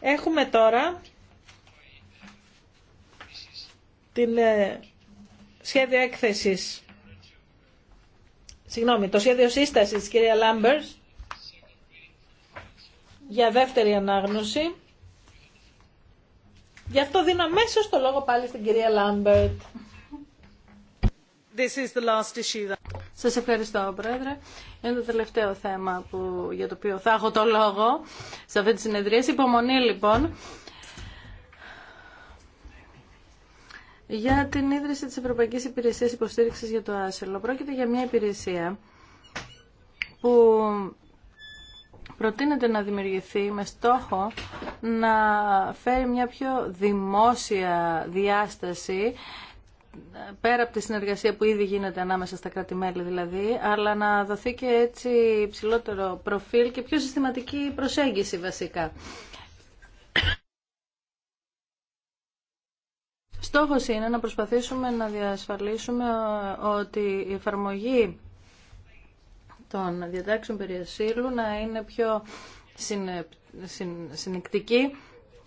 Έχουμε τώρα την ε, σχέδιο έκθεσης συγγνώμη, το σχέδιο σύσταση κυρία Λάμπερ. για δεύτερη ανάγνωση. Γι' αυτό δίνω αμέσω το λόγο πάλι στην κυρία Λάμπερτ. This is the last issue Σας ευχαριστώ, Πρόεδρε. Είναι το τελευταίο θέμα που, για το οποίο θα έχω το λόγο σε αυτή τη συνεδρία Υπομονή, λοιπόν. για την ίδρυση της Ευρωπαϊκής Υπηρεσίας Υποστήριξης για το Άσυλο. Πρόκειται για μια υπηρεσία που προτείνεται να δημιουργηθεί με στόχο να φέρει μια πιο δημόσια διάσταση πέρα από τη συνεργασία που ήδη γίνεται ανάμεσα στα κράτη-μέλη δηλαδή, αλλά να δοθεί και έτσι ψηλότερο προφίλ και πιο συστηματική προσέγγιση βασικά. Στόχος είναι να προσπαθήσουμε να διασφαλίσουμε ε, ότι η εφαρμογή των διατάξεων περιασύλου να είναι πιο συνεκτική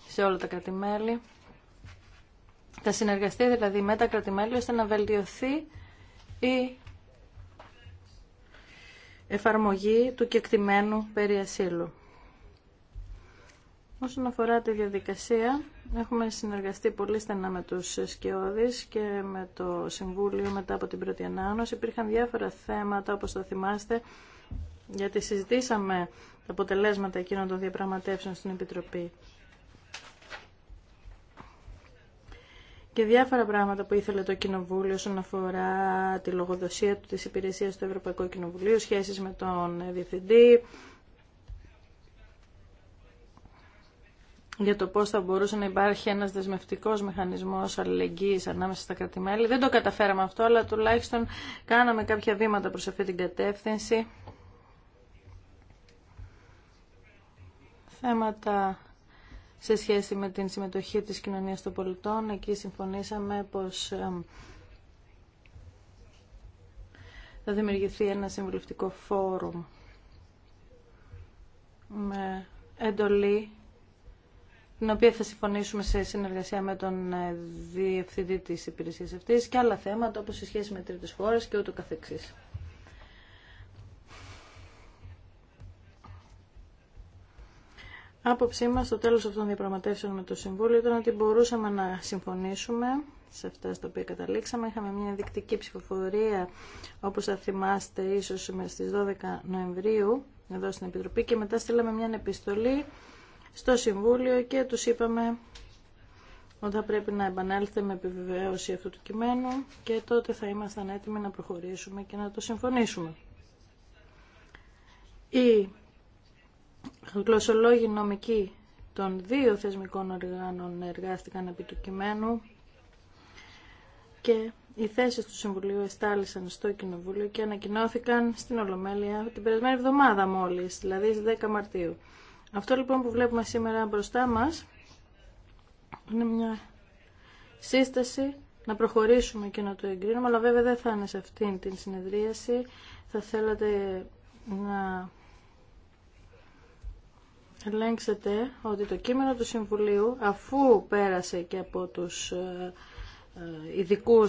σε όλα τα κρατημέλη. Θα συνεργαστεί δηλαδή με τα κρατημέλη ώστε να βελτιωθεί η εφαρμογή του κεκτημένου περιασύλου. Όσον αφορά τη διαδικασία, Έχουμε συνεργαστεί πολύ στενά με τους Σκιώδης και με το Συμβούλιο μετά από την πρώτη ανάγνωση. Υπήρχαν διάφορα θέματα, όπως το θυμάστε, γιατί συζητήσαμε τα αποτελέσματα εκείνων των διαπραγματεύσεων στην Επιτροπή. Και διάφορα πράγματα που ήθελε το Κοινοβούλιο όσον αφορά τη λογοδοσία του της υπηρεσίας του Ευρωπαϊκού Κοινοβουλίου, σχέσεις με τον Διευθυντή, για το πώς θα μπορούσε να υπάρχει ένας δεσμευτικός μηχανισμός αλληλεγγύης ανάμεσα στα κρατημέλη. Δεν το καταφέραμε αυτό, αλλά τουλάχιστον κάναμε κάποια βήματα προς αυτή την κατεύθυνση. Θέματα σε σχέση με την συμμετοχή της κοινωνίας των πολιτών. Εκεί συμφωνήσαμε πως θα δημιουργηθεί ένα συμβουλευτικό φόρουμ με εντολή την οποία θα συμφωνήσουμε σε συνεργασία με τον ε, διευθυντή της υπηρεσίας αυτής και άλλα θέματα όπως η σχέση με τρίτες χώρες και ούτω καθεξής. Άποψή μας στο τέλος αυτών των διαπραγματεύσεων με το Συμβούλιο ήταν ότι μπορούσαμε να συμφωνήσουμε σε αυτά στα οποία καταλήξαμε. Είχαμε μια ενδεικτική ψηφοφορία, όπως θα θυμάστε, ίσως στις 12 Νοεμβρίου εδώ στην Επιτροπή και μετά στείλαμε μια επιστολή στο Συμβούλιο και τους είπαμε ότι θα πρέπει να επανέλθετε με επιβεβαίωση αυτού του κειμένου και τότε θα ήμασταν έτοιμοι να προχωρήσουμε και να το συμφωνήσουμε. Η γλωσσολόγοι νομικοί των δύο θεσμικών οργάνων εργάστηκαν επί του κειμένου και οι θέσει του Συμβουλίου εστάλησαν στο Κοινοβούλιο και ανακοινώθηκαν στην Ολομέλεια την περασμένη εβδομάδα μόλις, δηλαδή στις 10 Μαρτίου. Αυτό λοιπόν που βλέπουμε σήμερα μπροστά μας είναι μια σύσταση να προχωρήσουμε και να το εγκρίνουμε, αλλά βέβαια δεν θα είναι σε αυτήν την συνεδρίαση. Θα θέλατε να ελέγξετε ότι το κείμενο του Συμβουλίου, αφού πέρασε και από τους ε, ε, ειδικού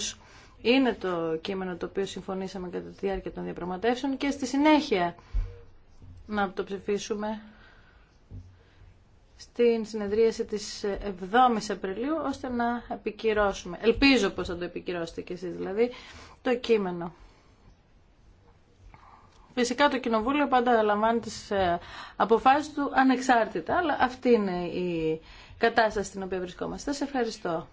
είναι το κείμενο το οποίο συμφωνήσαμε κατά τη διάρκεια των διαπραγματεύσεων και στη συνέχεια να το ψηφίσουμε στην συνεδρίαση της 7ης Απριλίου ώστε να επικυρώσουμε. Ελπίζω πως θα το επικυρώσετε κι εσείς δηλαδή το κείμενο. Φυσικά το Κοινοβούλιο πάντα λαμβάνει τις ε, αποφάσεις του ανεξάρτητα, αλλά αυτή είναι η κατάσταση στην οποία βρισκόμαστε. Σε ευχαριστώ.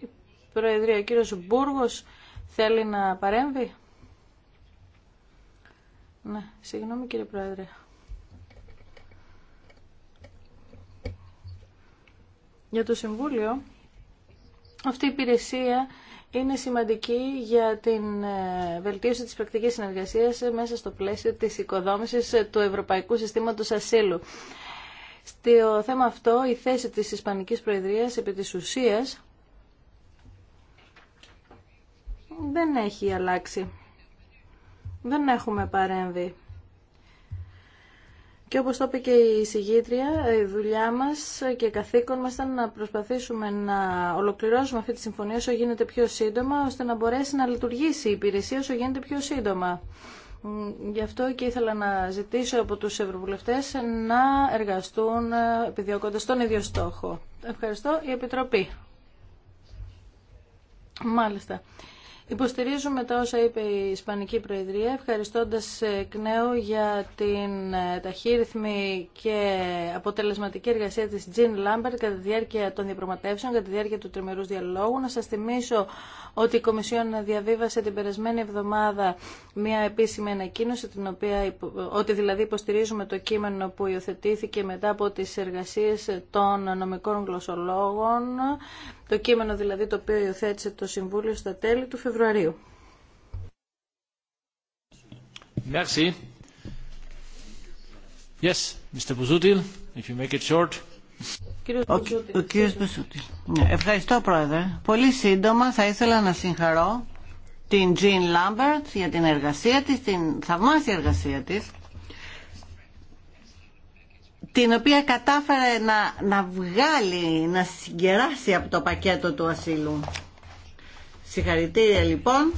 Η Προεδρία, ο κύριος Μπούργος θέλει να παρέμβει. Ναι, συγγνώμη κύριε Πρόεδρε. Για το Συμβούλιο, αυτή η υπηρεσία είναι σημαντική για την ε, βελτίωση της πρακτικής συνεργασίας μέσα στο πλαίσιο της οικοδόμησης ε, του Ευρωπαϊκού Συστήματος Ασύλου. Στο θέμα αυτό, η θέση της Ισπανικής Προεδρίας επί της ουσίας δεν έχει αλλάξει. Δεν έχουμε παρέμβει. Και όπως το είπε και η συγγήτρια, η δουλειά μας και καθήκον μας ήταν να προσπαθήσουμε να ολοκληρώσουμε αυτή τη συμφωνία όσο γίνεται πιο σύντομα, ώστε να μπορέσει να λειτουργήσει η υπηρεσία όσο γίνεται πιο σύντομα. Γι' αυτό και ήθελα να ζητήσω από τους ευρωβουλευτές να εργαστούν ε, επιδιώκοντας τον ίδιο στόχο. Ευχαριστώ. Η Επιτροπή. Μάλιστα. Υποστηρίζουμε τα όσα είπε η Ισπανική Προεδρία, ευχαριστώντας Κνέου για την ε, ταχύρυθμη και αποτελεσματική εργασία της Τζιν Λάμπερ κατά τη διάρκεια των διαπραγματεύσεων, κατά τη διάρκεια του τριμερούς διαλόγου. Να σας θυμίσω ότι η Κομισιόν διαβίβασε την περασμένη εβδομάδα μια επίσημη ανακοίνωση, την οποία, ότι δηλαδή υποστηρίζουμε το κείμενο που υιοθετήθηκε μετά από τις εργασίες των νομικών γλωσσολόγων, το κείμενο δηλαδή το οποίο υιοθέτησε το Συμβούλιο στα τέλη του Φεβρουαρίου. Φεβρουαρίου. Merci. Yes, Mr. Buzutil, if you make it short. Ο, Ευχαριστώ πρόεδρε. Πολύ σύντομα θα ήθελα να συγχαρώ την Jean Lambert για την εργασία της, την θαυμάσια εργασία της την οποία κατάφερε να, να βγάλει, να συγκεράσει από το πακέτο του ασύλου. Συγχαρητήρια λοιπόν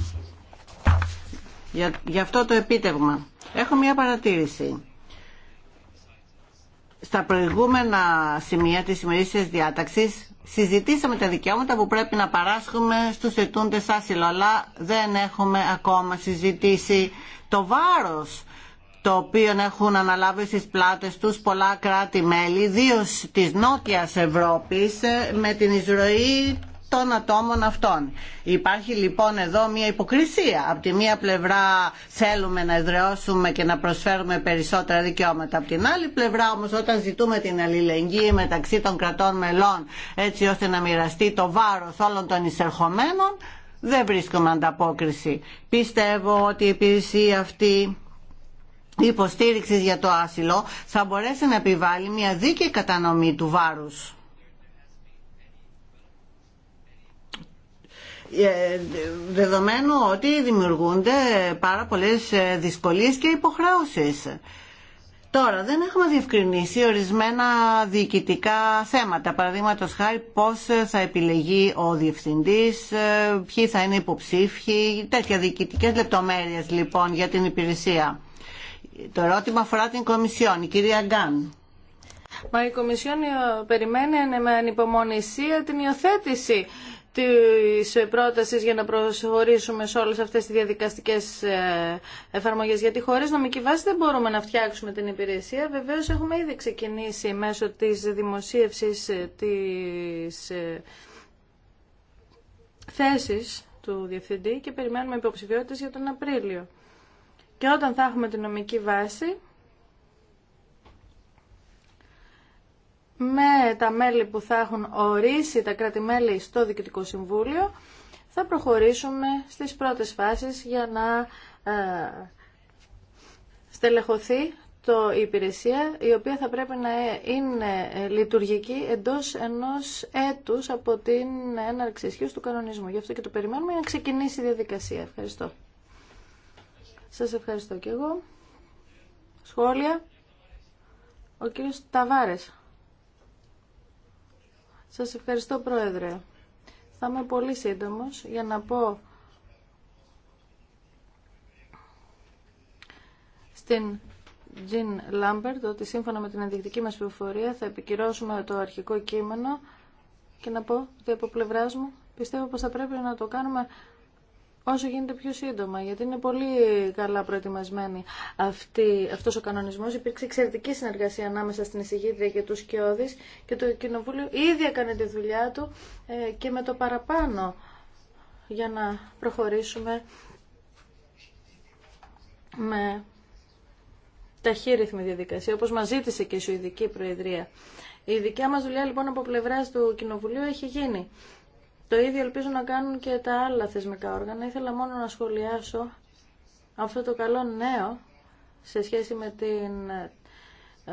για, αυτό το επίτευγμα. Έχω μια παρατήρηση. Στα προηγούμενα σημεία της ημερήσιας διάταξης συζητήσαμε τα δικαιώματα που πρέπει να παράσχουμε στους ετούντες άσυλο, αλλά δεν έχουμε ακόμα συζητήσει το βάρος το οποίο έχουν αναλάβει στις πλάτες τους πολλά κράτη-μέλη, ιδίω της Νότιας Ευρώπης, με την εισρωή των ατόμων αυτών. Υπάρχει λοιπόν εδώ μια υποκρισία. Από τη μία πλευρά θέλουμε να εδραιώσουμε και να προσφέρουμε περισσότερα δικαιώματα. Από την άλλη πλευρά όμως όταν ζητούμε την αλληλεγγύη μεταξύ των κρατών μελών έτσι ώστε να μοιραστεί το βάρος όλων των εισερχομένων δεν βρίσκουμε ανταπόκριση. Πιστεύω ότι η υπηρεσία αυτή υποστήριξη για το άσυλο θα μπορέσει να επιβάλλει μια δίκαιη κατανομή του βάρους Ε, δεδομένου ότι δημιουργούνται πάρα πολλές ε, δυσκολίες και υποχρεώσεις. Τώρα, δεν έχουμε διευκρινίσει ορισμένα διοικητικά θέματα. Παραδείγματο χάρη, πώ θα επιλεγεί ο διευθυντή, ε, ποιοι θα είναι υποψήφοι, τέτοια διοικητικέ λεπτομέρειε λοιπόν για την υπηρεσία. Το ερώτημα αφορά την Κομισιόν, η κυρία Γκάν. Μα η Κομισιόν περιμένει με ανυπομονησία την υιοθέτηση της πρότασης για να προσχωρήσουμε σε όλες αυτές τις διαδικαστικές ε, εφαρμογές. Γιατί χωρίς νομική βάση δεν μπορούμε να φτιάξουμε την υπηρεσία. Βεβαίως έχουμε ήδη ξεκινήσει μέσω της δημοσίευσης ε, της ε, θέσης του Διευθυντή και περιμένουμε υποψηφιότητες για τον Απρίλιο. Και όταν θα έχουμε την νομική βάση με τα μέλη που θα έχουν ορίσει τα κράτη-μέλη στο Διοικητικό Συμβούλιο, θα προχωρήσουμε στις πρώτες φάσεις για να ε, στελεχωθεί το, η υπηρεσία η οποία θα πρέπει να είναι λειτουργική εντός ενός έτους από την έναρξη ισχύω του κανονισμού. Γι' αυτό και το περιμένουμε να ξεκινήσει η διαδικασία. Ευχαριστώ. Σας ευχαριστώ και εγώ. Σχόλια. Ο κύριος Ταβάρες. Σας ευχαριστώ Πρόεδρε. Θα είμαι πολύ σύντομος για να πω στην Τζιν Λάμπερτ ότι σύμφωνα με την ενδεικτική μας πληροφορία θα επικυρώσουμε το αρχικό κείμενο και να πω ότι από πλευράς μου πιστεύω πως θα πρέπει να το κάνουμε όσο γίνεται πιο σύντομα, γιατί είναι πολύ καλά προετοιμασμένη αυτή, αυτός ο κανονισμός. Υπήρξε εξαιρετική συνεργασία ανάμεσα στην εισηγήτρια και τους Σκιώδης και το Κοινοβούλιο ήδη έκανε τη δουλειά του ε, και με το παραπάνω για να προχωρήσουμε με ταχύρυθμη διαδικασία, όπως μας ζήτησε και η Σουηδική Προεδρία. Η δικιά μας δουλειά λοιπόν από πλευράς του Κοινοβουλίου έχει γίνει. Το ίδιο ελπίζω να κάνουν και τα άλλα θεσμικά όργανα. Ήθελα μόνο να σχολιάσω αυτό το καλό νέο σε σχέση με την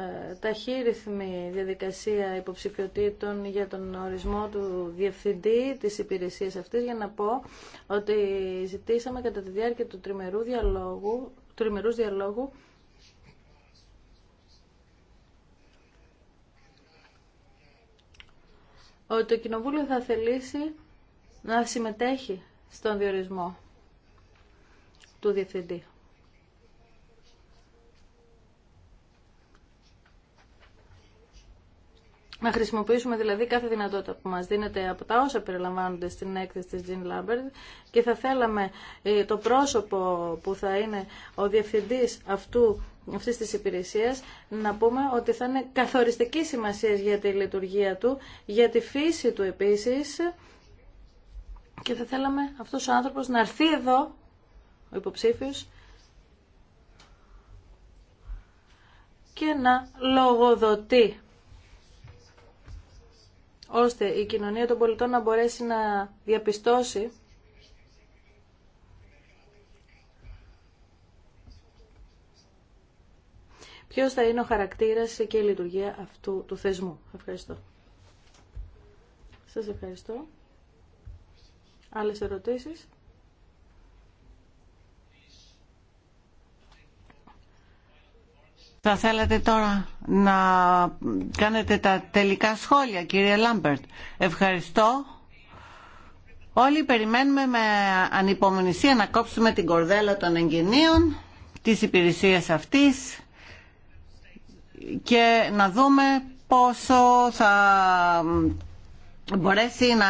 ε, ταχύρυθμη διαδικασία υποψηφιωτήτων για τον ορισμό του διευθυντή της υπηρεσίας αυτής για να πω ότι ζητήσαμε κατά τη διάρκεια του τριμερού διαλόγου, τριμερούς διαλόγου ότι το Κοινοβούλιο θα θελήσει να συμμετέχει στον διορισμό του Διευθυντή. Να χρησιμοποιήσουμε δηλαδή κάθε δυνατότητα που μας δίνεται από τα όσα περιλαμβάνονται στην έκθεση της Jean Lambert και θα θέλαμε ε, το πρόσωπο που θα είναι ο διευθυντής αυτού, αυτής της υπηρεσίας να πούμε ότι θα είναι καθοριστική σημασία για τη λειτουργία του, για τη φύση του επίσης και θα θέλαμε αυτός ο άνθρωπος να έρθει εδώ, ο υποψήφιος, και να λογοδοτεί ώστε η κοινωνία των πολιτών να μπορέσει να διαπιστώσει ποιος θα είναι ο χαρακτήρας και η λειτουργία αυτού του θεσμού. Ευχαριστώ. Σας ευχαριστώ. Άλλες ερωτήσεις. Θα θέλατε τώρα να κάνετε τα τελικά σχόλια, κύριε Λάμπερτ. Ευχαριστώ. Όλοι περιμένουμε με ανυπομονησία να κόψουμε την κορδέλα των εγγενείων της υπηρεσίας αυτής και να δούμε πόσο θα μπορέσει να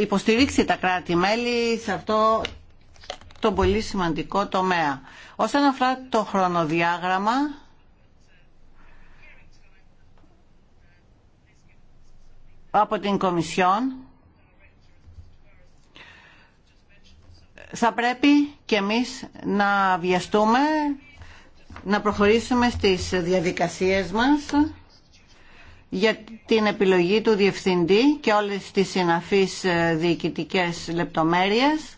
υποστηρίξει τα κράτη-μέλη σε αυτό το πολύ σημαντικό τομέα. Όσον αφορά το χρονοδιάγραμμα, από την Κομισιόν, θα πρέπει και εμείς να βιαστούμε, να προχωρήσουμε στις διαδικασίες μας για την επιλογή του διευθυντή και όλες τις συναφείς ε, διοικητικές λεπτομέρειες.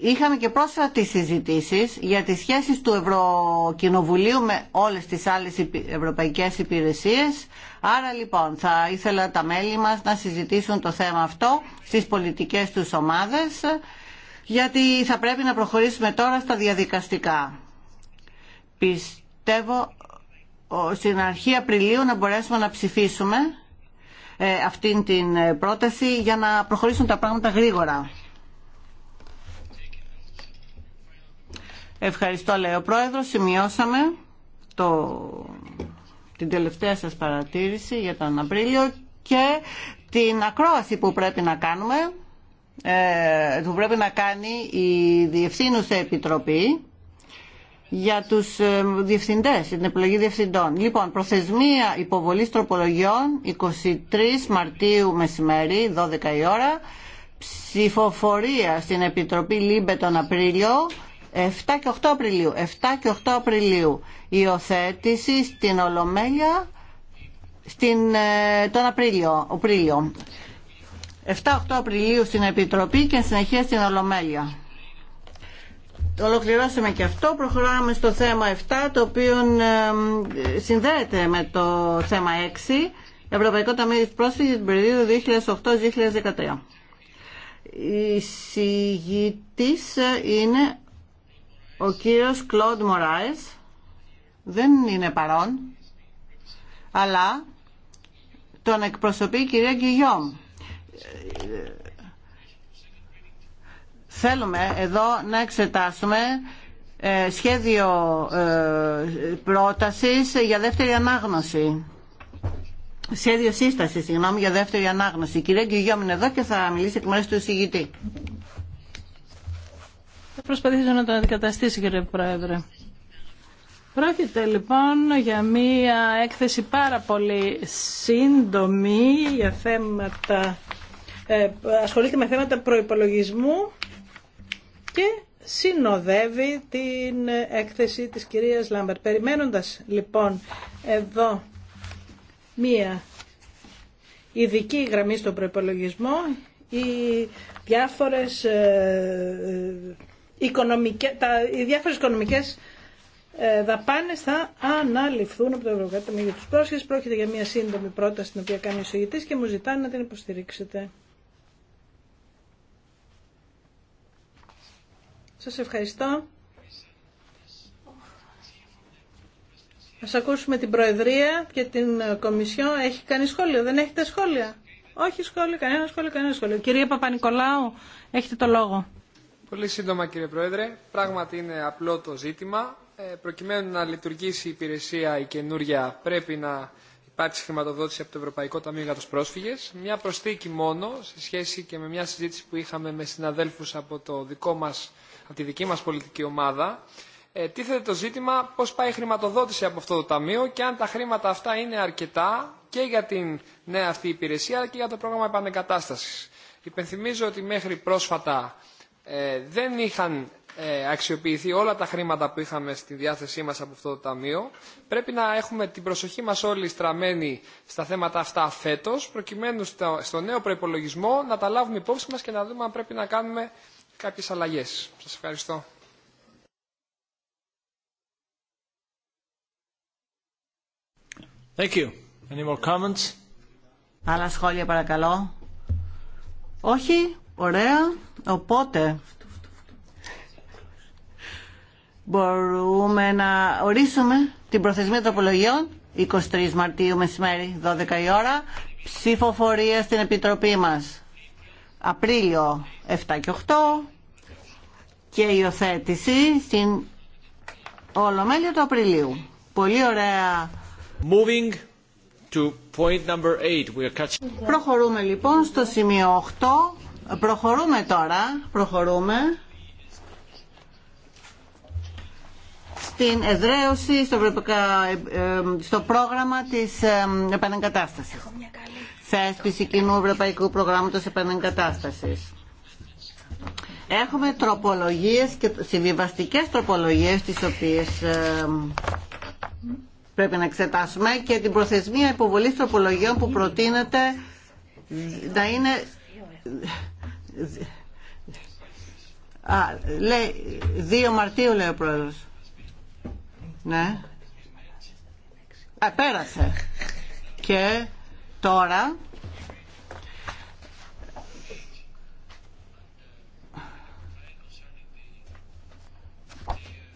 Είχαμε και πρόσφατα τις συζητήσεις για τις σχέσεις του Ευρωκοινοβουλίου με όλες τις άλλες ευρωπαϊκές υπηρεσίες. Άρα λοιπόν θα ήθελα τα μέλη μας να συζητήσουν το θέμα αυτό στις πολιτικές τους ομάδες γιατί θα πρέπει να προχωρήσουμε τώρα στα διαδικαστικά πιστεύω στην αρχή Απριλίου να μπορέσουμε να ψηφίσουμε ε, αυτήν την ε, πρόταση για να προχωρήσουν τα πράγματα γρήγορα. Ευχαριστώ, λέει ο Πρόεδρος. Σημειώσαμε το... την τελευταία σας παρατήρηση για τον Απρίλιο και την ακρόαση που πρέπει να κάνουμε, ε, που πρέπει να κάνει η Διευθύνουσα Επιτροπή για τους ε, διευθυντές, την επιλογή διευθυντών. Λοιπόν, προθεσμία υποβολής τροπολογιών 23 Μαρτίου μεσημέρι, 12 η ώρα, ψηφοφορία στην Επιτροπή Λίμπε τον Απρίλιο, 7 και 8 Απριλίου, 7 και 8 Απριλίου, υιοθέτηση στην Ολομέλεια στην, ε, τον Απρίλιο, Απρίλιο. 7-8 Απριλίου στην Επιτροπή και συνεχεία στην Ολομέλεια ολοκληρώσαμε και αυτό. Προχωράμε στο θέμα 7, το οποίο ε, συνδέεται με το θέμα 6, Ευρωπαϊκό Ταμείο της Πρόσφυγης την περίοδο 2008-2013. Η συγητής είναι ο κύριο Κλοντ Μωράε. Δεν είναι παρόν, αλλά τον εκπροσωπεί η κυρία Γκυγιόμ Θέλουμε εδώ να εξετάσουμε ε, σχέδιο ε, πρότασης για δεύτερη ανάγνωση. Σχέδιο σύσταση, συγγνώμη, για δεύτερη ανάγνωση. Η κυρία Γκυγιόμ είναι εδώ και θα μιλήσει εκ μέρου του εισηγητή. Θα προσπαθήσω να τον αντικαταστήσει, κύριε Πρόεδρε. Πρόκειται λοιπόν για μία έκθεση πάρα πολύ σύντομη για θέματα, ε, ασχολείται με θέματα προϋπολογισμού και συνοδεύει την έκθεση της κυρίας Λάμπερ. Περιμένοντας λοιπόν εδώ μία ειδική γραμμή στον προπολογισμό, οι διάφορες, ε, ε, οικονομικές, τα, οι διάφορες οικονομικές ε, δαπάνες θα αναλυφθούν από το Ευρωπαϊκό για τους πρόσχεσεις. Πρόκειται για μια σύντομη πρόταση την οποία κάνει ο και μου ζητάνε να την υποστηρίξετε. Σας ευχαριστώ. Ας ακούσουμε την Προεδρία και την Κομισιό. Έχει κάνει σχόλιο, δεν έχετε σχόλια. Όχι σχόλιο, κανένα σχόλιο, κανένα σχόλιο. Κυρία Παπα-Νικολάου, έχετε το λόγο. Πολύ σύντομα κύριε Πρόεδρε. Πράγματι είναι απλό το ζήτημα. Ε, προκειμένου να λειτουργήσει η υπηρεσία η καινούρια πρέπει να υπάρξει χρηματοδότηση από το Ευρωπαϊκό Ταμείο για τους πρόσφυγες. Μια προσθήκη μόνο σε σχέση και με μια συζήτηση που είχαμε με συναδέλφους από το δικό μα από τη δική μας πολιτική ομάδα, ε, τίθεται το ζήτημα πώς πάει η χρηματοδότηση από αυτό το ταμείο και αν τα χρήματα αυτά είναι αρκετά και για την νέα αυτή υπηρεσία αλλά και για το πρόγραμμα επανεκατάστασης. Υπενθυμίζω ότι μέχρι πρόσφατα ε, δεν είχαν ε, αξιοποιηθεί όλα τα χρήματα που είχαμε στη διάθεσή μας από αυτό το ταμείο. Πρέπει να έχουμε την προσοχή μας όλοι στραμμένη στα θέματα αυτά φέτος, προκειμένου στο, στο νέο προϋπολογισμό να τα λάβουμε υπόψη μας και να δούμε αν πρέπει να κάνουμε κάποιες αλλαγές. Σας ευχαριστώ. Thank you. Any more comments? Άλλα σχόλια παρακαλώ. Όχι, ωραία. Οπότε μπορούμε να ορίσουμε την προθεσμία τροπολογιών 23 Μαρτίου μεσημέρι, 12 η ώρα, ψηφοφορία στην Επιτροπή μας. Απρίλιο 7 και 8 και υιοθέτηση στην Ολομέλεια του Απριλίου. Πολύ ωραία. Moving to point number Προχωρούμε λοιπόν στο σημείο 8. Προχωρούμε τώρα. Προχωρούμε. στην εδραίωση στο, ε, ε, πρόγραμμα της ε, επανεγκατάστασης θέσπιση κοινού ευρωπαϊκού προγράμματος επανεγκατάστασης. Έχουμε τροπολογίες και συμβιβαστικές τροπολογίες τις οποίες ε, πρέπει να εξετάσουμε και την προθεσμία υποβολής τροπολογιών που προτείνεται να είναι... Α, λέει 2 Μαρτίου λέει ο πρόεδρος. Ναι. Α, πέρασε. Και τώρα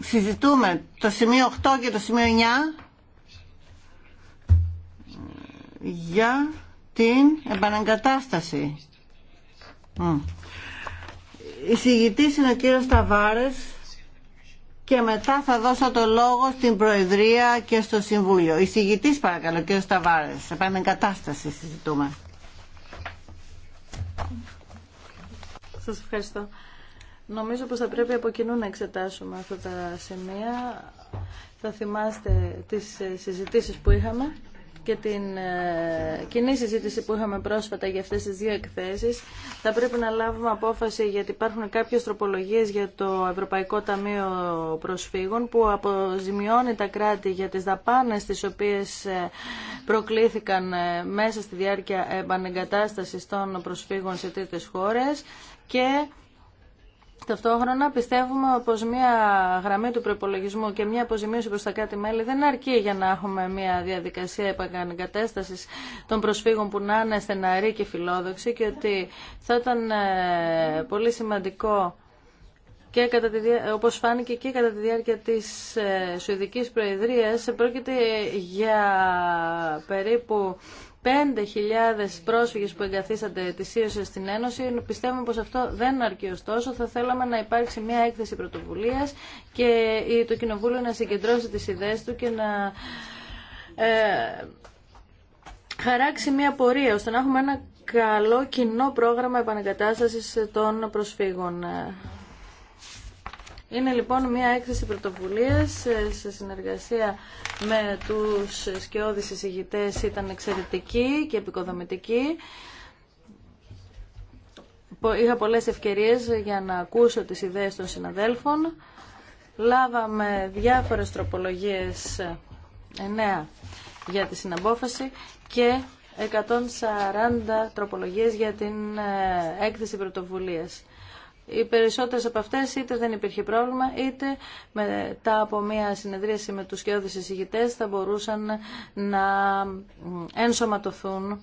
συζητούμε το σημείο 8 και το σημείο 9 για την επαναγκατάσταση. Η συγητής είναι ο κύριος Ταβάρες και μετά θα δώσω το λόγο στην Προεδρία και στο Συμβούλιο. Εισηγητή, παρακαλώ, κύριε Σταβάρε. Σε κατάσταση συζητούμε. Σας ευχαριστώ. Νομίζω πως θα πρέπει από κοινού να εξετάσουμε αυτά τα σημεία. Θα θυμάστε τις ε, συζητήσεις που είχαμε και την ε, κοινή συζήτηση που είχαμε πρόσφατα για αυτές τις δύο εκθέσεις, θα πρέπει να λάβουμε απόφαση γιατί υπάρχουν κάποιες τροπολογίες για το Ευρωπαϊκό Ταμείο Προσφύγων που αποζημιώνει τα κράτη για τις δαπάνες τις οποίες ε, προκλήθηκαν ε, μέσα στη διάρκεια επανεγκατάστασης των προσφύγων σε τρίτες χώρες και Ταυτόχρονα πιστεύουμε πως μια γραμμή του προπολογισμού και μια αποζημίωση προς τα κάτι μέλη δεν αρκεί για να έχουμε μια διαδικασία επαγκατέσταση των προσφύγων που να είναι στεναρή και φιλόδοξη και ότι θα ήταν ε, πολύ σημαντικό και κατά τη, όπως φάνηκε και κατά τη διάρκεια της ε, Σουηδικής Προεδρίας πρόκειται για περίπου 5.000 πρόσφυγες που εγκαθίσατε τη ίωσες στην Ένωση. Πιστεύουμε πω αυτό δεν αρκεί ωστόσο. Θα θέλαμε να υπάρξει μια έκθεση πρωτοβουλία και το Κοινοβούλιο να συγκεντρώσει τις ιδέες του και να ε, χαράξει μια πορεία ώστε να έχουμε ένα καλό κοινό πρόγραμμα επανακατάστασης των προσφύγων. Είναι λοιπόν μια έκθεση πρωτοβουλία ε, σε συνεργασία με του σκιώδει εισηγητές ήταν εξαιρετική και επικοδομητική. Είχα πολλές ευκαιρίες για να ακούσω τις ιδέες των συναδέλφων. Λάβαμε διάφορες τροπολογίες, εννέα για τη συναμπόφαση και 140 τροπολογίες για την ε, έκθεση πρωτοβουλίας οι περισσότερες από αυτές είτε δεν υπήρχε πρόβλημα είτε μετά από μια συνεδρίαση με τους κοιόδης εισηγητές θα μπορούσαν να ενσωματωθούν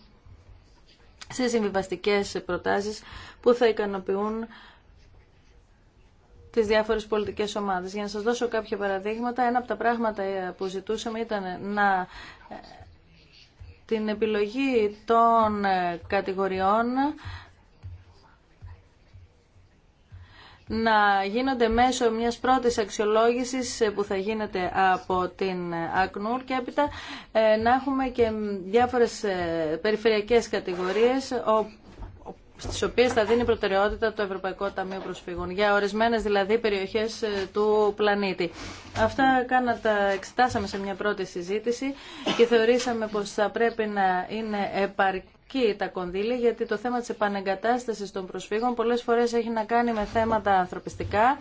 σε συμβιβαστικές προτάσεις που θα ικανοποιούν τις διάφορες πολιτικές ομάδες. Για να σας δώσω κάποια παραδείγματα, ένα από τα πράγματα που ζητούσαμε ήταν να ε, την επιλογή των ε, κατηγοριών να γίνονται μέσω μιας πρώτης αξιολόγησης ε, που θα γίνεται από την ΑΚΝΟΥΡ και έπειτα ε, να έχουμε και διάφορες ε, περιφερειακές κατηγορίες στις οποίες θα δίνει προτεραιότητα το Ευρωπαϊκό Ταμείο Προσφύγων, για ορισμένες δηλαδή περιοχές του πλανήτη. Αυτά κάνα τα εξετάσαμε σε μια πρώτη συζήτηση και θεωρήσαμε πως θα πρέπει να είναι επαρκή και τα κονδύλια γιατί το θέμα της επανεγκατάστασης των προσφύγων πολλές φορές έχει να κάνει με θέματα ανθρωπιστικά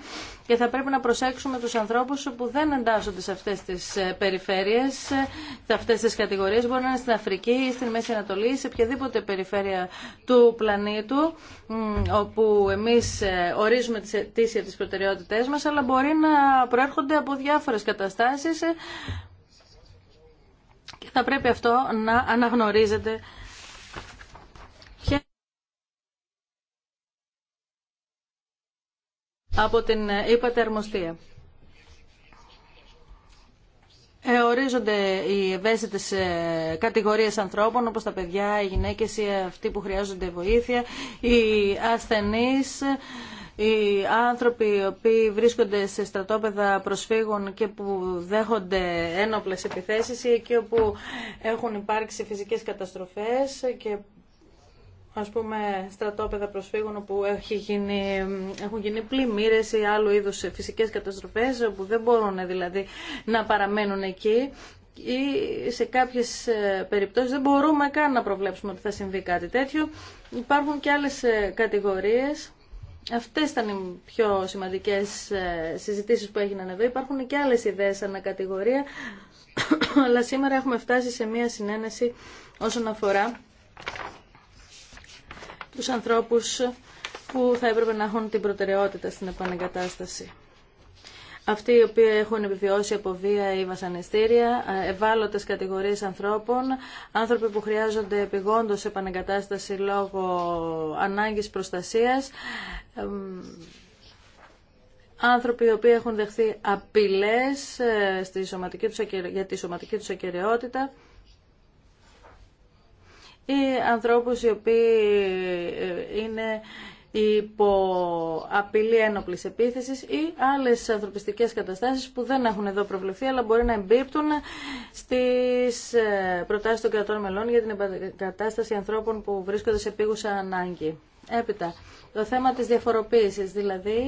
και θα πρέπει να προσέξουμε τους ανθρώπους που δεν εντάσσονται σε αυτές τις ε, περιφέρειες, ε, σε αυτές τις κατηγορίες, μπορεί να είναι στην Αφρική ή στην Μέση Ανατολή, σε οποιαδήποτε περιφέρεια του πλανήτου όπου εμείς ε, ορίζουμε τις αιτήσεις τις προτεραιότητές μας αλλά μπορεί να προέρχονται από διάφορες καταστάσεις και θα πρέπει αυτό να αναγνωρίζεται από την Υπατερμοστία. Αρμοστία. Ε, ορίζονται οι ευαίσθητες ε, κατηγορίες ανθρώπων όπως τα παιδιά, οι γυναίκες, οι αυτοί που χρειάζονται βοήθεια, οι ασθενείς, οι άνθρωποι οι οποίοι βρίσκονται σε στρατόπεδα προσφύγων και που δέχονται ένοπλες επιθέσεις ή εκεί όπου έχουν υπάρξει φυσικές καταστροφές και ας πούμε, στρατόπεδα προσφύγων όπου έχει γίνει, έχουν γίνει πλημμύρες ή άλλου είδους φυσικές καταστροφές, όπου δεν μπορούν δηλαδή να παραμένουν εκεί ή σε κάποιες ε, περιπτώσεις δεν μπορούμε καν να προβλέψουμε ότι θα συμβεί κάτι τέτοιο. Υπάρχουν και άλλες ε, κατηγορίες. Αυτές ήταν οι πιο σημαντικές ε, συζητήσεις που έγιναν εδώ. Υπάρχουν και άλλες ιδέες ανακατηγορία, αλλά σήμερα έχουμε φτάσει σε μία συνένεση όσον αφορά τους ανθρώπους που θα έπρεπε να έχουν την προτεραιότητα στην επανεγκατάσταση. Αυτοί οι οποίοι έχουν επιβιώσει από βία ή βασανιστήρια, ε, ευάλωτες κατηγορίες ανθρώπων, άνθρωποι που χρειάζονται επιγόντως επανεγκατάσταση λόγω ανάγκης προστασίας, άνθρωποι οι οποίοι έχουν δεχθεί απειλές ε, στη σωματική τους, για τη σωματική τους ακεραιότητα, ή ανθρώπους οι οποίοι ε, είναι υπό απειλή ένοπλης επίθεσης ή άλλες ανθρωπιστικές καταστάσεις που δεν έχουν εδώ προβλεφθεί αλλά μπορεί να εμπίπτουν στις ε, προτάσεις των κρατών μελών για την κατάσταση ανθρώπων που βρίσκονται σε πήγουσα ανάγκη. Έπειτα, το θέμα της διαφοροποίησης, δηλαδή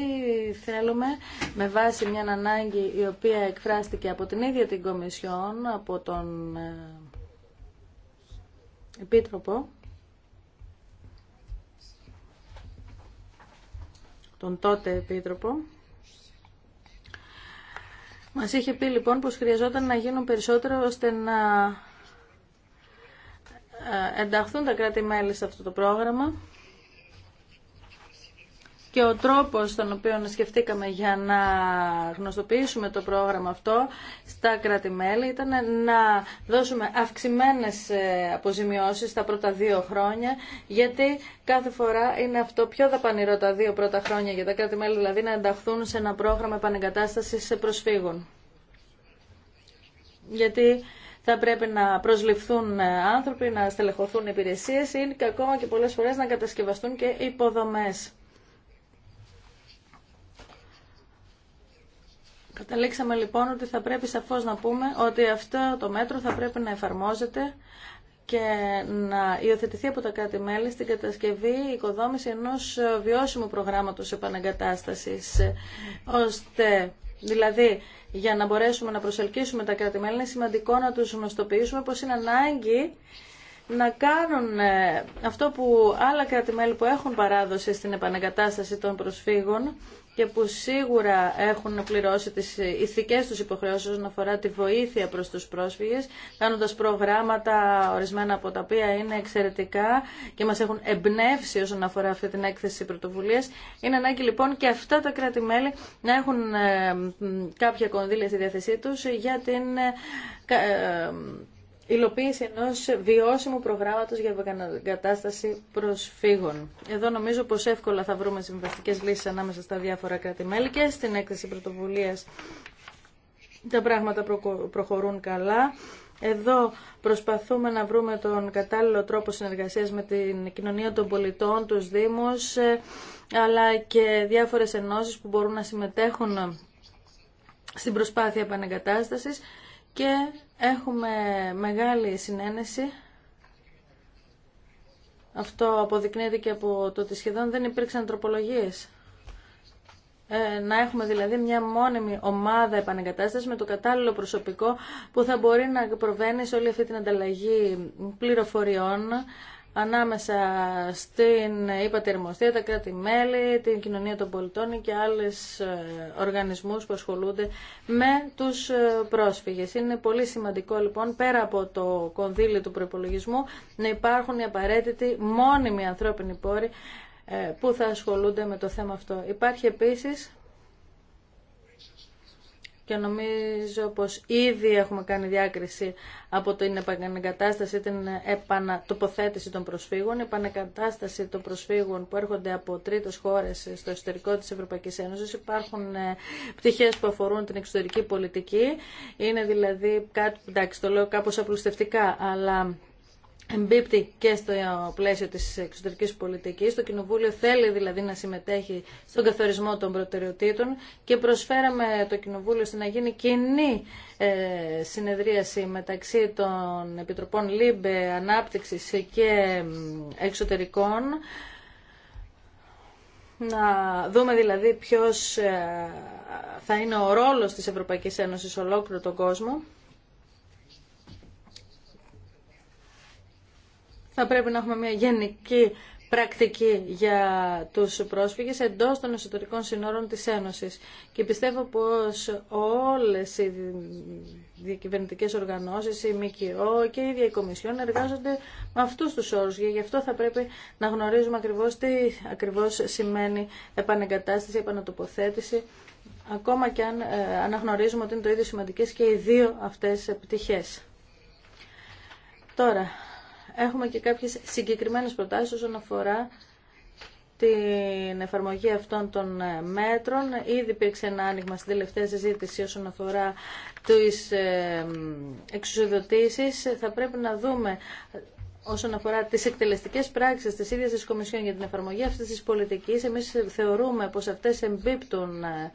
θέλουμε με βάση μια ανάγκη η οποία εκφράστηκε από την ίδια την Κομισιόν, από τον ε, επίτροπο τον τότε επίτροπο μας είχε πει λοιπόν πως χρειαζόταν να γίνουν περισσότερο ώστε να ε, ενταχθούν τα κράτη-μέλη σε αυτό το πρόγραμμα και ο τρόπος στον οποίο σκεφτήκαμε για να γνωστοποιήσουμε το πρόγραμμα αυτό στα κράτη-μέλη ήταν να δώσουμε αυξημένες ε, αποζημιώσεις τα πρώτα δύο χρόνια γιατί κάθε φορά είναι αυτό πιο δαπανηρό τα δύο πρώτα χρόνια για τα κράτη-μέλη δηλαδή να ενταχθούν σε ένα πρόγραμμα επανεγκατάστασης σε προσφύγων. Γιατί θα πρέπει να προσληφθούν ε, άνθρωποι, να στελεχωθούν υπηρεσίες ή ακόμα και πολλές φορές να κατασκευαστούν και υποδομές. Καταλήξαμε λοιπόν ότι θα πρέπει σαφώς να πούμε ότι αυτό το μέτρο θα πρέπει να εφαρμόζεται και να υιοθετηθεί από τα κράτη-μέλη στην κατασκευή οικοδόμηση ενός βιώσιμου προγράμματος επαναγκατάστασης, ώστε δηλαδή για να μπορέσουμε να προσελκύσουμε τα κράτη-μέλη είναι σημαντικό να τους γνωστοποιήσουμε πως είναι ανάγκη να κάνουν ε, αυτό που άλλα κράτη-μέλη που έχουν παράδοση στην επαναγκατάσταση των προσφύγων και που σίγουρα έχουν πληρώσει τις ηθικές τους υποχρεώσεις όσον αφορά τη βοήθεια προς τους πρόσφυγες, κάνοντας προγράμματα ορισμένα από τα οποία είναι εξαιρετικά και μας έχουν εμπνεύσει όσον αφορά αυτή την έκθεση πρωτοβουλίας. Είναι ανάγκη λοιπόν και αυτά τα κράτη-μέλη να έχουν ε, κάποια κονδύλια στη διάθεσή τους για την ε, ε, υλοποίηση ενός βιώσιμου προγράμματος για κατάσταση προσφύγων. Εδώ νομίζω πως εύκολα θα βρούμε συμβαστικέ λύσει ανάμεσα στα διάφορα κράτη-μέλη και στην έκθεση πρωτοβουλία. τα πράγματα προχωρούν καλά. Εδώ προσπαθούμε να βρούμε τον κατάλληλο τρόπο συνεργασίας με την κοινωνία των πολιτών, τους Δήμους, ε, αλλά και διάφορες ενώσεις που μπορούν να συμμετέχουν στην προσπάθεια επανεγκατάστασης και έχουμε μεγάλη συνένεση. Αυτό αποδεικνύεται και από το ότι σχεδόν δεν υπήρξαν τροπολογίες. Ε, να έχουμε δηλαδή μια μόνιμη ομάδα επανεγκατάστασης με το κατάλληλο προσωπικό που θα μπορεί να προβαίνει σε όλη αυτή την ανταλλαγή πληροφοριών ανάμεσα στην υπατερμοστία, τα κράτη-μέλη, την κοινωνία των πολιτών και άλλες ε, οργανισμούς που ασχολούνται με τους ε, πρόσφυγες. Είναι πολύ σημαντικό λοιπόν πέρα από το κονδύλι του προπολογισμού να υπάρχουν οι απαραίτητοι μόνιμοι ανθρώπινοι πόροι ε, που θα ασχολούνται με το θέμα αυτό. Υπάρχει επίσης και νομίζω πως ήδη έχουμε κάνει διάκριση από την επανεγκατάσταση, την επανατοποθέτηση των προσφύγων, η επανεγκατάσταση των προσφύγων που έρχονται από τρίτες χώρες στο εσωτερικό της Ευρωπαϊκής Ένωσης. Υπάρχουν ε, πτυχές που αφορούν την εξωτερική πολιτική. Είναι δηλαδή κάτι, εντάξει το λέω κάπως απλουστευτικά, αλλά εμπίπτει και στο πλαίσιο της εξωτερικής πολιτικής. Το Κοινοβούλιο θέλει δηλαδή να συμμετέχει στον καθορισμό των προτεραιοτήτων και προσφέραμε το Κοινοβούλιο στην να γίνει κοινή ε, συνεδρίαση μεταξύ των Επιτροπών ΛΥΜΠΕ, Ανάπτυξης και Εξωτερικών να δούμε δηλαδή ποιος ε, θα είναι ο ρόλος της Ευρωπαϊκής Ένωσης ολόκληρο τον κόσμο θα πρέπει να έχουμε μια γενική πρακτική για τους πρόσφυγες εντός των εσωτερικών συνόρων της Ένωσης. Και πιστεύω πως όλες οι διακυβερνητικές οργανώσεις, η ΜΚΟ και η η Κομισιόν εργάζονται με αυτούς τους όρους και γι' αυτό θα πρέπει να γνωρίζουμε ακριβώς τι ακριβώς σημαίνει επανεγκατάσταση, επανατοποθέτηση ακόμα και αν ε, αναγνωρίζουμε ότι είναι το ίδιο σημαντικές και οι δύο αυτές πτυχές. Τώρα, έχουμε και κάποιες συγκεκριμένες προτάσεις όσον αφορά την εφαρμογή αυτών των ε, μέτρων. Ήδη υπήρξε ένα άνοιγμα στην τελευταία συζήτηση όσον αφορά τις ε, εξουσιοδοτήσεις. Θα πρέπει να δούμε όσον αφορά τις εκτελεστικές πράξεις της ίδιας της Κομισιόν για την εφαρμογή αυτής της πολιτικής. Εμείς θεωρούμε πως αυτές εμπίπτουν ε,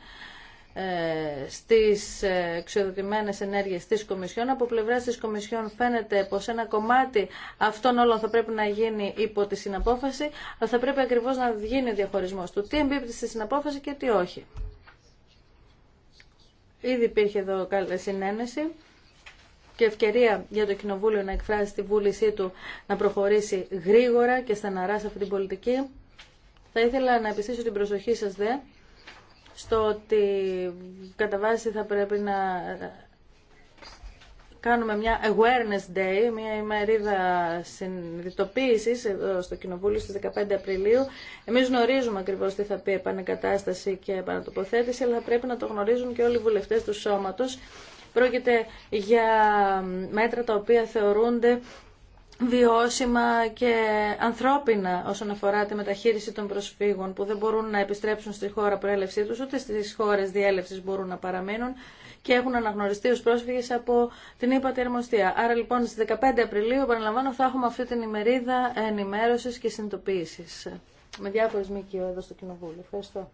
ε, στις ε, εξοδοτημένες ενέργειες της Κομισιόν. Από πλευράς της Κομισιόν φαίνεται πως ένα κομμάτι αυτών όλων θα πρέπει να γίνει υπό τη συναπόφαση, αλλά θα πρέπει ακριβώς να γίνει ο διαχωρισμός του τι εμπίπτει στη συναπόφαση και τι όχι. Ήδη υπήρχε εδώ καλή συνένεση και ευκαιρία για το Κοινοβούλιο να εκφράσει τη βούλησή του να προχωρήσει γρήγορα και στεναρά σε αυτή την πολιτική. Θα ήθελα να επιστήσω την προσοχή σας δε στο ότι κατά βάση θα πρέπει να κάνουμε μια awareness day, μια ημερίδα συνειδητοποίηση εδώ στο Κοινοβούλιο στις 15 Απριλίου. Εμείς γνωρίζουμε ακριβώς τι θα πει επανεκατάσταση και επανατοποθέτηση, αλλά θα πρέπει να το γνωρίζουν και όλοι οι βουλευτές του σώματος. Πρόκειται για μέτρα τα οποία θεωρούνται βιώσιμα και ανθρώπινα όσον αφορά τη μεταχείριση των προσφύγων που δεν μπορούν να επιστρέψουν στη χώρα προέλευσή τους ούτε στις χώρες διέλευσης μπορούν να παραμείνουν και έχουν αναγνωριστεί ως πρόσφυγες από την ύπατη τερμοστια Άρα λοιπόν στις 15 Απριλίου, παραλαμβάνω, θα έχουμε αυτή την ημερίδα ενημέρωσης και συνειδητοποίησης με διάφορες ΜΚΟ εδώ στο Κοινοβούλιο. Ευχαριστώ.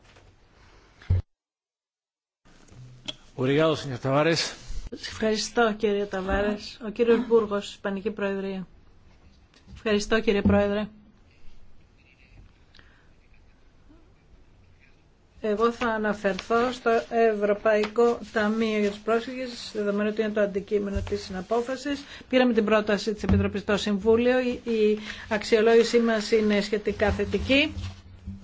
Ευχαριστώ κύριε Ταβάρες. Ο κύριος Μπούργος, Ισπανική Προεδρία. Ευχαριστώ κύριε Πρόεδρε. Εγώ θα αναφερθώ στο Ευρωπαϊκό Ταμείο για του Πρόσφυγες, δεδομένου ότι είναι το αντικείμενο της συναπόφασης. Πήραμε την πρόταση της Επιτροπής στο Συμβούλιο. Η αξιολόγησή μας είναι σχετικά θετική,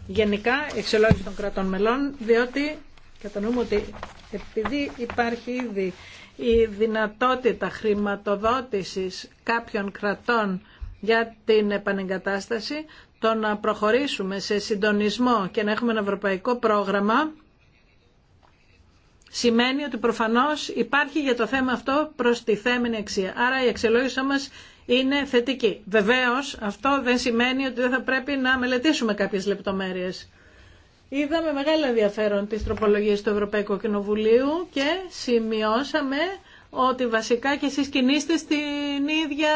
γενικά, η αξιολόγηση των κρατών μελών, διότι κατανοούμε ότι επειδή υπάρχει ήδη η δυνατότητα χρηματοδότησης κάποιων κρατών για την επανεγκατάσταση, το να προχωρήσουμε σε συντονισμό και να έχουμε ένα ευρωπαϊκό πρόγραμμα σημαίνει ότι προφανώς υπάρχει για το θέμα αυτό τη θέμενη αξία. Άρα η αξιολόγησή μας είναι θετική. Βεβαίως αυτό δεν σημαίνει ότι δεν θα πρέπει να μελετήσουμε κάποιες λεπτομέρειες. Είδαμε μεγάλο ενδιαφέρον τις τροπολογίες του Ευρωπαϊκού Κοινοβουλίου και σημειώσαμε ότι βασικά και εσείς κινείστε στην ίδια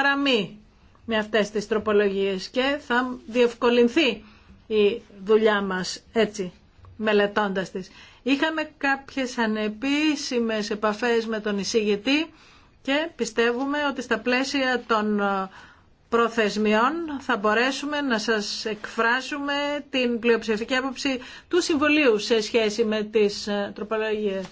γραμμή με αυτές τις τροπολογίες και θα διευκολυνθεί η δουλειά μας έτσι, μελετώντας τις. Είχαμε κάποιες ανεπίσημες επαφές με τον εισηγητή και πιστεύουμε ότι στα πλαίσια των ε, προθεσμιών θα μπορέσουμε να σας εκφράσουμε την πλειοψηφική άποψη του συμβολίου σε σχέση με τις ε, τροπολογίες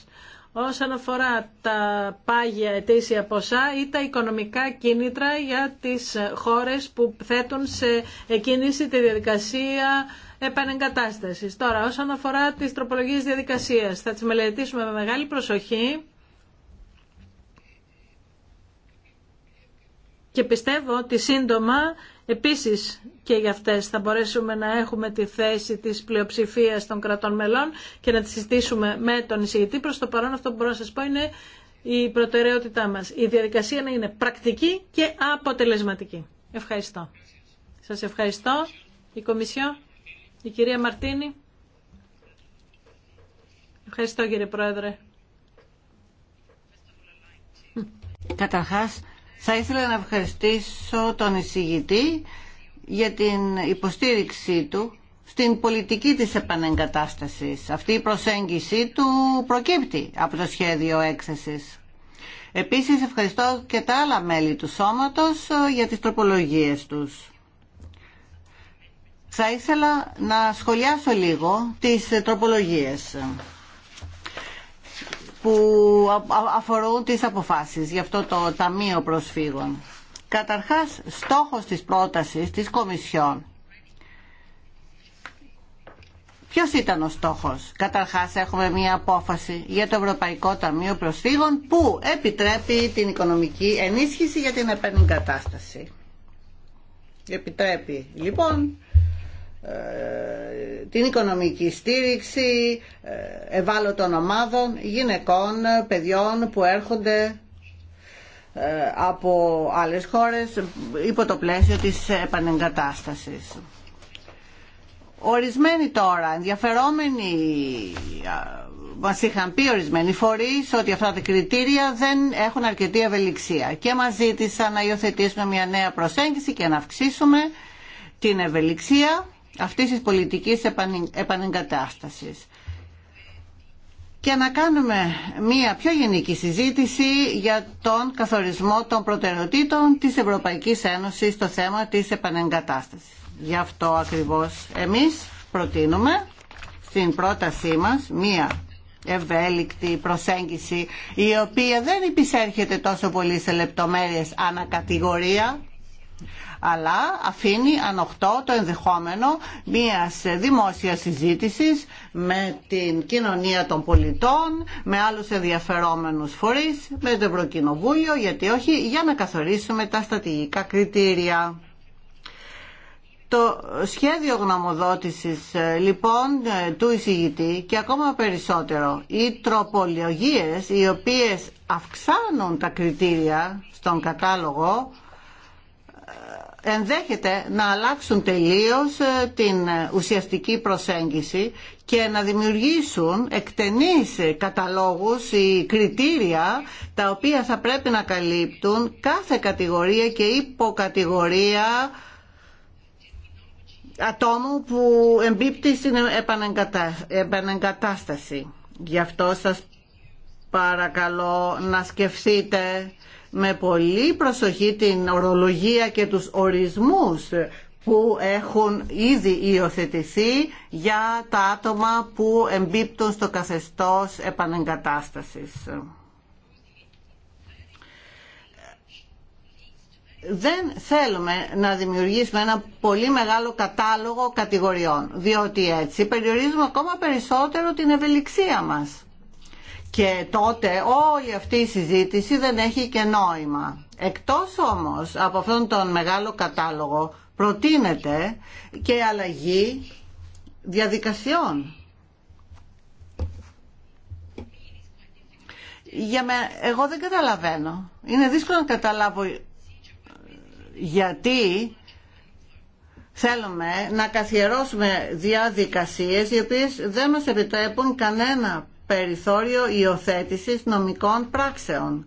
όσον αφορά τα πάγια ετήσια ποσά ή τα οικονομικά κίνητρα για τις χώρες που θέτουν σε εκκίνηση τη διαδικασία επανεγκατάστασης. Τώρα, όσον αφορά τις τροπολογίες διαδικασίας, θα τις μελετήσουμε με μεγάλη προσοχή. Και πιστεύω ότι σύντομα Επίσης και για αυτές θα μπορέσουμε να έχουμε τη θέση της πλειοψηφίας των κρατών μελών και να τη συζητήσουμε με τον εισηγητή. Προς το παρόν αυτό που μπορώ να σας πω είναι η προτεραιότητά μας. Η διαδικασία να είναι πρακτική και αποτελεσματική. Ευχαριστώ. Σας ευχαριστώ. Η Κομισιό, η κυρία Μαρτίνη. Ευχαριστώ κύριε Πρόεδρε. Καταρχάς θα ήθελα να ευχαριστήσω τον εισηγητή για την υποστήριξή του στην πολιτική της επανεγκατάστασης. Αυτή η προσέγγιση του προκύπτει από το σχέδιο έκθεσης. Επίσης ευχαριστώ και τα άλλα μέλη του σώματος ε, για τις τροπολογίες τους. Θα ήθελα να σχολιάσω λίγο τις ε, τροπολογίες που αφορούν τις αποφάσεις για αυτό το Ταμείο Προσφύγων. Καταρχάς, στόχος της πρότασης της Κομισιόν. Ποιος ήταν ο στόχος. Καταρχάς έχουμε μία απόφαση για το Ευρωπαϊκό Ταμείο Προσφύγων που επιτρέπει την οικονομική ενίσχυση για την κατάσταση. Επιτρέπει λοιπόν ε, την οικονομική στήριξη ε, ευάλωτων ομάδων, γυναικών, παιδιών που έρχονται ε, από άλλες χώρες υπό το πλαίσιο της επανεγκατάστασης. Ορισμένοι τώρα ενδιαφερόμενοι μας είχαν πει ορισμένοι φορείς ότι αυτά τα κριτήρια δεν έχουν αρκετή ευελιξία και μας ζήτησαν να υιοθετήσουμε μια νέα προσέγγιση και να αυξήσουμε την ευελιξία αυτής της πολιτικής επανεγκατάστασης και να κάνουμε μία πιο γενική συζήτηση για τον καθορισμό των προτεραιοτήτων της Ευρωπαϊκής Ένωσης στο θέμα της επανεγκατάστασης. Γι' αυτό ακριβώς εμείς προτείνουμε στην πρότασή μας μία ευέλικτη προσέγγιση η οποία δεν υπησέρχεται τόσο πολύ σε λεπτομέρειες ανακατηγορία αλλά αφήνει ανοχτό το ενδεχόμενο μιας δημόσιας συζήτησης με την κοινωνία των πολιτών, με άλλους ενδιαφερόμενους φορείς, με το Ευρωκοινοβούλιο, γιατί όχι, για να καθορίσουμε τα στατηγικά κριτήρια. Το σχέδιο γνωμοδότησης ε, λοιπόν ε, του εισηγητή και ακόμα περισσότερο οι τροπολογίες οι οποίες αυξάνουν τα κριτήρια στον κατάλογο ενδέχεται να αλλάξουν τελείως ε, την ε, ουσιαστική προσέγγιση και να δημιουργήσουν εκτενείς ε, καταλόγους ή κριτήρια τα οποία θα πρέπει να καλύπτουν κάθε κατηγορία και υποκατηγορία ατόμου που εμπίπτει στην επανεγκατάσταση. Γι' αυτό σας παρακαλώ να σκεφτείτε με πολύ προσοχή την ορολογία και τους ορισμούς που έχουν ήδη υιοθετηθεί για τα άτομα που εμπίπτουν στο καθεστώς επανεγκατάστασης. δεν θέλουμε να δημιουργήσουμε ένα πολύ μεγάλο κατάλογο κατηγοριών, διότι έτσι περιορίζουμε ακόμα περισσότερο την ευελιξία μας. Και τότε όλη αυτή η συζήτηση δεν έχει και νόημα. Εκτός όμως από αυτόν τον μεγάλο κατάλογο προτείνεται και αλλαγή διαδικασιών. Για με, εγώ δεν καταλαβαίνω. Είναι δύσκολο να καταλάβω γιατί θέλουμε να καθιερώσουμε διαδικασίες οι οποίες δεν μας επιτρέπουν κανένα περιθώριο υιοθέτηση νομικών πράξεων.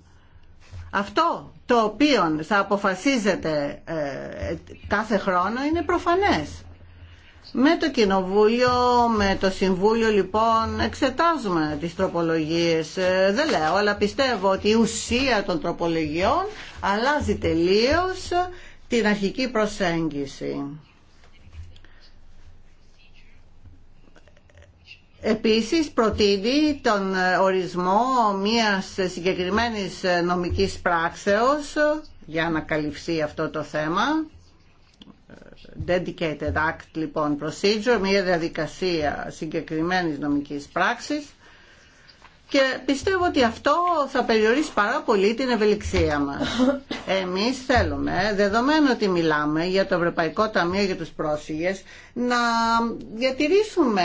Αυτό το οποίο θα αποφασίζεται ε, κάθε χρόνο είναι προφανές. Με το Κοινοβούλιο, με το Συμβούλιο λοιπόν εξετάζουμε τις τροπολογίες. Ε, δεν λέω, αλλά πιστεύω ότι η ουσία των τροπολογιών αλλάζει τελείως την αρχική προσέγγιση. Επίσης προτείνει τον ορισμό μιας συγκεκριμένης νομικής πράξεως για να καλυφθεί αυτό το θέμα. Dedicated Act, λοιπόν, Procedure, μια διαδικασία συγκεκριμένης νομικής πράξης και πιστεύω ότι αυτό θα περιορίσει πάρα πολύ την ευελιξία μας. Εμείς θέλουμε, δεδομένου ότι μιλάμε για το Ευρωπαϊκό Ταμείο για τους πρόσφυγες, να διατηρήσουμε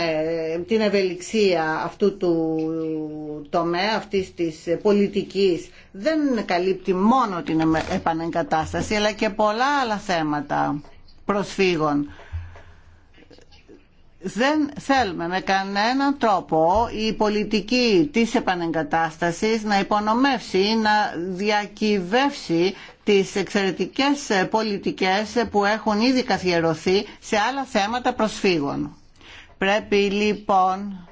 την ευελιξία αυτού του τομέα, αυτής της πολιτικής. Δεν καλύπτει μόνο την επανεγκατάσταση, αλλά και πολλά άλλα θέματα προσφύγων δεν θέλουμε με κανέναν τρόπο η πολιτική της επανεγκατάστασης να υπονομεύσει, να διακυβεύσει τις εξαιρετικές πολιτικές που έχουν ήδη καθιερωθεί σε άλλα θέματα προσφύγων. Πρέπει λοιπόν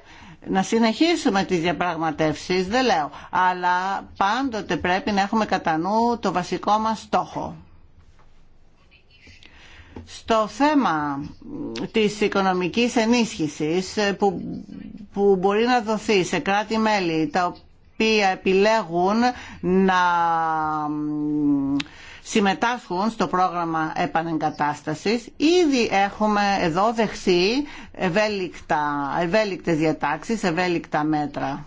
να συνεχίσουμε τις διαπραγματεύσεις, δεν λέω, αλλά πάντοτε πρέπει να έχουμε κατά νου το βασικό μας στόχο στο θέμα της οικονομικής ενίσχυσης ε, που, που μπορεί να δοθεί σε κράτη-μέλη τα οποία επιλέγουν να συμμετάσχουν στο πρόγραμμα επανεγκατάστασης. Ήδη έχουμε εδώ δεχθεί ευέλικτα, ευέλικτες διατάξεις, ευέλικτα μέτρα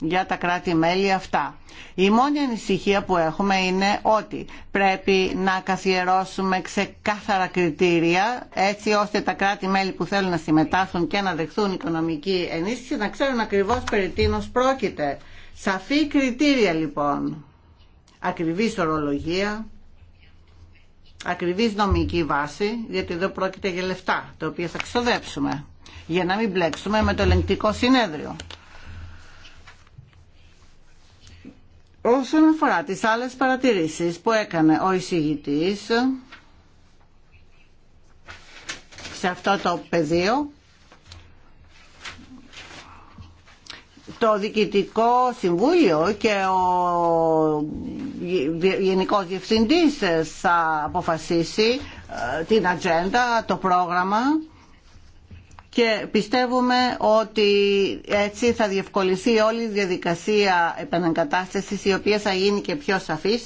για τα κράτη-μέλη αυτά. Η μόνη ανησυχία που έχουμε είναι ότι πρέπει να καθιερώσουμε ξεκάθαρα κριτήρια έτσι ώστε τα κράτη-μέλη που θέλουν να συμμετάσχουν και να δεχθούν οικονομική ενίσχυση να ξέρουν ακριβώς περί τίνος πρόκειται. Σαφή κριτήρια λοιπόν. Ακριβής ορολογία, ακριβής νομική βάση, γιατί εδώ πρόκειται για λεφτά, τα οποία θα ξοδέψουμε, για να μην μπλέξουμε με το ελεγκτικό συνέδριο. Όσον αφορά τις άλλες παρατηρήσεις που έκανε ο εισηγητής σε αυτό το πεδίο, το Διοικητικό Συμβούλιο και ο Γενικός Διευθυντής θα αποφασίσει ε, την ατζέντα, το πρόγραμμα και πιστεύουμε ότι έτσι θα διευκολυνθεί όλη η διαδικασία επαναγκατάστασης η οποία θα γίνει και πιο σαφής.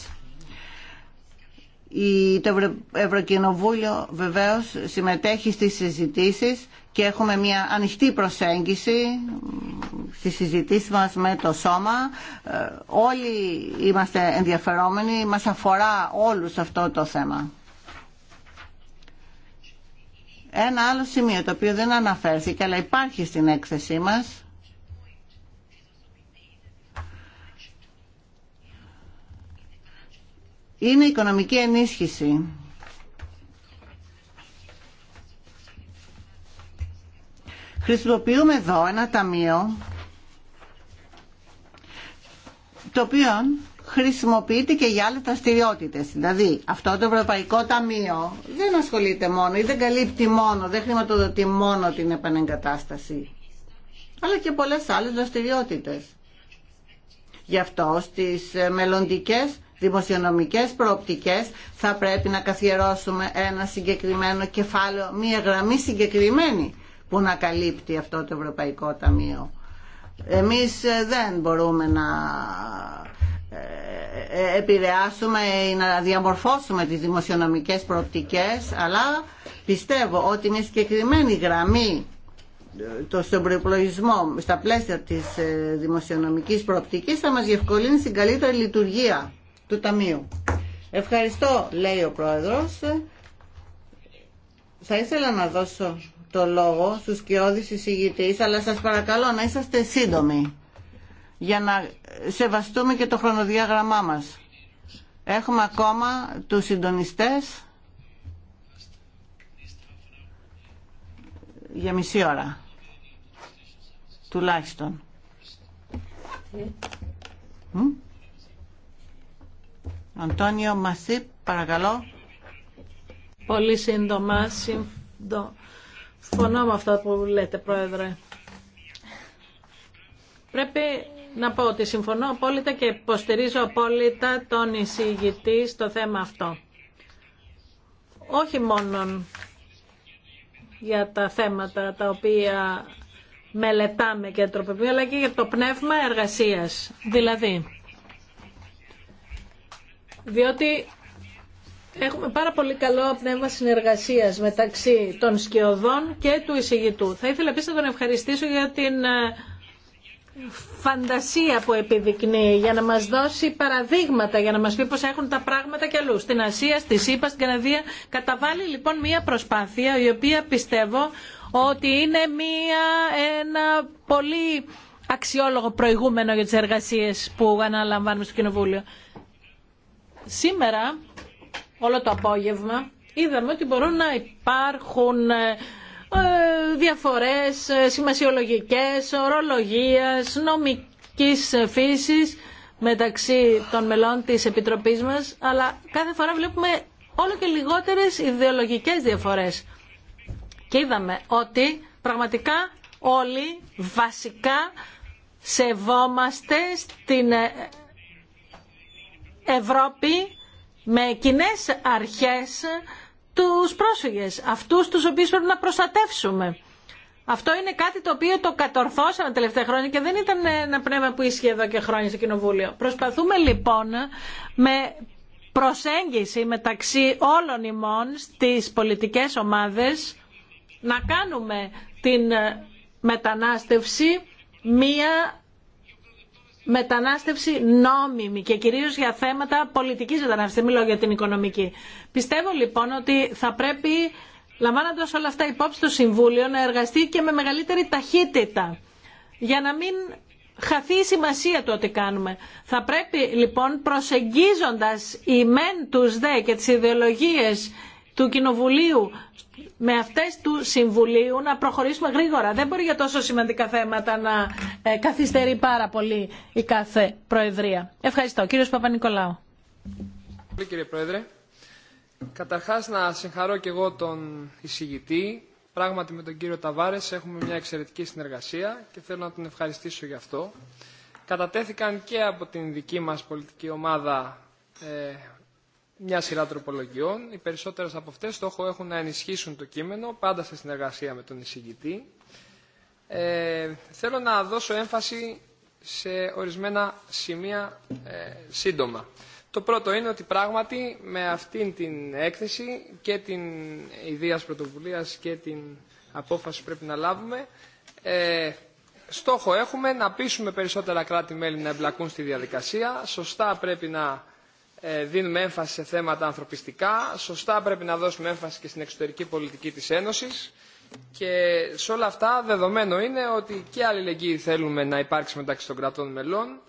Το Ευρωκοινοβούλιο βεβαίως συμμετέχει στις συζητήσεις και έχουμε μια ανοιχτή προσέγγιση στη συζητήση μας με το σώμα. Ε, όλοι είμαστε ενδιαφερόμενοι, μας αφορά όλους αυτό το θέμα. Ένα άλλο σημείο το οποίο δεν αναφέρθηκε αλλά υπάρχει στην έκθεσή μας είναι η οικονομική ενίσχυση. Χρησιμοποιούμε εδώ ένα ταμείο το οποίο χρησιμοποιείται και για άλλες δραστηριότητε. Δηλαδή, αυτό το Ευρωπαϊκό Ταμείο δεν ασχολείται μόνο ή δεν καλύπτει μόνο, δεν χρηματοδοτεί μόνο την επανεγκατάσταση, αλλά και πολλές άλλες δραστηριότητε. Γι' αυτό στις ε, μελλοντικές δημοσιονομικές προοπτικές θα πρέπει να καθιερώσουμε ένα συγκεκριμένο κεφάλαιο, μία γραμμή συγκεκριμένη που να καλύπτει αυτό το Ευρωπαϊκό Ταμείο. Εμείς ε, δεν μπορούμε να ε, ε, επηρεάσουμε ή να διαμορφώσουμε τις δημοσιονομικές προοπτικές αλλά πιστεύω ότι μια συγκεκριμένη γραμμή ε, το στον προπολογισμό στα πλαίσια της δημοσιονομικής προοπτικής θα μας διευκολύνει στην καλύτερη λειτουργία του Ταμείου. Ευχαριστώ, λέει ο Πρόεδρος. Θα ήθελα να δώσω το λόγο στους κοιόδης εισηγητής, αλλά σας παρακαλώ να είσαστε σύντομοι για να σεβαστούμε και το χρονοδιάγραμμά μας. Έχουμε ακόμα τους συντονιστές για μισή ώρα, τουλάχιστον. Αντώνιο Μασίπ, παρακαλώ. Πολύ σύντομα, συμφωνώ με αυτά που λέτε, Πρόεδρε. Πρέπει να πω ότι συμφωνώ απόλυτα και υποστηρίζω απόλυτα τον εισηγητή στο θέμα αυτό. Όχι μόνο για τα θέματα τα οποία μελετάμε και τροποποιούμε, αλλά και για το πνεύμα εργασίας. Δηλαδή, διότι Έχουμε πάρα πολύ καλό πνεύμα συνεργασίας μεταξύ των σκιωδών και του εισηγητού. Θα ήθελα επίσης να τον ευχαριστήσω για την ε, φαντασία που επιδεικνύει για να μας δώσει παραδείγματα, για να μας πει πώς έχουν τα πράγματα και αλλού. Στην Ασία, στη ΣΥΠΑ, στην Καναδία καταβάλει λοιπόν μία προσπάθεια η οποία πιστεύω ότι είναι μία, ένα πολύ αξιόλογο προηγούμενο για τις εργασίες που αναλαμβάνουμε στο Κοινοβούλιο. Σήμερα, όλο το απόγευμα, είδαμε ότι μπορούν να υπάρχουν ε, ε, διαφορές ε, σημασιολογικές, ορολογίας, νομικής φύσης μεταξύ των μελών της Επιτροπής μας, αλλά κάθε φορά βλέπουμε όλο και λιγότερες ιδεολογικές διαφορές. Και είδαμε ότι πραγματικά όλοι βασικά σεβόμαστε στην ε, Ευρώπη με κοινέ αρχές τους πρόσφυγες, αυτούς τους οποίους πρέπει να προστατεύσουμε. Αυτό είναι κάτι το οποίο το κατορθώσαμε τελευταία χρόνια και δεν ήταν ένα πνεύμα που ίσχυε εδώ και χρόνια στο Κοινοβούλιο. Προσπαθούμε λοιπόν με προσέγγιση μεταξύ όλων ημών στις πολιτικές ομάδες να κάνουμε την μετανάστευση μία μετανάστευση νόμιμη και κυρίως για θέματα πολιτικής μετανάστευσης, μιλάω για την οικονομική. Πιστεύω λοιπόν ότι θα πρέπει, λαμβάνοντας όλα αυτά υπόψη το Συμβούλιο, να εργαστεί και με μεγαλύτερη ταχύτητα, για να μην χαθεί η σημασία του ότι κάνουμε. Θα πρέπει λοιπόν προσεγγίζοντας οι μεν τους δε και τις ιδεολογίες του Κοινοβουλίου με αυτές του Συμβουλίου να προχωρήσουμε γρήγορα. Δεν μπορεί για τόσο σημαντικά θέματα να ε, καθυστερεί πάρα πολύ η κάθε Προεδρία. Ευχαριστώ. Κύριος Παπα-Νικολάου. Κύριε Πρόεδρε, καταρχάς να συγχαρώ και εγώ τον εισηγητή. Πράγματι με τον κύριο Ταβάρες έχουμε μια εξαιρετική συνεργασία και θέλω να τον ευχαριστήσω γι' αυτό. Κατατέθηκαν και από την δική μας πολιτική ομάδα ε, μια σειρά τροπολογιών. Οι περισσότερε από αυτές στόχο έχουν να ενισχύσουν το κείμενο, πάντα σε συνεργασία με τον εισηγητή. Ε, θέλω να δώσω έμφαση σε ορισμένα σημεία ε, σύντομα. Το πρώτο είναι ότι πράγματι με αυτήν την έκθεση και την ιδέα πρωτοβουλία και την απόφαση που πρέπει να λάβουμε ε, στόχο έχουμε να πείσουμε περισσότερα κράτη-μέλη να εμπλακούν στη διαδικασία. Σωστά πρέπει να ε, δίνουμε έμφαση σε θέματα ανθρωπιστικά. Σωστά πρέπει να δώσουμε έμφαση και στην εξωτερική πολιτική της Ένωσης. Και σε όλα αυτά δεδομένο είναι ότι και αλληλεγγύη θέλουμε να υπάρξει μεταξύ των κρατών μελών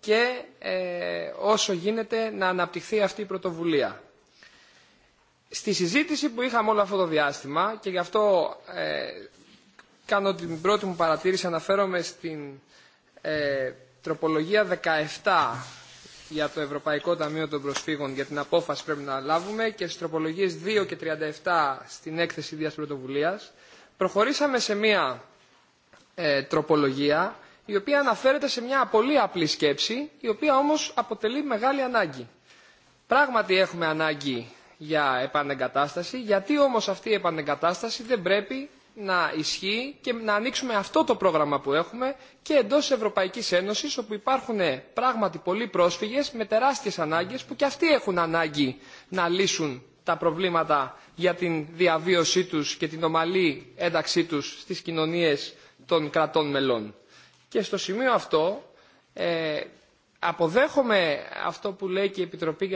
και ε, όσο γίνεται να αναπτυχθεί αυτή η πρωτοβουλία. Στη συζήτηση που είχαμε όλο αυτό το διάστημα και γι' αυτό ε, κάνω την πρώτη μου παρατήρηση αναφέρομαι στην τροπολογία 17 για το Ευρωπαϊκό Ταμείο των Προσφύγων για την απόφαση πρέπει να λάβουμε και στις τροπολογίες 2 και 37 στην έκθεση Δίας Πρωτοβουλίας προχωρήσαμε σε μία ε, τροπολογία η οποία αναφέρεται σε μια πολύ απλή σκέψη η οποία όμως αποτελεί μεγάλη ανάγκη. Πράγματι έχουμε ανάγκη για επανεγκατάσταση γιατί όμως αυτή η επανεγκατάσταση δεν πρέπει να ισχύει και να ανοίξουμε αυτό το πρόγραμμα που έχουμε και εντός της Ευρωπαϊκής Ένωσης όπου υπάρχουν ε, πράγματι πολλοί πρόσφυγες με τεράστιες ανάγκες που και αυτοί έχουν ανάγκη να λύσουν τα προβλήματα για την διαβίωσή τους και την ομαλή ένταξή τους στις κοινωνίες των κρατών μελών. Και στο σημείο αυτό ε, αποδέχομαι αυτό που λέει και η Επιτροπή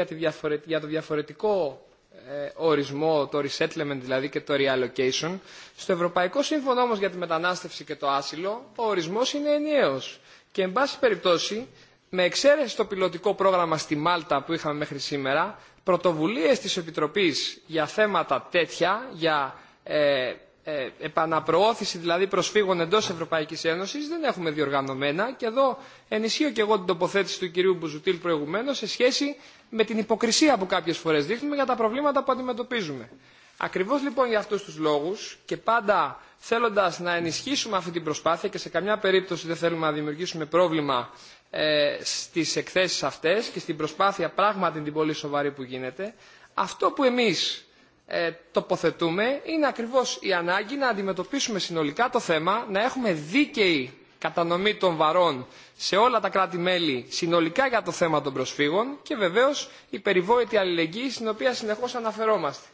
για το διαφορετικό ε, ορισμό, το resettlement δηλαδή και το reallocation. Στο Ευρωπαϊκό Σύμφωνο όμως για τη μετανάστευση και το άσυλο, ο ορισμός είναι ενιαίος. Και εν πάση περιπτώσει, με εξαίρεση στο πιλωτικό πρόγραμμα στη Μάλτα που είχαμε μέχρι σήμερα, πρωτοβουλίες της Επιτροπής για θέματα τέτοια, για ε, ε, επαναπροώθηση δηλαδή προσφύγων εντός Ευρωπαϊκής Ένωσης δεν έχουμε διοργανωμένα και εδώ ενισχύω και εγώ την τοποθέτηση του κυρίου Μπουζουτήλ προηγουμένως σε σχέση με την υποκρισία που κάποιες φορές δείχνουμε για τα προβλήματα που αντιμετωπίζουμε. Ακριβώς λοιπόν για αυτούς τους λόγους και πάντα θέλοντας να ενισχύσουμε αυτή την προσπάθεια και σε καμιά περίπτωση δεν θέλουμε να δημιουργήσουμε πρόβλημα ε, στις εκθέσεις αυτές και στην προσπάθεια πράγματι την πολύ σοβαρή που γίνεται, αυτό που εμείς ε, τοποθετούμε είναι ακριβώς η ανάγκη να αντιμετωπίσουμε συνολικά το θέμα, να έχουμε δίκαιη κατανομή των βαρών σε όλα τα κράτη-μέλη συνολικά για το θέμα των προσφύγων και βεβαίως η περιβόητη αλληλεγγύη στην οποία συνεχώς αναφερόμαστε.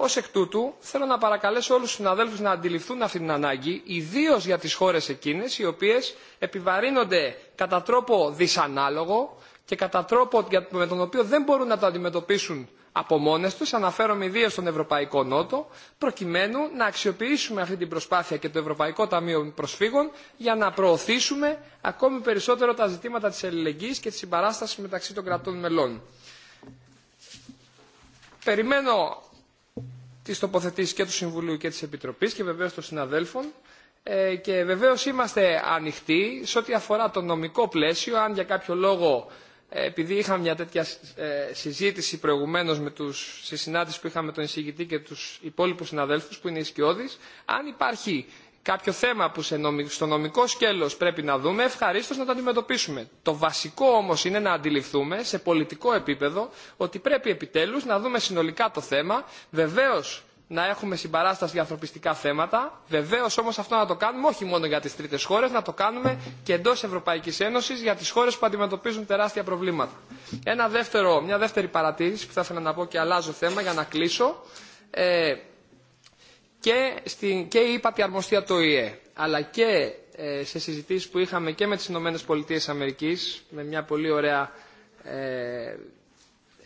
Ω εκ τούτου, θέλω να παρακαλέσω όλου του συναδέλφου να αντιληφθούν αυτή την ανάγκη, ιδίω για τι χώρε εκείνες οι οποίε επιβαρύνονται κατά τρόπο δυσανάλογο και κατά τρόπο με τον οποίο δεν μπορούν να το αντιμετωπίσουν από μόνες τους, αναφέρομαι ιδίως στον Ευρωπαϊκό Νότο, προκειμένου να αξιοποιήσουμε αυτή την προσπάθεια και το Ευρωπαϊκό Ταμείο Προσφύγων για να προωθήσουμε ακόμη περισσότερο τα ζητήματα της ελληνικής και της συμπαράστασης μεταξύ των κρατών μελών. Περιμένω τις τοποθετήσεις και του Συμβουλίου και της Επιτροπής και βεβαίως των συναδέλφων ε, και βεβαίως είμαστε ανοιχτοί σε ό,τι αφορά το νομικό πλαίσιο, αν για κάποιο λόγο ε, επειδή είχαμε μια τέτοια ε, συζήτηση προηγουμένως με τους, στη συνάντηση που είχαμε τον εισηγητή και τους υπόλοιπου συναδέλφους που είναι οι αν υπάρχει κάποιο θέμα που στο νομικό σκέλος πρέπει να δούμε, ευχαρίστως να το αντιμετωπίσουμε. Το βασικό όμως είναι να αντιληφθούμε σε πολιτικό επίπεδο ότι πρέπει επιτέλου να δούμε συνολικά το θέμα. βεβαίω να έχουμε συμπαράσταση για ανθρωπιστικά θέματα. Βεβαίω όμω αυτό να το κάνουμε όχι μόνο για τι τρίτε χώρε, να το κάνουμε και εντό Ευρωπαϊκή Ένωση για τι χώρε που αντιμετωπίζουν τεράστια προβλήματα. Ένα δεύτερο, μια δεύτερη παρατήρηση που θα ήθελα να πω και αλλάζω θέμα για να κλείσω. Ε, και, στην, και η ύπατη αρμοστία του ΟΗΕ. αλλά και ε, σε συζητήσεις που είχαμε και με τις ΗΠΑ με μια πολύ ωραία ε,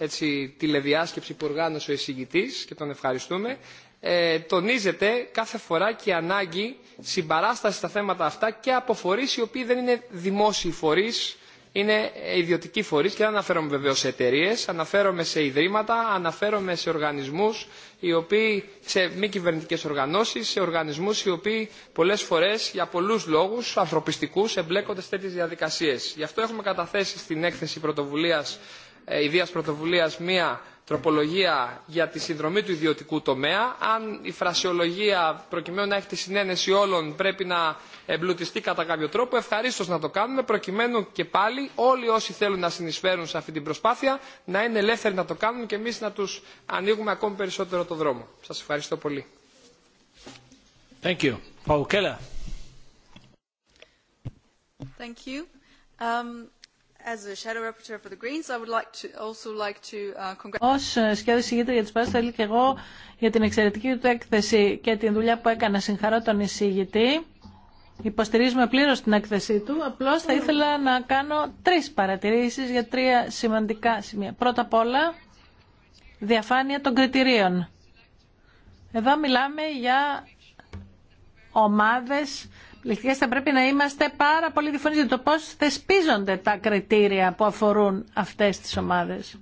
έτσι, τηλεδιάσκεψη που οργάνωσε ο εισηγητής και τον ευχαριστούμε, ε, τονίζεται κάθε φορά και η ανάγκη συμπαράσταση στα θέματα αυτά και από φορείς οι οποίοι δεν είναι δημόσιοι φορείς, είναι ιδιωτικοί φορείς και δεν αναφέρομαι βεβαίως σε εταιρείε, αναφέρομαι σε ιδρύματα, αναφέρομαι σε οργανισμούς, οι οποίοι, σε μη κυβερνητικέ οργανώσεις, σε οργανισμούς οι οποίοι πολλές φορές για πολλούς λόγους ανθρωπιστικούς εμπλέκονται σε τέτοιες διαδικασίες. Γι' αυτό έχουμε καταθέσει στην έκθεση πρωτοβουλίας ε, ιδίας πρωτοβουλίας μία τροπολογία για τη συνδρομή του ιδιωτικού τομέα. Αν η φρασιολογία προκειμένου να έχει τη συνένεση όλων πρέπει να εμπλουτιστεί κατά κάποιο τρόπο, ευχαρίστως να το κάνουμε προκειμένου και πάλι όλοι όσοι θέλουν να συνεισφέρουν σε αυτή την προσπάθεια να είναι ελεύθεροι να το κάνουν και εμείς να τους ανοίγουμε ακόμη περισσότερο το δρόμο. Σας ευχαριστώ πολύ. Um, ως σχέδιο συγκέντρια για τις Πάσης θέλει και εγώ για την εξαιρετική του έκθεση και την δουλειά που έκανα συγχαρώ τον εισηγητή. Υποστηρίζουμε πλήρως την έκθεσή του. Απλώς θα ήθελα να κάνω τρεις παρατηρήσεις για τρία σημαντικά σημεία. Πρώτα απ' όλα, διαφάνεια των κριτηρίων. Εδώ μιλάμε για ομάδες Λοιπόν, θα πρέπει να είμαστε πάρα πολύ διφωνείς για το πώς θεσπίζονται τα κριτήρια που αφορούν αυτές τις ομάδες.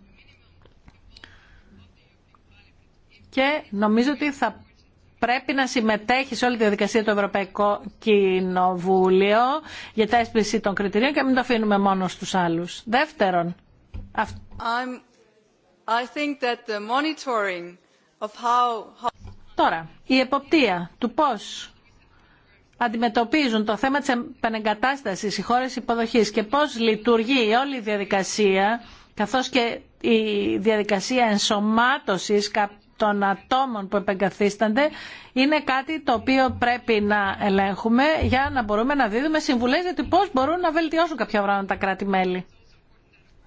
Και νομίζω ότι θα πρέπει να συμμετέχει σε όλη τη διαδικασία το Ευρωπαϊκό Κοινοβούλιο για τα έσπιση των κριτηρίων και μην το αφήνουμε μόνο στους άλλους. Δεύτερον, Τώρα, η εποπτεία του πώς αντιμετωπίζουν το θέμα της επανεγκατάστασης οι χώρες υποδοχής και πώς λειτουργεί όλη η διαδικασία καθώς και η διαδικασία ενσωμάτωσης των ατόμων που επεγκαθίστανται είναι κάτι το οποίο πρέπει να ελέγχουμε για να μπορούμε να δίδουμε συμβουλές για πώς μπορούν να βελτιώσουν κάποια πράγματα τα κράτη-μέλη.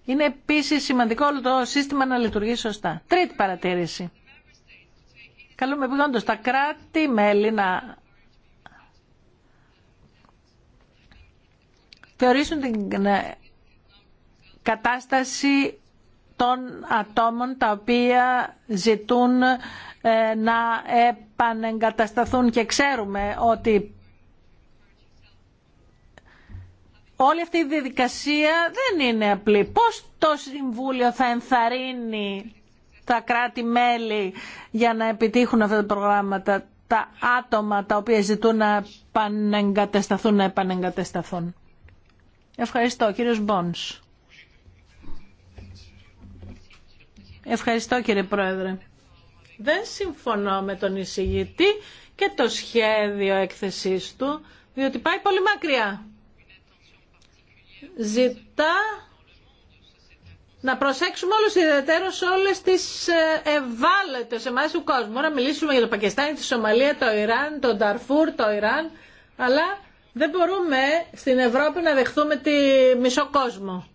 Είναι επίσης σημαντικό όλο το σύστημα να λειτουργεί σωστά. Τρίτη παρατήρηση. Καλούμε επιγόντως τα κράτη-μέλη να θεωρήσουν την ναι, κατάσταση των ατόμων τα οποία ζητούν ε, να επανεγκατασταθούν και ξέρουμε ότι όλη αυτή η διαδικασία δεν είναι απλή. Πώς το Συμβούλιο θα ενθαρρύνει τα κράτη-μέλη για να επιτύχουν αυτά τα προγράμματα τα άτομα τα οποία ζητούν να επανεγκατασταθούν, να επανεγκατασταθούν. Ευχαριστώ, κύριος Μπόνς. Ευχαριστώ, κύριε Πρόεδρε. Δεν συμφωνώ με τον εισηγητή και το σχέδιο έκθεσής του, διότι πάει πολύ μακριά. Ζητά να προσέξουμε όλους σε όλες τις ε, ευάλωτες εμάς του κόσμου. Να μιλήσουμε για το Πακιστάν, τη Σομαλία, το Ιράν, τον Ταρφούρ, το Ιράν, αλλά δεν μπορούμε στην Ευρώπη να δεχθούμε τη μισό κόσμο.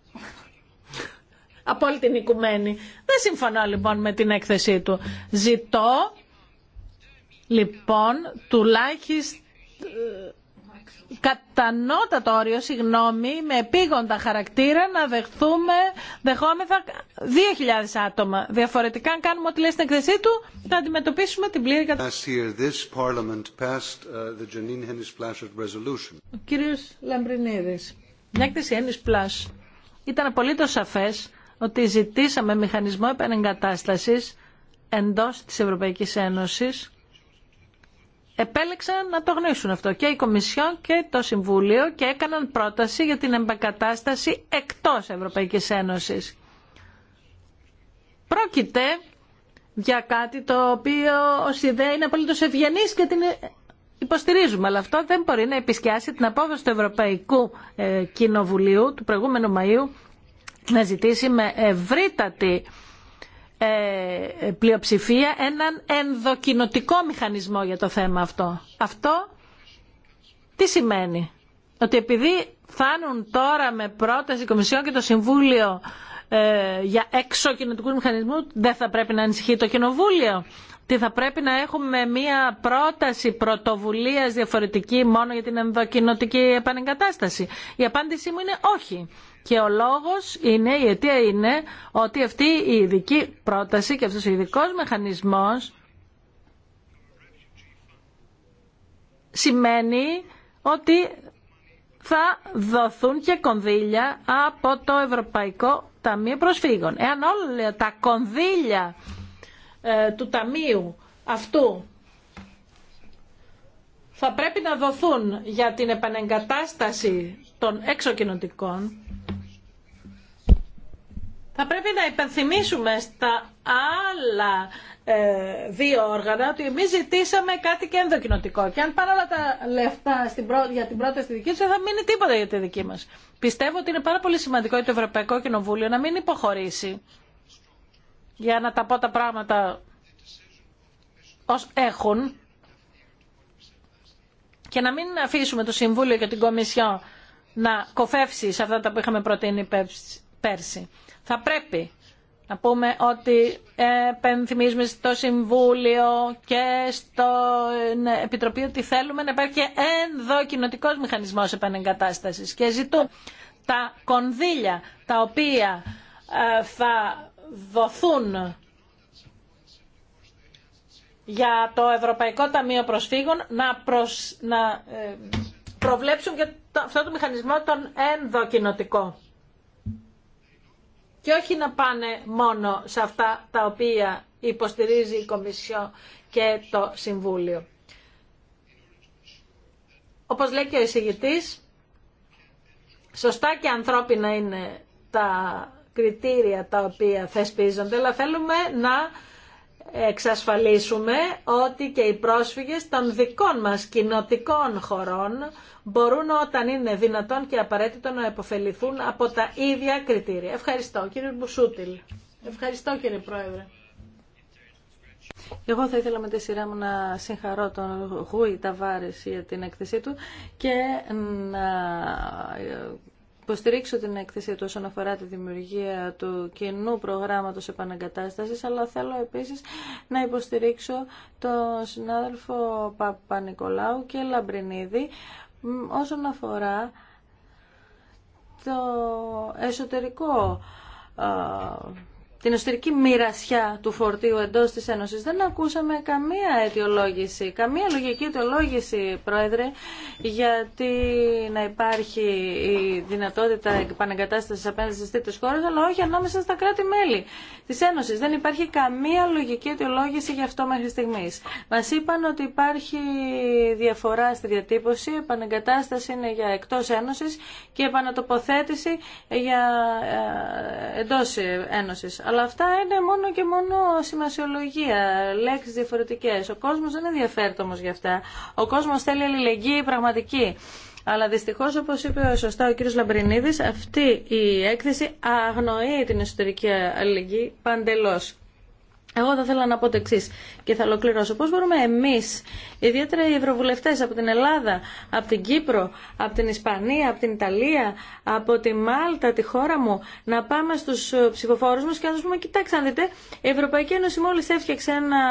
Από όλη την οικουμένη. Δεν συμφωνώ λοιπόν με την έκθεσή του. Ζητώ λοιπόν τουλάχιστον κατανότατο όριο, συγγνώμη, με επίγοντα χαρακτήρα να δεχθούμε, δεχόμεθα 2.000 άτομα. Διαφορετικά, αν κάνουμε ό,τι λέει στην εκθεσή του, θα αντιμετωπίσουμε την πλήρη κατάσταση. Uh, Ο κύριος Λαμπρινίδης, μια εκθέση Ένις Πλάσ. Ήταν απολύτω σαφέ ότι ζητήσαμε μηχανισμό επανεγκατάστασης εντός της Ευρωπαϊκής Ένωσης επέλεξαν να το γνωρίσουν αυτό και η Κομισιόν και το Συμβούλιο και έκαναν πρόταση για την εμπακατάσταση εκτός Ευρωπαϊκής Ένωσης. Πρόκειται για κάτι το οποίο ως ιδέα είναι απολύτως ευγενής και την υποστηρίζουμε, αλλά αυτό δεν μπορεί να επισκιάσει την απόφαση του Ευρωπαϊκού ε, Κοινοβουλίου του προηγούμενου Μαΐου να ζητήσει με ευρύτατη ε, πλειοψηφία έναν ενδοκινοτικό μηχανισμό για το θέμα αυτό. Αυτό τι σημαίνει. Ότι επειδή φάνουν τώρα με πρόταση η Κομισιόν και το Συμβούλιο ε, για κοινοτικού μηχανισμού δεν θα πρέπει να ανησυχεί το Κοινοβούλιο. Τι θα πρέπει να έχουμε μία πρόταση πρωτοβουλίας διαφορετική μόνο για την ενδοκινοτική επανεγκατάσταση. Η απάντησή μου είναι όχι. Και ο λόγο είναι, η αιτία είναι, ότι αυτή η ειδική πρόταση και αυτό ο ειδικό μηχανισμό σημαίνει ότι θα δοθούν και κονδύλια από το Ευρωπαϊκό Ταμείο Προσφύγων. Εάν όλα τα κονδύλια ε, του Ταμείου αυτού θα πρέπει να δοθούν για την επανεγκατάσταση των εξοκοινωτικών, θα πρέπει να υπενθυμίσουμε στα άλλα ε, δύο όργανα ότι εμεί ζητήσαμε κάτι και ενδοκινοτικό Και αν πάρω όλα τα λεφτά στην για την πρόταση τη δική του, δεν θα μείνει τίποτα για τη δική μα. Πιστεύω ότι είναι πάρα πολύ σημαντικό το Ευρωπαϊκό Κοινοβούλιο να μην υποχωρήσει για να τα πω τα πράγματα ως έχουν και να μην αφήσουμε το Συμβούλιο και την Κομισιό να κοφεύσει σε αυτά τα που είχαμε προτείνει πέρσι. Θα πρέπει να πούμε ότι επενθυμίζουμε στο Συμβούλιο και στο Επιτροπή ότι θέλουμε να υπάρχει και ενδοκοινοτικός μηχανισμός επανεγκατάστασης και ζητούν τα κονδύλια τα οποία ε, θα δοθούν για το Ευρωπαϊκό Ταμείο Προσφύγων να, να ε, προβλέψουν και αυτό το μηχανισμό τον ενδοκινοτικό και όχι να πάνε μόνο σε αυτά τα οποία υποστηρίζει η Κομισιό και το Συμβούλιο. Όπως λέει και ο εισηγητής, σωστά και ανθρώπινα είναι τα κριτήρια τα οποία θεσπίζονται, αλλά θέλουμε να εξασφαλίσουμε ότι και οι πρόσφυγες των δικών μας κοινοτικών χωρών μπορούν όταν είναι δυνατόν και απαραίτητο να επωφεληθούν από τα ίδια κριτήρια. Ευχαριστώ κύριε Μπουσούτιλ. Ευχαριστώ κύριε Πρόεδρε. Εγώ θα ήθελα με τη σειρά μου να συγχαρώ τον Γουι Ταβάρης για την έκθεσή του και να υποστηρίξω την έκθεση του όσον αφορά τη δημιουργία του κοινού προγράμματος επαναγκατάστασης, αλλά θέλω επίσης να υποστηρίξω τον συνάδελφο Παπα-Νικολάου και Λαμπρινίδη, όσον αφορά το εσωτερικό την εσωτερική μοιρασιά του φορτίου εντό τη Ένωση. Δεν ακούσαμε καμία αιτιολόγηση, καμία λογική αιτιολόγηση, Πρόεδρε, γιατί να υπάρχει η δυνατότητα επανεγκατάστασης απέναντι στι τρίτε χώρε, αλλά όχι ανάμεσα στα κράτη-μέλη τη Ένωση. Δεν υπάρχει καμία λογική αιτιολόγηση γι' αυτό μέχρι στιγμή. Μας είπαν ότι υπάρχει διαφορά στη διατύπωση, επανεγκατάσταση είναι για εκτό Ένωση και επανατοποθέτηση για ε, εντό Ένωση. Αλλά αυτά είναι μόνο και μόνο σημασιολογία, λέξεις διαφορετικές. Ο κόσμος δεν ενδιαφέρεται όμως για αυτά. Ο κόσμος θέλει αλληλεγγύη πραγματική. Αλλά δυστυχώ, όπω είπε σωστά ο κύριος Λαμπρινίδη, αυτή η έκθεση αγνοεί την εσωτερική αλληλεγγύη παντελώ. Εγώ θα ήθελα να πω το εξή και θα ολοκληρώσω. Πώ μπορούμε εμεί, ιδιαίτερα οι ευρωβουλευτέ από την Ελλάδα, από την Κύπρο, από την Ισπανία, από την Ιταλία, από τη Μάλτα, τη χώρα μου, να πάμε στου ε, ψηφοφόρου μα και να του πούμε: Κοιτάξτε, αν δείτε, η Ευρωπαϊκή Ένωση μόλι έφτιαξε ένα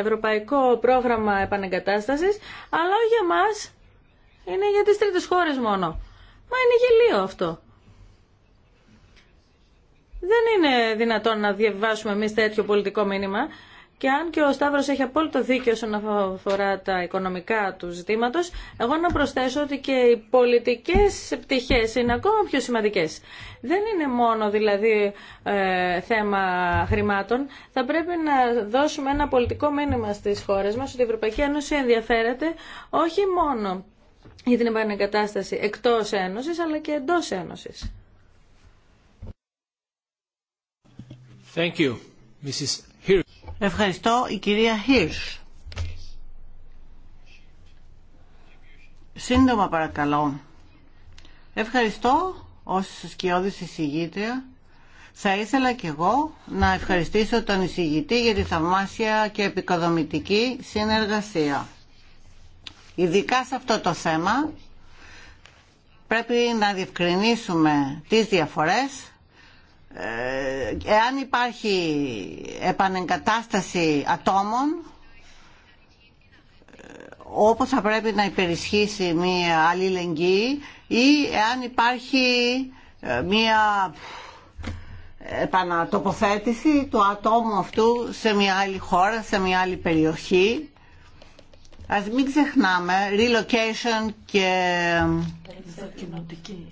ευρωπαϊκό πρόγραμμα επανεγκατάσταση, αλλά όχι για μα, είναι για τι τρίτε χώρε μόνο. Μα είναι γελίο αυτό. Δεν είναι δυνατόν να διαβάσουμε εμεί τέτοιο πολιτικό μήνυμα. Και αν και ο Σταύρο έχει απόλυτο δίκιο όσον αφορά τα οικονομικά του ζητήματο, εγώ να προσθέσω ότι και οι πολιτικέ πτυχέ είναι ακόμα πιο σημαντικέ. Δεν είναι μόνο δηλαδή ε, θέμα χρημάτων. Θα πρέπει να δώσουμε ένα πολιτικό μήνυμα στι χώρε μα ότι η Ευρωπαϊκή Ένωση ενδιαφέρεται όχι μόνο για την επανεκατάσταση εκτό Ένωση, αλλά και εντό Ένωση. Thank you, Mrs. Ευχαριστώ η κυρία Χίρς. Σύντομα παρακαλώ. Ευχαριστώ ως σκιώδης εισηγήτρια. Θα ήθελα και εγώ να ευχαριστήσω τον εισηγητή για τη θαυμάσια και επικοδομητική συνεργασία. Ειδικά σε αυτό το θέμα πρέπει να διευκρινίσουμε τις διαφορές ε, εάν υπάρχει επανεγκατάσταση ατόμων ε, όπως θα πρέπει να υπερισχύσει μία αλληλεγγύη ή εάν υπάρχει ε, μία επανατοποθέτηση του ατόμου αυτού σε μια άλλη χώρα, σε μια άλλη περιοχή Ας μην ξεχνάμε, relocation και, ενδοκινοτική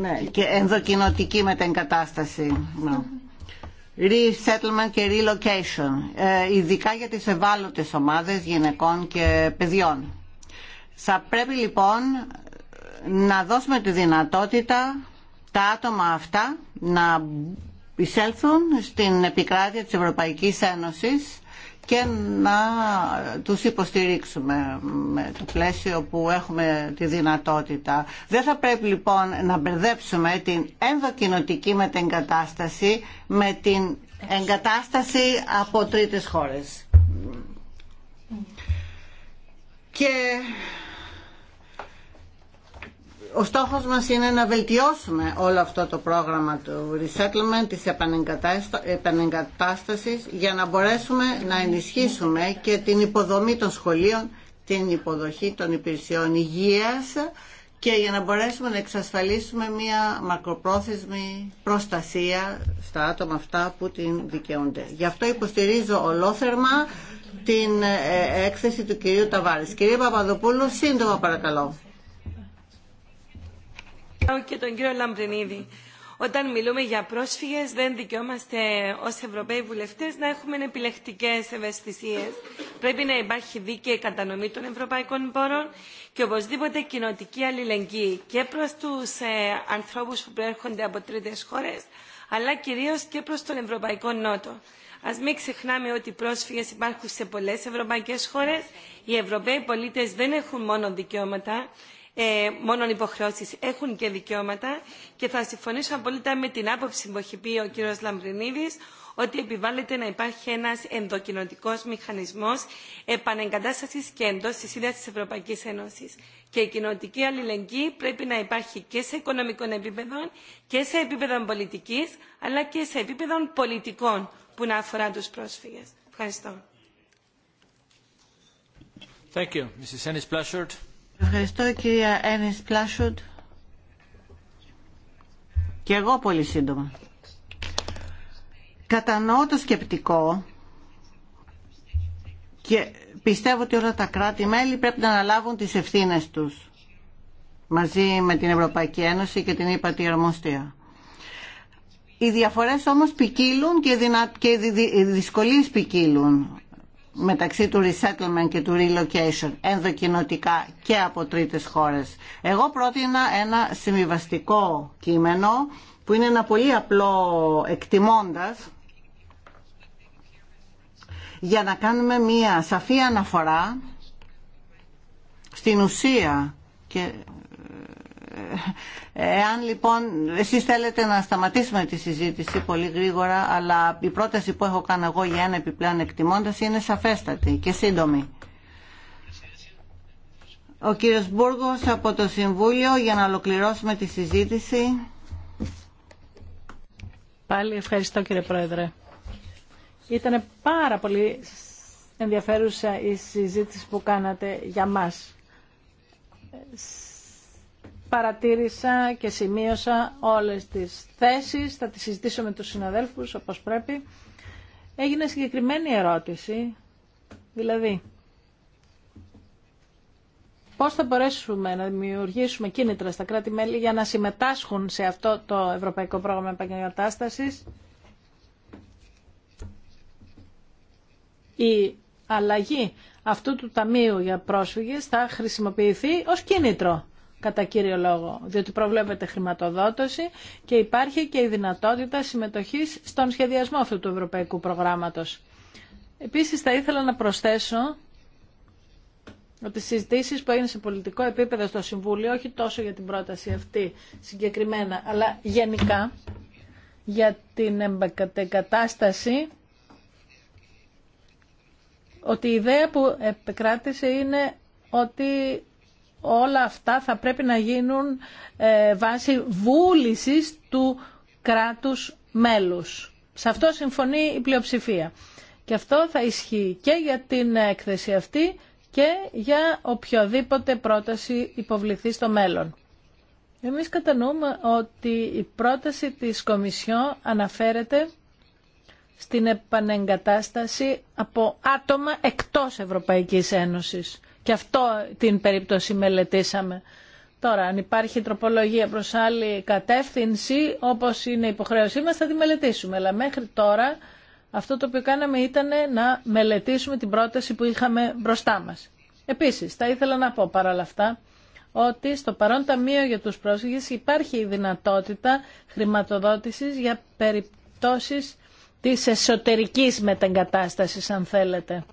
Ναι, και ενδοκινοτική μετεγκατάσταση. No. Ναι. Resettlement και relocation, ε, ειδικά για τις ευάλωτες ομάδες γυναικών και παιδιών. Θα πρέπει λοιπόν να δώσουμε τη δυνατότητα τα άτομα αυτά να εισέλθουν στην επικράτεια της Ευρωπαϊκής Ένωσης και να τους υποστηρίξουμε με το πλαίσιο που έχουμε τη δυνατότητα. Δεν θα πρέπει λοιπόν να μπερδέψουμε την ενδοκινοτική μετεγκατάσταση με την εγκατάσταση από τρίτες χώρες ο στόχος μας είναι να βελτιώσουμε όλο αυτό το πρόγραμμα του resettlement, της επανεγκατάστασης, για να μπορέσουμε να ενισχύσουμε και την υποδομή των σχολείων, την υποδοχή των υπηρεσιών υγείας και για να μπορέσουμε να εξασφαλίσουμε μια μακροπρόθεσμη προστασία στα άτομα αυτά που την δικαιούνται. Γι' αυτό υποστηρίζω ολόθερμα την ε, ε, έκθεση του κυρίου Ταβάρης. Κύριε Παπαδοπούλου, σύντομα παρακαλώ. Και τον κύριο Λαμπρινίδη. Όταν μιλούμε για πρόσφυγες δεν δικαιόμαστε ως Ευρωπαίοι βουλευτές να έχουμε επιλεκτικές ευαισθησίες. Πρέπει να υπάρχει δίκαιη κατανομή των ευρωπαϊκών πόρων και οπωσδήποτε κοινοτική αλληλεγγύη και προς τους ε, ανθρώπους που προέρχονται από τρίτες χώρες, αλλά κυρίως και προς τον Ευρωπαϊκό Νότο. Α μην ξεχνάμε ότι οι πρόσφυγε υπάρχουν σε πολλέ ευρωπαϊκέ χώρε. Οι Ευρωπαίοι πολίτε δεν έχουν μόνο δικαιώματα, ε, μόνο υποχρεώσει έχουν και δικαιώματα και θα συμφωνήσω απόλυτα με την άποψη που έχει πει ο κ. Λαμπρινίδη ότι επιβάλλεται να υπάρχει ένα ενδοκοινωτικός μηχανισμό επανεγκατάστασης και εντό της ίδιας της Ευρωπαϊκής Ένωσης. Και η κοινοτική αλληλεγγύη πρέπει να υπάρχει και σε οικονομικών επίπεδων και σε επίπεδο πολιτική, αλλά και σε επίπεδο πολιτικών που να αφορά του πρόσφυγε. Ευχαριστώ. Ευχαριστώ κυρία Ένις Πλάσου. Και εγώ πολύ σύντομα. Κατανοώ το σκεπτικό και πιστεύω ότι όλα τα κράτη-μέλη πρέπει να αναλάβουν τις ευθύνες τους μαζί με την Ευρωπαϊκή Ένωση και την ΥΠΑΤΗ Αρμοστία. Οι διαφορές όμως ποικίλουν και οι δυσκολίες ποικίλουν μεταξύ του resettlement και του relocation ενδοκινοτικά και από τρίτες χώρες. Εγώ πρότεινα ένα συμβιβαστικό κείμενο που είναι ένα πολύ απλό εκτιμώντας για να κάνουμε μία σαφή αναφορά στην ουσία και Εάν λοιπόν εσεί θέλετε να σταματήσουμε τη συζήτηση πολύ γρήγορα, αλλά η πρόταση που έχω κάνει εγώ για ένα επιπλέον εκτιμώντας είναι σαφέστατη και σύντομη. Ο κύριος Μπούργος από το Συμβούλιο για να ολοκληρώσουμε τη συζήτηση. Πάλι ευχαριστώ κύριε Πρόεδρε. Ήταν πάρα πολύ ενδιαφέρουσα η συζήτηση που κάνατε για μας παρατήρησα και σημείωσα όλες τις θέσεις, θα τις συζητήσω με τους συναδέλφους όπως πρέπει. Έγινε συγκεκριμένη ερώτηση, δηλαδή πώς θα μπορέσουμε να δημιουργήσουμε κίνητρα στα κράτη-μέλη για να συμμετάσχουν σε αυτό το Ευρωπαϊκό Πρόγραμμα Επαγγελματάστασης. Η αλλαγή αυτού του Ταμείου για πρόσφυγες θα χρησιμοποιηθεί ως κίνητρο κατά κύριο λόγο, διότι προβλέπεται χρηματοδότηση και υπάρχει και η δυνατότητα συμμετοχής στον σχεδιασμό αυτού του ευρωπαϊκού προγράμματος. Επίσης θα ήθελα να προσθέσω ότι οι συζητήσεις που έγινε σε πολιτικό επίπεδο στο Συμβούλιο, όχι τόσο για την πρόταση αυτή συγκεκριμένα, αλλά γενικά για την εγκατάσταση ότι η ιδέα που επικράτησε είναι ότι όλα αυτά θα πρέπει να γίνουν ε, βάσει βούλησης του κράτους μέλους. Σε αυτό συμφωνεί η πλειοψηφία. Και αυτό θα ισχύει και για την έκθεση αυτή και για οποιοδήποτε πρόταση υποβληθεί στο μέλλον. Εμείς κατανοούμε ότι η πρόταση της Κομισιό αναφέρεται στην επανεγκατάσταση από άτομα εκτός Ευρωπαϊκής Ένωσης. Και αυτό την περίπτωση μελετήσαμε. Τώρα, αν υπάρχει τροπολογία προς άλλη κατεύθυνση, όπως είναι η υποχρέωσή μας, θα τη μελετήσουμε. Αλλά μέχρι τώρα αυτό το οποίο κάναμε ήταν να μελετήσουμε την πρόταση που είχαμε μπροστά μας. Επίσης, θα ήθελα να πω παράλληλα αυτά, ότι στο παρόν ταμείο για τους πρόσφυγες υπάρχει η δυνατότητα χρηματοδότησης για περιπτώσεις της εσωτερικής μετεγκατάστασης, αν θέλετε.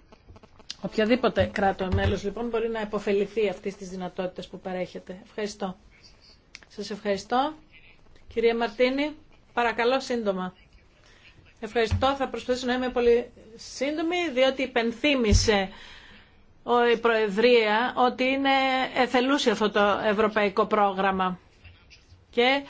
Οποιαδήποτε κράτο μέλο λοιπόν μπορεί να υποφεληθεί αυτή τη δυνατότητα που παρέχεται. Ευχαριστώ. Σας ευχαριστώ. Κυρία Μαρτίνη, παρακαλώ σύντομα. Ευχαριστώ. Θα προσπαθήσω να είμαι πολύ σύντομη, διότι υπενθύμησε η Προεδρία ότι είναι εθελούσιο αυτό το ευρωπαϊκό πρόγραμμα. Και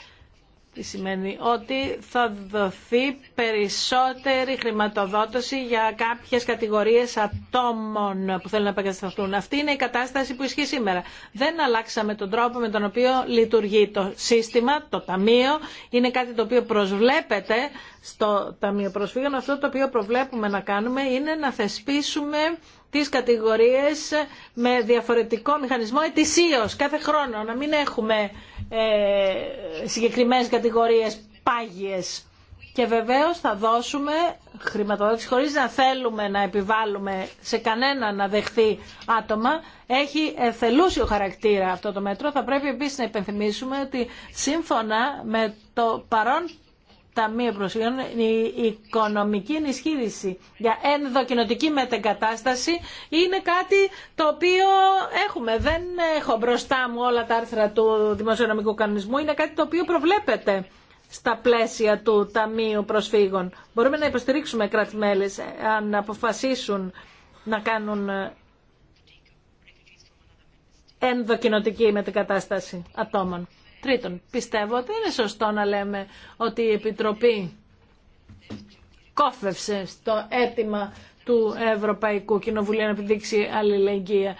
τι σημαίνει ότι θα δοθεί περισσότερη χρηματοδότηση για κάποιες κατηγορίες ατόμων που θέλουν να επεγκατασταθούν. Αυτή είναι η κατάσταση που ισχύει σήμερα. Δεν αλλάξαμε τον τρόπο με τον οποίο λειτουργεί το σύστημα, το ταμείο. Είναι κάτι το οποίο προσβλέπεται στο Ταμείο Προσφύγων. Αυτό το οποίο προβλέπουμε να κάνουμε είναι να θεσπίσουμε τις κατηγορίες με διαφορετικό μηχανισμό ετησίως κάθε χρόνο. Να μην έχουμε ε, συγκεκριμένες κατηγορίες πάγιες. Και βεβαίως θα δώσουμε χρηματοδότηση χωρίς να θέλουμε να επιβάλλουμε σε κανένα να δεχθεί άτομα. Έχει εθελούσιο χαρακτήρα αυτό το μέτρο. Θα πρέπει επίσης να υπενθυμίσουμε ότι σύμφωνα με το παρόν Ταμείο Προσφύγων η οικονομική ενισχύριση για ενδοκοινοτική μετεγκατάσταση είναι κάτι το οποίο έχουμε. Δεν έχω μπροστά μου όλα τα άρθρα του δημοσιονομικού κανονισμού. Είναι κάτι το οποίο προβλέπεται στα πλαίσια του Ταμείου Προσφύγων. Μπορούμε να υποστηρίξουμε αν αποφασίσουν να κάνουν ενδοκοινοτική μετεγκατάσταση ατόμων. Τρίτον, πιστεύω ότι είναι σωστό να λέμε ότι η Επιτροπή κόφευσε στο αίτημα του Ευρωπαϊκού Κοινοβουλίου να επιδείξει αλληλεγγύη.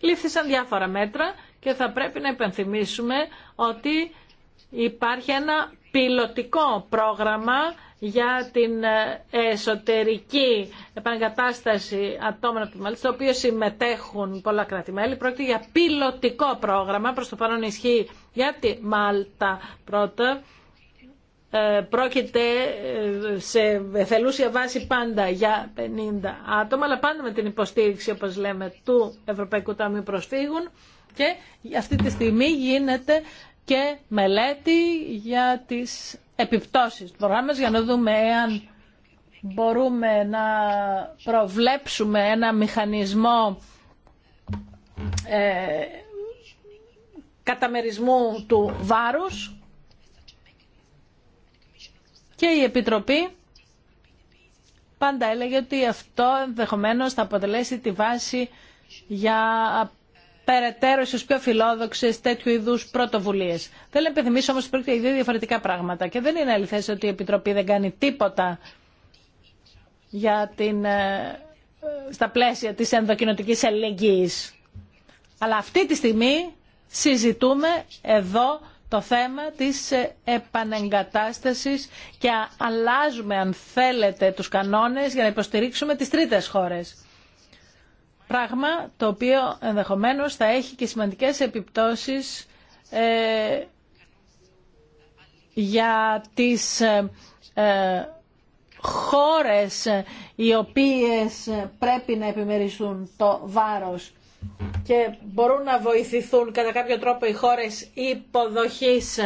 Λήφθησαν διάφορα μέτρα και θα πρέπει να υπενθυμίσουμε ότι υπάρχει ένα πιλωτικό πρόγραμμα για την ε, εσωτερική επαναγκατάσταση ατόμων από τη Μάλτα, στο οποίο συμμετέχουν πολλά κράτη-μέλη. Πρόκειται για πιλωτικό πρόγραμμα, προς το παρόν ισχύει για τη Μάλτα πρώτα. Ε, πρόκειται ε, σε θελούσια βάση πάντα για 50 άτομα, αλλά πάντα με την υποστήριξη, όπως λέμε, του Ευρωπαϊκού Ταμείου Προσφύγων και αυτή τη στιγμή γίνεται και μελέτη για τις επιπτώσεις του προγράμματος για να δούμε εάν μπορούμε να προβλέψουμε ένα μηχανισμό ε, καταμερισμού του βάρους και η Επιτροπή πάντα έλεγε ότι αυτό ενδεχομένως θα αποτελέσει τη βάση για περαιτέρω στου πιο φιλόδοξε τέτοιου είδου πρωτοβουλίε. Θέλω να επιθυμίσω όμω ότι πρόκειται για δύο διαφορετικά πράγματα και δεν είναι αληθέ ότι η Επιτροπή δεν κάνει τίποτα για την, ε, στα πλαίσια της ενδοκινοτικής ελεγγύης. Αλλά αυτή τη στιγμή συζητούμε εδώ το θέμα της ε, επανεγκατάστασης και αλλάζουμε αν θέλετε τους κανόνες για να υποστηρίξουμε τις τρίτες χώρες. Πράγμα το οποίο ενδεχομένως θα έχει και σημαντικές επιπτώσεις ε, για τις ε, ε, χώρες οι οποίες πρέπει να επιμεριστούν το βάρος και μπορούν να βοηθηθούν κατά κάποιο τρόπο οι χώρες υποδοχής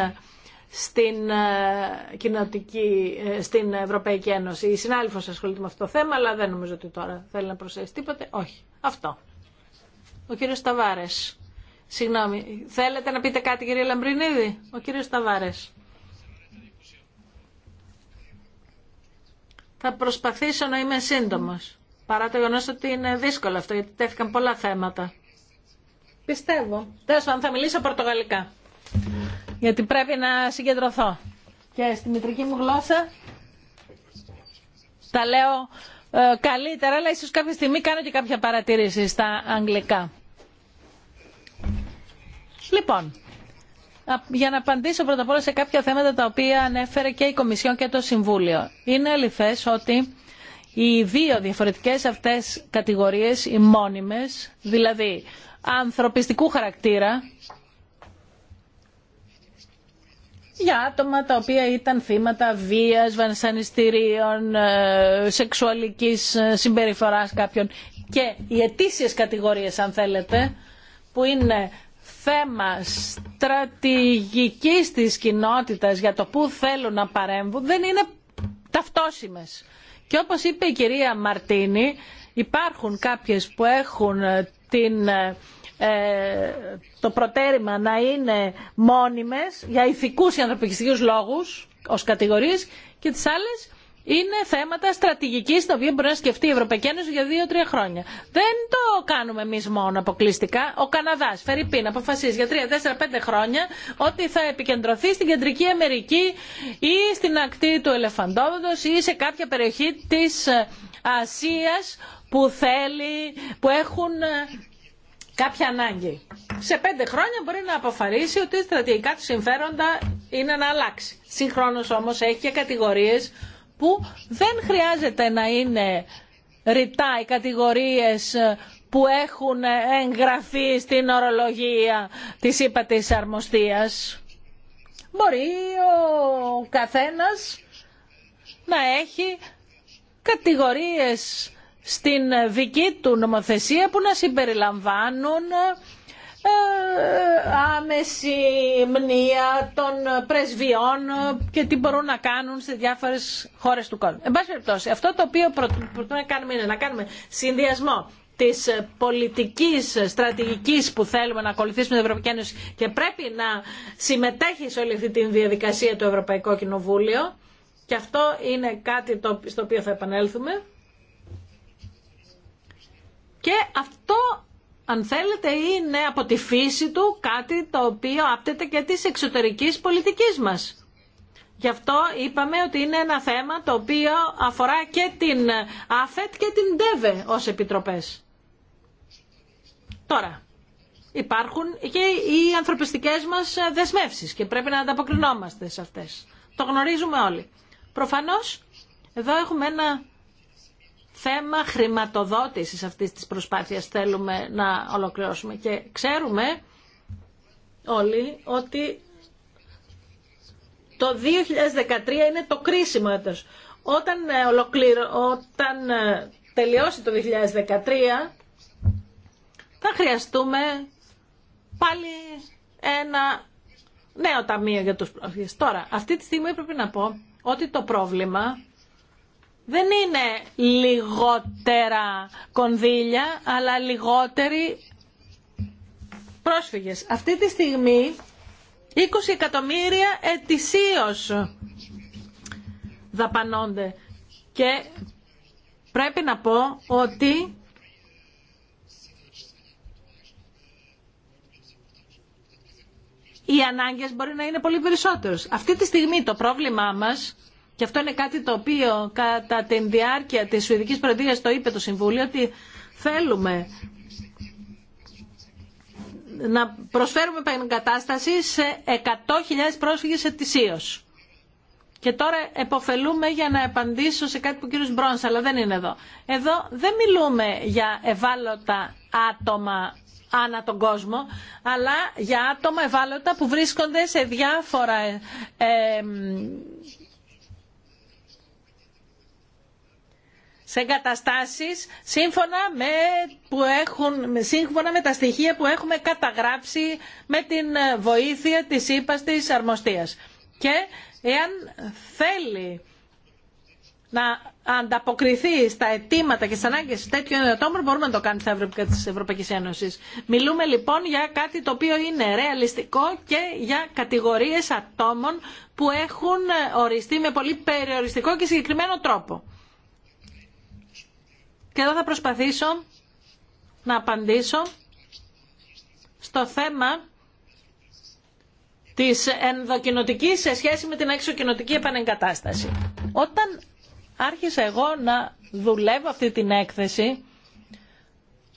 στην, ε, κοινοτική, ε, στην Ευρωπαϊκή Ένωση. Η συνάδελφος ασχολείται με αυτό το θέμα, αλλά δεν νομίζω ότι τώρα θέλει να προσθέσει τίποτε. Όχι. Αυτό. Ο κύριος Σταβάρες. Συγγνώμη. Θέλετε να πείτε κάτι κύριε Λαμπρινίδη. Ο κύριος Σταβάρες. Θα προσπαθήσω να είμαι σύντομος. Παρά το γεγονό ότι είναι δύσκολο αυτό, γιατί τέθηκαν πολλά θέματα. Πιστεύω. Τέλο αν θα μιλήσω πορτογαλικά γιατί πρέπει να συγκεντρωθώ. Και στη μητρική μου γλώσσα τα λέω ε, καλύτερα, αλλά ίσως κάποια στιγμή κάνω και κάποια παρατήρηση στα αγγλικά. Λοιπόν, για να απαντήσω πρώτα απ' όλα σε κάποια θέματα τα οποία ανέφερε και η Κομισιόν και το Συμβούλιο. Είναι αληθές ότι οι δύο διαφορετικές αυτές κατηγορίες, οι μόνιμες, δηλαδή ανθρωπιστικού χαρακτήρα για άτομα τα οποία ήταν θύματα βίας, βασανιστήριων, ε, σεξουαλικής ε, συμπεριφοράς κάποιων και οι αιτήσιες κατηγορίες αν θέλετε που είναι θέμα στρατηγικής της κοινότητας για το που θέλουν να παρέμβουν δεν είναι ταυτόσιμες. Και όπως είπε η κυρία Μαρτίνη υπάρχουν κάποιες που έχουν ε, την ε, το προτέρημα να είναι μόνιμες για ηθικούς και ανθρωπιστικούς λόγους ως κατηγορίες και τις άλλες είναι θέματα στρατηγική τα οποία μπορεί να σκεφτεί η Ευρωπαϊκή Ένωση για δύο-τρία χρόνια. Δεν το κάνουμε εμεί μόνο αποκλειστικά. Ο Καναδά, Φερρυπίν, αποφασίζει για τρία-τέσσερα-πέντε χρόνια ότι θα επικεντρωθεί στην Κεντρική Αμερική ή στην ακτή του Ελεφαντόβοντο ή σε κάποια περιοχή τη ε, Ασία που θέλει, που έχουν ε, κάποια ανάγκη. Σε πέντε χρόνια μπορεί να αποφαρίσει ότι στρατηγικά του συμφέροντα είναι να αλλάξει. Συγχρόνως όμως έχει και κατηγορίες που δεν χρειάζεται να είναι ρητά οι κατηγορίες που έχουν εγγραφεί στην ορολογία της ΥΠΑ αρμοστίας. Μπορεί ο καθένας να έχει κατηγορίες στην ε, δική του νομοθεσία που να συμπεριλαμβάνουν ε, ε, άμεση μνήα των πρεσβειών και τι μπορούν να κάνουν σε διάφορες χώρες του κόσμου. Εν πάση περιπτώσει, αυτό το οποίο προτείνουμε να κάνουμε είναι να κάνουμε συνδυασμό της πολιτικής στρατηγικής που θέλουμε να ακολουθήσουμε την Ευρωπαϊκή Ένωση και πρέπει να συμμετέχει σε όλη αυτή τη διαδικασία του Ευρωπαϊκό Κοινοβούλιο και αυτό είναι κάτι στο οποίο θα επανέλθουμε. Και αυτό, αν θέλετε, είναι από τη φύση του κάτι το οποίο άπτεται και της εξωτερικής πολιτικής μας. Γι' αυτό είπαμε ότι είναι ένα θέμα το οποίο αφορά και την ΑΦΕΤ και την ΔΕΒΕ ως επιτροπές. Τώρα, υπάρχουν και οι ανθρωπιστικές μας δεσμεύσεις και πρέπει να ανταποκρινόμαστε σε αυτές. Το γνωρίζουμε όλοι. Προφανώς, εδώ έχουμε ένα θέμα χρηματοδότησης αυτής της προσπάθειας θέλουμε να ολοκληρώσουμε. Και ξέρουμε όλοι ότι το 2013 είναι το κρίσιμο έτος. Όταν, ε, ολοκληρω... Όταν ε, τελειώσει το 2013 θα χρειαστούμε πάλι ένα νέο ταμείο για τους πρόσφυγες. Τώρα, αυτή τη στιγμή πρέπει να πω ότι το πρόβλημα δεν είναι λιγότερα κονδύλια, αλλά λιγότεροι πρόσφυγες. Αυτή τη στιγμή 20 εκατομμύρια ετησίως δαπανώνται και πρέπει να πω ότι οι ανάγκες μπορεί να είναι πολύ περισσότερες. Αυτή τη στιγμή το πρόβλημά μας και αυτό είναι κάτι το οποίο κατά την διάρκεια της Σουηδικής Προεδρίας το είπε το Συμβούλιο ότι θέλουμε να προσφέρουμε κατάσταση σε 100.000 πρόσφυγες ετησίως. Και τώρα εποφελούμε για να απαντήσω σε κάτι που ο κύριος Μπρόνς, αλλά δεν είναι εδώ. Εδώ δεν μιλούμε για ευάλωτα άτομα ανά τον κόσμο, αλλά για άτομα ευάλωτα που βρίσκονται σε διάφορα ε, ε, σε καταστάσεις σύμφωνα με, που έχουν, σύμφωνα με τα στοιχεία που έχουμε καταγράψει με την βοήθεια της ΥΠΑΣ της αρμοστίας. Και εάν θέλει να ανταποκριθεί στα αιτήματα και στι ανάγκε τέτοιων ατόμων μπορούμε να το κάνει στα ευρωπαϊκά τη Ευρωπαϊκή Ένωση. Μιλούμε λοιπόν για κάτι το οποίο είναι ρεαλιστικό και για κατηγορίε ατόμων που έχουν οριστεί με πολύ περιοριστικό και συγκεκριμένο τρόπο. Και εδώ θα προσπαθήσω να απαντήσω στο θέμα της ενδοκινοτικής σε σχέση με την εξοκινοτική επανεγκατάσταση. Όταν άρχισα εγώ να δουλεύω αυτή την έκθεση,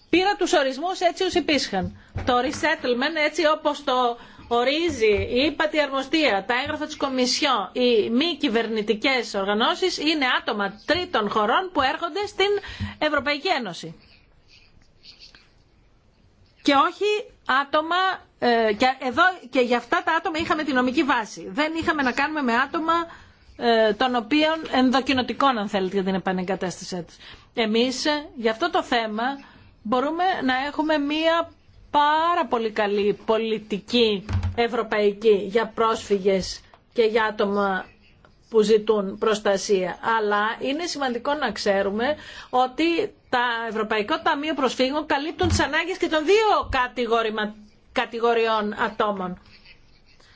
πήρα τους ορισμούς έτσι όπως υπήρχαν. Το resettlement έτσι όπως το ορίζει η ύπατη αρμοστία, τα έγγραφα της Κομισιό, οι μη κυβερνητικές οργανώσεις είναι άτομα τρίτων χωρών που έρχονται στην Ευρωπαϊκή Ένωση. Και όχι άτομα, ε, και, εδώ, και για αυτά τα άτομα είχαμε τη νομική βάση. Δεν είχαμε να κάνουμε με άτομα ε, των οποίων ενδοκινοτικών αν θέλετε για την επανεγκατάστασή τους. Εμείς ε, για αυτό το θέμα μπορούμε να έχουμε μία πάρα πολύ καλή πολιτική ευρωπαϊκή για πρόσφυγες και για άτομα που ζητούν προστασία. Αλλά είναι σημαντικό να ξέρουμε ότι τα Ευρωπαϊκό Ταμείο Προσφύγων καλύπτουν τις ανάγκες και των δύο κατηγοριών ατόμων,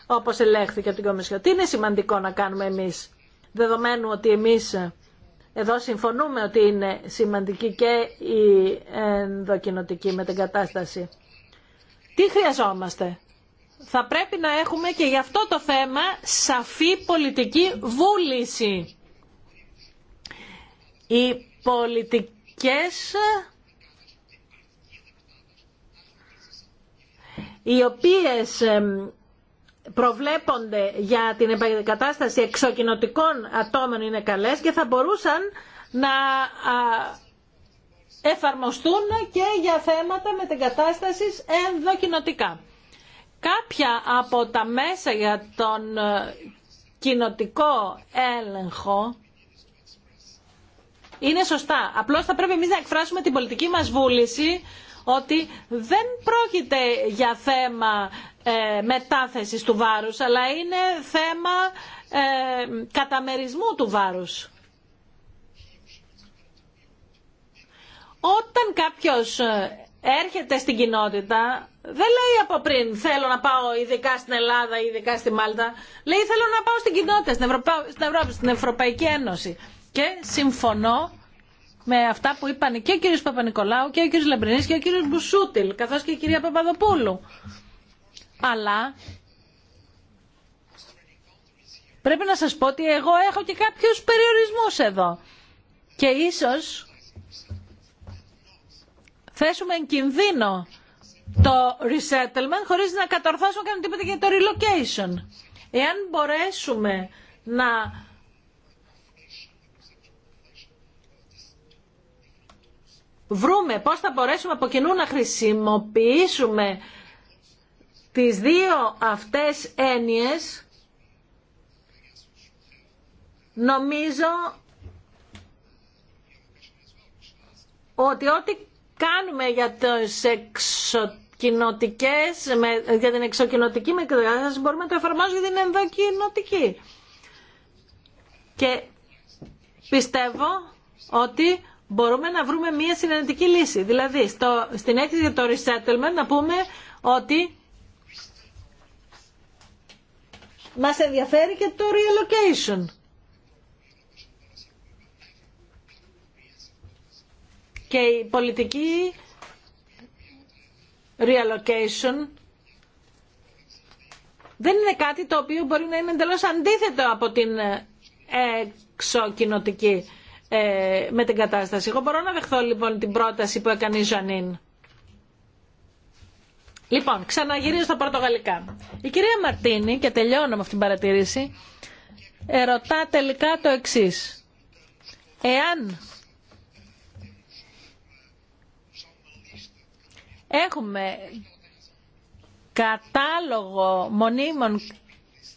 όπως ελέγχθηκε από την Κομισιό. Τι είναι σημαντικό να κάνουμε εμείς, δεδομένου ότι εμείς εδώ συμφωνούμε ότι είναι σημαντική και η ενδοκινοτική κατάσταση. Τι χρειαζόμαστε θα πρέπει να έχουμε και για αυτό το θέμα σαφή πολιτική βούληση. Οι πολιτικές οι οποίες προβλέπονται για την κατάσταση εξοκοινωτικών ατόμων είναι καλές και θα μπορούσαν να εφαρμοστούν και για θέματα με την κατάσταση ενδοκοινωτικά κάποια από τα μέσα για τον ε, κοινοτικό έλεγχο είναι σωστά. Απλώς θα πρέπει εμείς να εκφράσουμε την πολιτική μας βούληση ότι δεν πρόκειται για θέμα ε, μετάθεσης του βάρους, αλλά είναι θέμα ε, καταμερισμού του βάρους. Όταν κάποιος ε, έρχεται στην κοινότητα, δεν λέει από πριν θέλω να πάω ειδικά στην Ελλάδα ή ειδικά στη Μάλτα. Λέει θέλω να πάω στην κοινότητα, στην, Ευρωπα... στην Ευρώπη, στην Ευρωπαϊκή Ένωση. Και συμφωνώ με αυτά που είπαν και ο κύριος Παπα-Νικολάου και ο κύριος Λεμπρινής και ο κύριος Μπουσούτιλ, καθώς και η κυρία Παπαδοπούλου. Αλλά πρέπει να σας πω ότι εγώ έχω και κάποιους περιορισμούς εδώ. Και ίσως θέσουμε εν κινδύνο το resettlement χωρίς να κατορθώσουμε να τίποτα για το relocation. Εάν μπορέσουμε να βρούμε πώς θα μπορέσουμε από κοινού να χρησιμοποιήσουμε τις δύο αυτές έννοιες, νομίζω ότι ό,τι κάνουμε για, τις για την εξοκοινοτική μετανάστευση μπορούμε να το εφαρμόζουμε για την ενδοκοινοτική. Και πιστεύω ότι μπορούμε να βρούμε μια συνενετική λύση. Δηλαδή, στο, στην έκθεση για το resettlement να πούμε ότι μας ενδιαφέρει και το relocation. και η πολιτική reallocation δεν είναι κάτι το οποίο μπορεί να είναι εντελώς αντίθετο από την ε, εξοκοινοτική ε, με την κατάσταση. Εγώ μπορώ να δεχθώ λοιπόν την πρόταση που έκανε η Ζανίν. Λοιπόν, ξαναγυρίζω στα πορτογαλικά. Η κυρία Μαρτίνη, και τελειώνω με αυτήν την παρατήρηση, ερωτά τελικά το εξής. Εάν Έχουμε κατάλογο μονίμων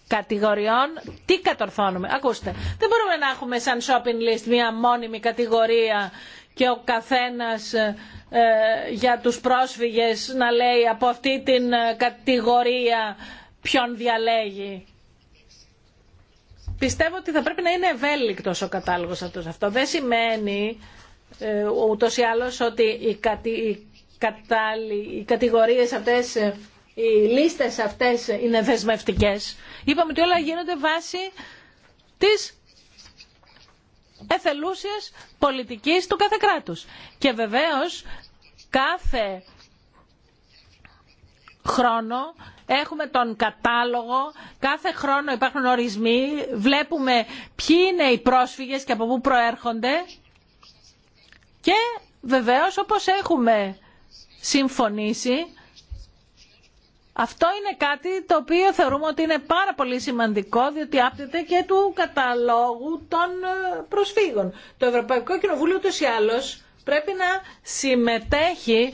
κατηγοριών, τι κατορθώνουμε. Ακούστε, δεν μπορούμε να έχουμε σαν shopping list μία μόνιμη κατηγορία και ο καθένας ε, ε, για τους πρόσφυγες να λέει από αυτή την ε, κατηγορία ποιον διαλέγει. Πιστεύω ότι θα πρέπει να είναι ευέλικτος ο κατάλογος αυτός. Αυτό δεν σημαίνει ε, ούτως ή άλλως ότι η κατη, οι κατηγορίες αυτές, οι λίστες αυτές είναι δεσμευτικέ. Είπαμε ότι όλα γίνονται βάσει της εθελούσια πολιτικής του κάθε κράτου. Και βεβαίω, κάθε χρόνο έχουμε τον κατάλογο, κάθε χρόνο υπάρχουν ορισμοί, βλέπουμε ποιοι είναι οι πρόσφυγες και από πού προέρχονται και βεβαίως όπως έχουμε συμφωνήσει. Αυτό είναι κάτι το οποίο θεωρούμε ότι είναι πάρα πολύ σημαντικό, διότι άπτεται και του καταλόγου των ε, προσφύγων. Το Ευρωπαϊκό Κοινοβούλιο ούτως ή άλλως πρέπει να συμμετέχει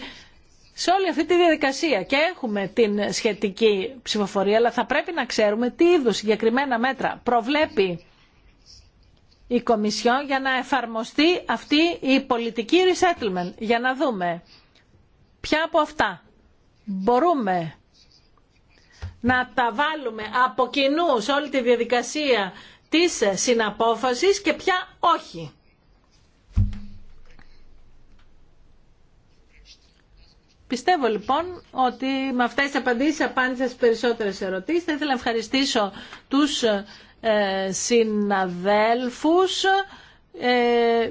σε όλη αυτή τη διαδικασία και έχουμε την σχετική ψηφοφορία, αλλά θα πρέπει να ξέρουμε τι είδου συγκεκριμένα μέτρα προβλέπει η Κομισιόν για να εφαρμοστεί αυτή η πολιτική resettlement, για να δούμε Ποια από αυτά μπορούμε να τα βάλουμε από κοινού σε όλη τη διαδικασία της συναπόφασης και ποια όχι. Πιστεύω λοιπόν ότι με αυτές τις απαντήσεις απάντησα στις περισσότερες ερωτήσεις. Θα ήθελα να ευχαριστήσω τους ε, συναδέλφους. Ε,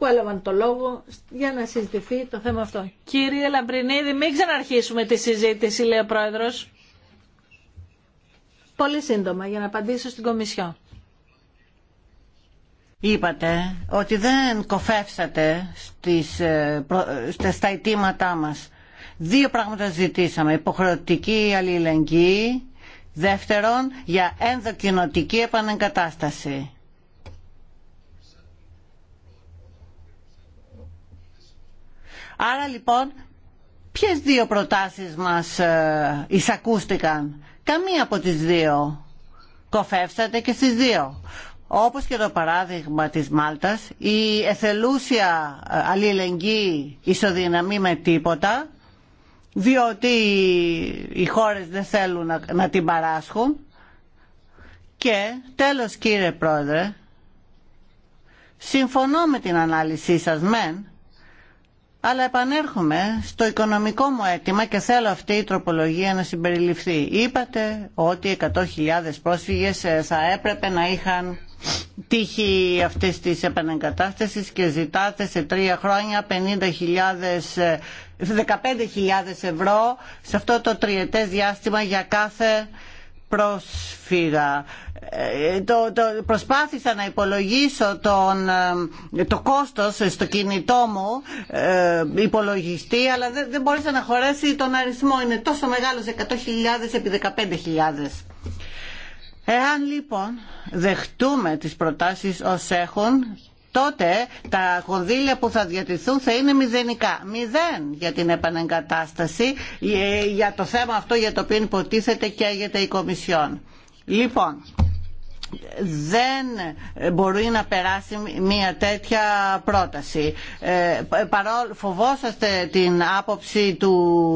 που έλαβαν το λόγο για να συζητηθεί το θέμα αυτό. Κύριε Λαμπρινίδη, μην ξαναρχίσουμε τη συζήτηση, λέει ο Πρόεδρος. Πολύ σύντομα, για να απαντήσω στην Κομισιό. Είπατε ότι δεν κοφεύσατε στις, ε, στα αιτήματά μας. Δύο πράγματα ζητήσαμε. Υποχρεωτική αλληλεγγύη. Δεύτερον, για ενδοκινοτική επανεγκατάσταση. Άρα λοιπόν, ποιες δύο προτάσεις μας ε, εισακούστηκαν. Καμία από τις δύο. Κοφεύσατε και στις δύο. Όπως και το παράδειγμα της Μάλτας, η εθελούσια ε, αλληλεγγύη ισοδυναμεί με τίποτα, διότι οι χώρες δεν θέλουν να, την παράσχουν. Και τέλος κύριε Πρόεδρε, συμφωνώ με την ανάλυση σας μεν, αλλά επανέρχομαι στο οικονομικό μου αίτημα και θέλω αυτή η τροπολογία να συμπεριληφθεί. Είπατε ότι 100.000 πρόσφυγες ε, θα έπρεπε να είχαν τύχη αυτή της επανεγκατάστασης και ζητάτε σε τρία χρόνια 50.000, 15.000 ε, ευρώ σε αυτό το τριετές διάστημα για κάθε πρόσφυγα. Ε, το, το, προσπάθησα να υπολογίσω τον, ε, το κόστος στο κινητό μου ε, υπολογιστή αλλά δεν, δεν μπορούσα να χωρέσει τον αριθμό. Είναι τόσο μεγάλος 100.000 επί 15.000. Εάν λοιπόν δεχτούμε τις προτάσεις ως έχουν τότε τα κονδύλια που θα διατηθούν θα είναι μηδενικά. Μηδέν για την επανεγκατάσταση, ε, για το θέμα αυτό για το οποίο υποτίθεται και έγινε η Κομισιόν. Λοιπόν, δεν μπορεί να περάσει μια τέτοια πρόταση. Ε, παρόλο, φοβόσαστε την άποψη του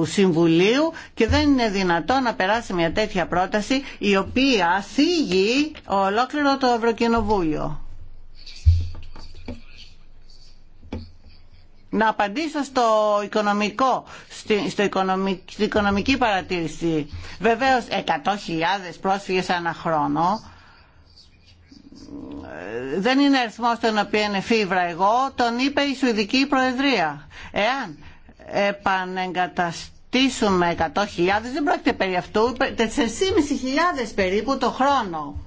Συμβουλίου και δεν είναι δυνατό να περάσει μια τέτοια πρόταση η οποία θίγει ολόκληρο το Ευρωκοινοβούλιο. να απαντήσω στο οικονομικό, στο οικονομική, στην οικονομική παρατήρηση. Βεβαίως 100.000 πρόσφυγες ανά χρόνο δεν είναι αριθμό τον οποίο φίβρα εγώ, τον είπε η Σουηδική Προεδρία. Εάν επανεγκαταστήσουμε 100.000, δεν πρόκειται περί αυτού, 4.500 περίπου το χρόνο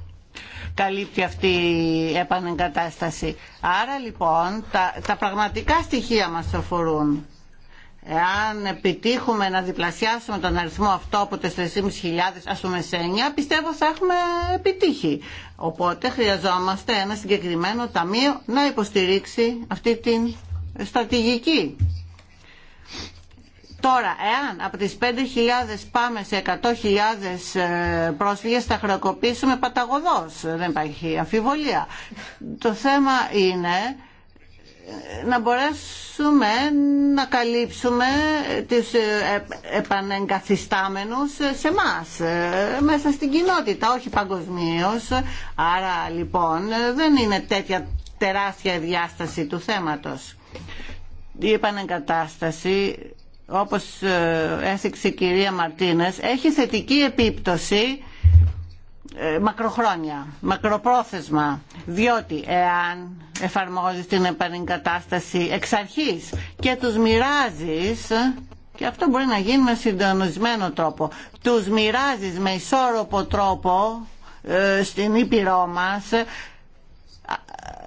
καλύπτει αυτή η επανεγκατάσταση. Άρα λοιπόν τα, τα πραγματικά στοιχεία μας αφορούν. Εάν επιτύχουμε να διπλασιάσουμε τον αριθμό αυτό από 4.500 ας πούμε σε 9, πιστεύω θα έχουμε επιτύχει. Οπότε χρειαζόμαστε ένα συγκεκριμένο ταμείο να υποστηρίξει αυτή την στρατηγική Τώρα, εάν από τις 5.000 πάμε σε 100.000 ε, πρόσφυγες, θα χρεοκοπήσουμε παταγωδός. Δεν υπάρχει αμφιβολία. Το θέμα είναι ε, να μπορέσουμε να καλύψουμε τις ε, επανεγκαθιστάμενους σε μας μέσα στην κοινότητα, όχι παγκοσμίω. Άρα λοιπόν δεν είναι τέτοια τεράστια διάσταση του θέματος. Η επανεγκατάσταση όπως ε, έθιξε η κυρία Μαρτίνες, έχει θετική επίπτωση ε, μακροχρόνια, μακροπρόθεσμα, διότι εάν εφαρμόζεις την επανεγκατάσταση εξ αρχής και τους μοιράζεις και αυτό μπορεί να γίνει με συντονισμένο τρόπο. Τους μοιράζεις με ισόρροπο τρόπο ε, στην Ήπειρό μας,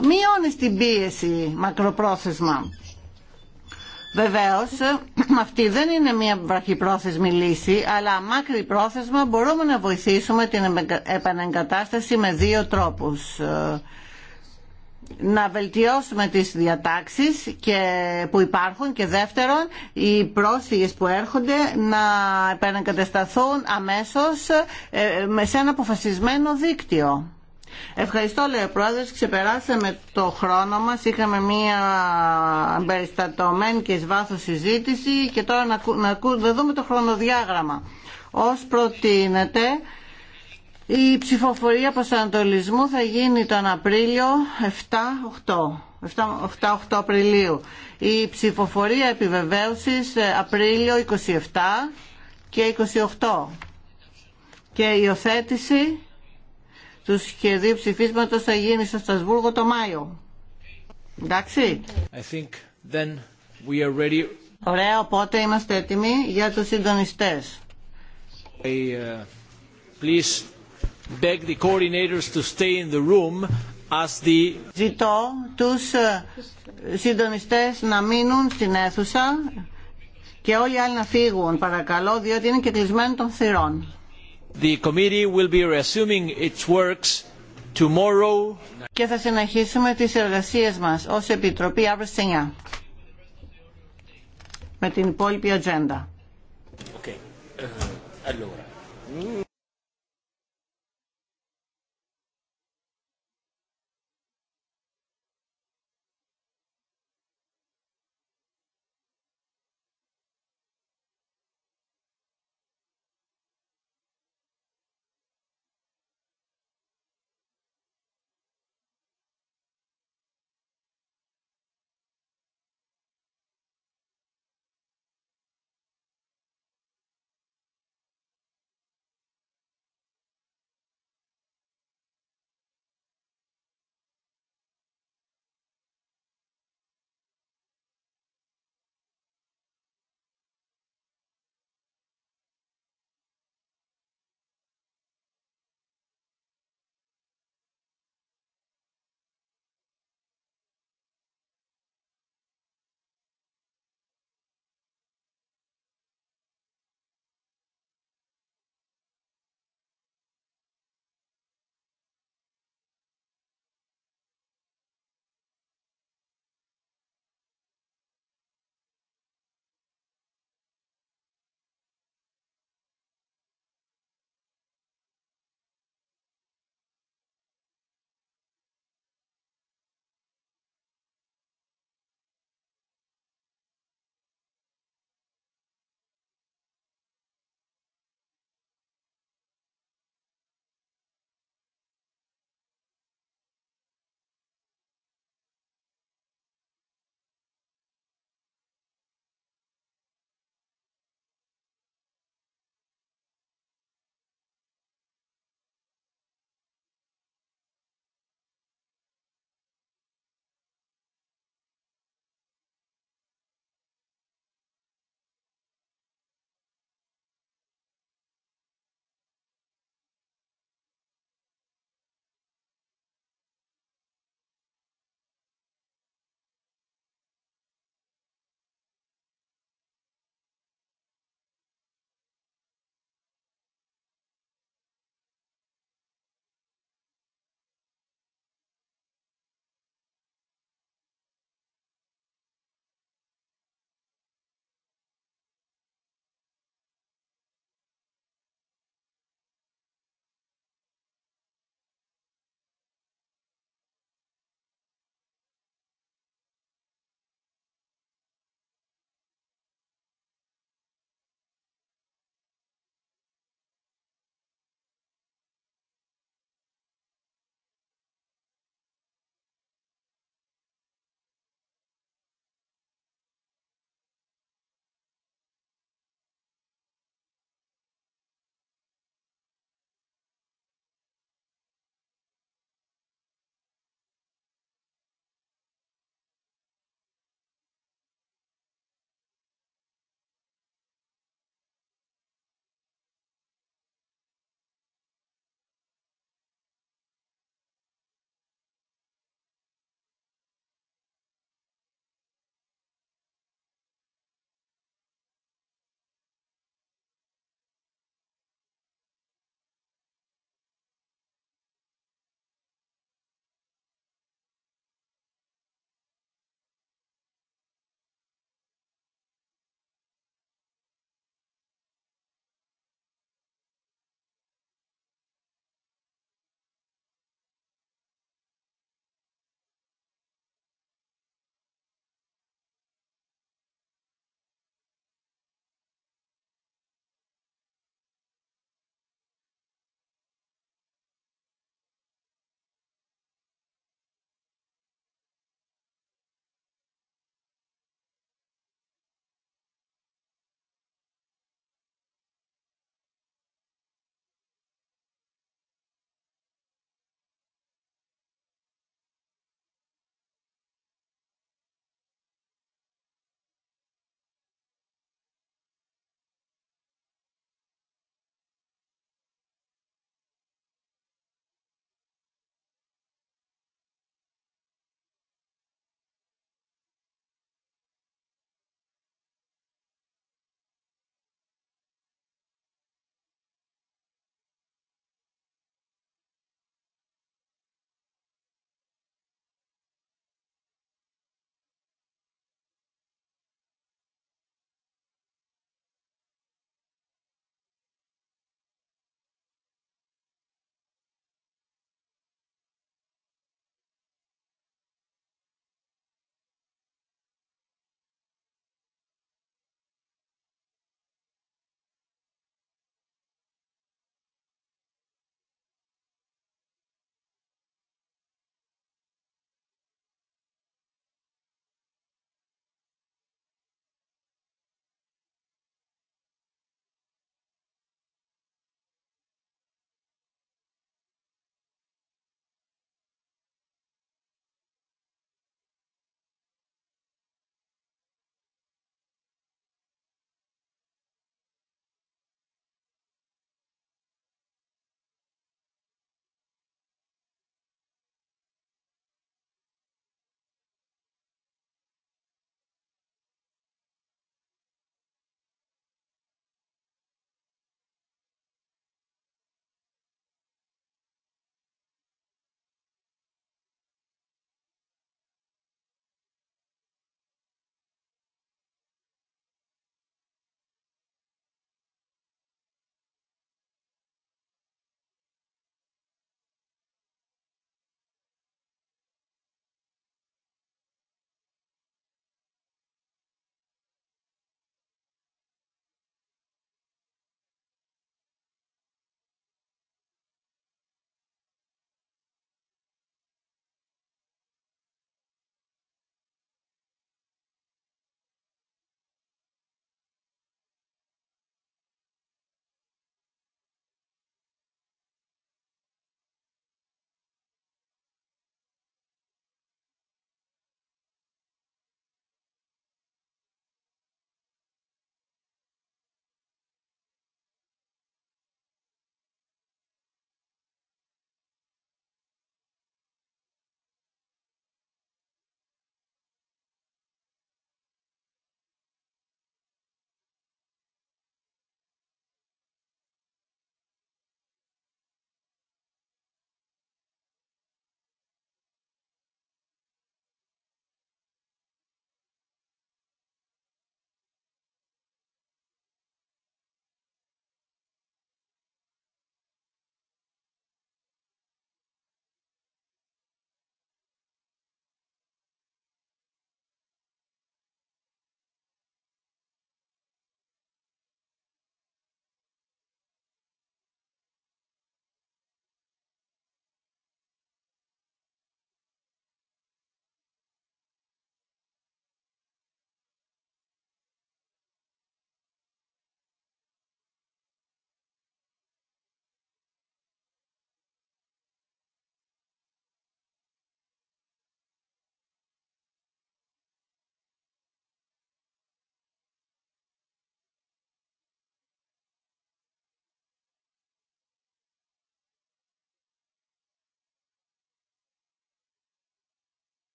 μειώνεις την πίεση μακροπρόθεσμα. Βεβαίως, αυτή δεν είναι μια βραχυπρόθεσμη λύση, αλλά μακρυπρόθεσμα πρόθεσμα μπορούμε να βοηθήσουμε την επανεγκατάσταση με δύο τρόπους. Ε, να βελτιώσουμε τις διατάξεις που υπάρχουν και δεύτερον οι πρόσφυγες που έρχονται να επανεγκατασταθούν αμέσως ε, ε, σε ένα αποφασισμένο δίκτυο. Ευχαριστώ, λέει ο Πρόεδρος. Ξεπεράσαμε το χρόνο μας. Είχαμε μία περιστατωμένη και εις βάθος συζήτηση και τώρα να, να, δούμε το χρονοδιάγραμμα. Ως προτείνεται, η ψηφοφορία προσανατολισμού θα γίνει τον Απρίλιο 7-8. 7-8 Απριλίου. Η ψηφοφορία επιβεβαίωσης ε, Απρίλιο 27 και 28. Και η οθέτηση του σχεδίου ψηφίσματο θα γίνει στο Στασβούργο το Μάιο. Εντάξει. Ωραία, οπότε είμαστε έτοιμοι για τους συντονιστές. Ζητώ τους ε, συντονιστές να μείνουν στην αίθουσα και όλοι οι άλλοι να φύγουν, παρακαλώ, διότι είναι και κλεισμένο των θυρών. The committee will be resuming its works tomorrow. Και θα συνεχίσουμε τις εργασίες μας ως Επιτροπή αύριο στις 9 με την υπόλοιπη ατζέντα. Okay.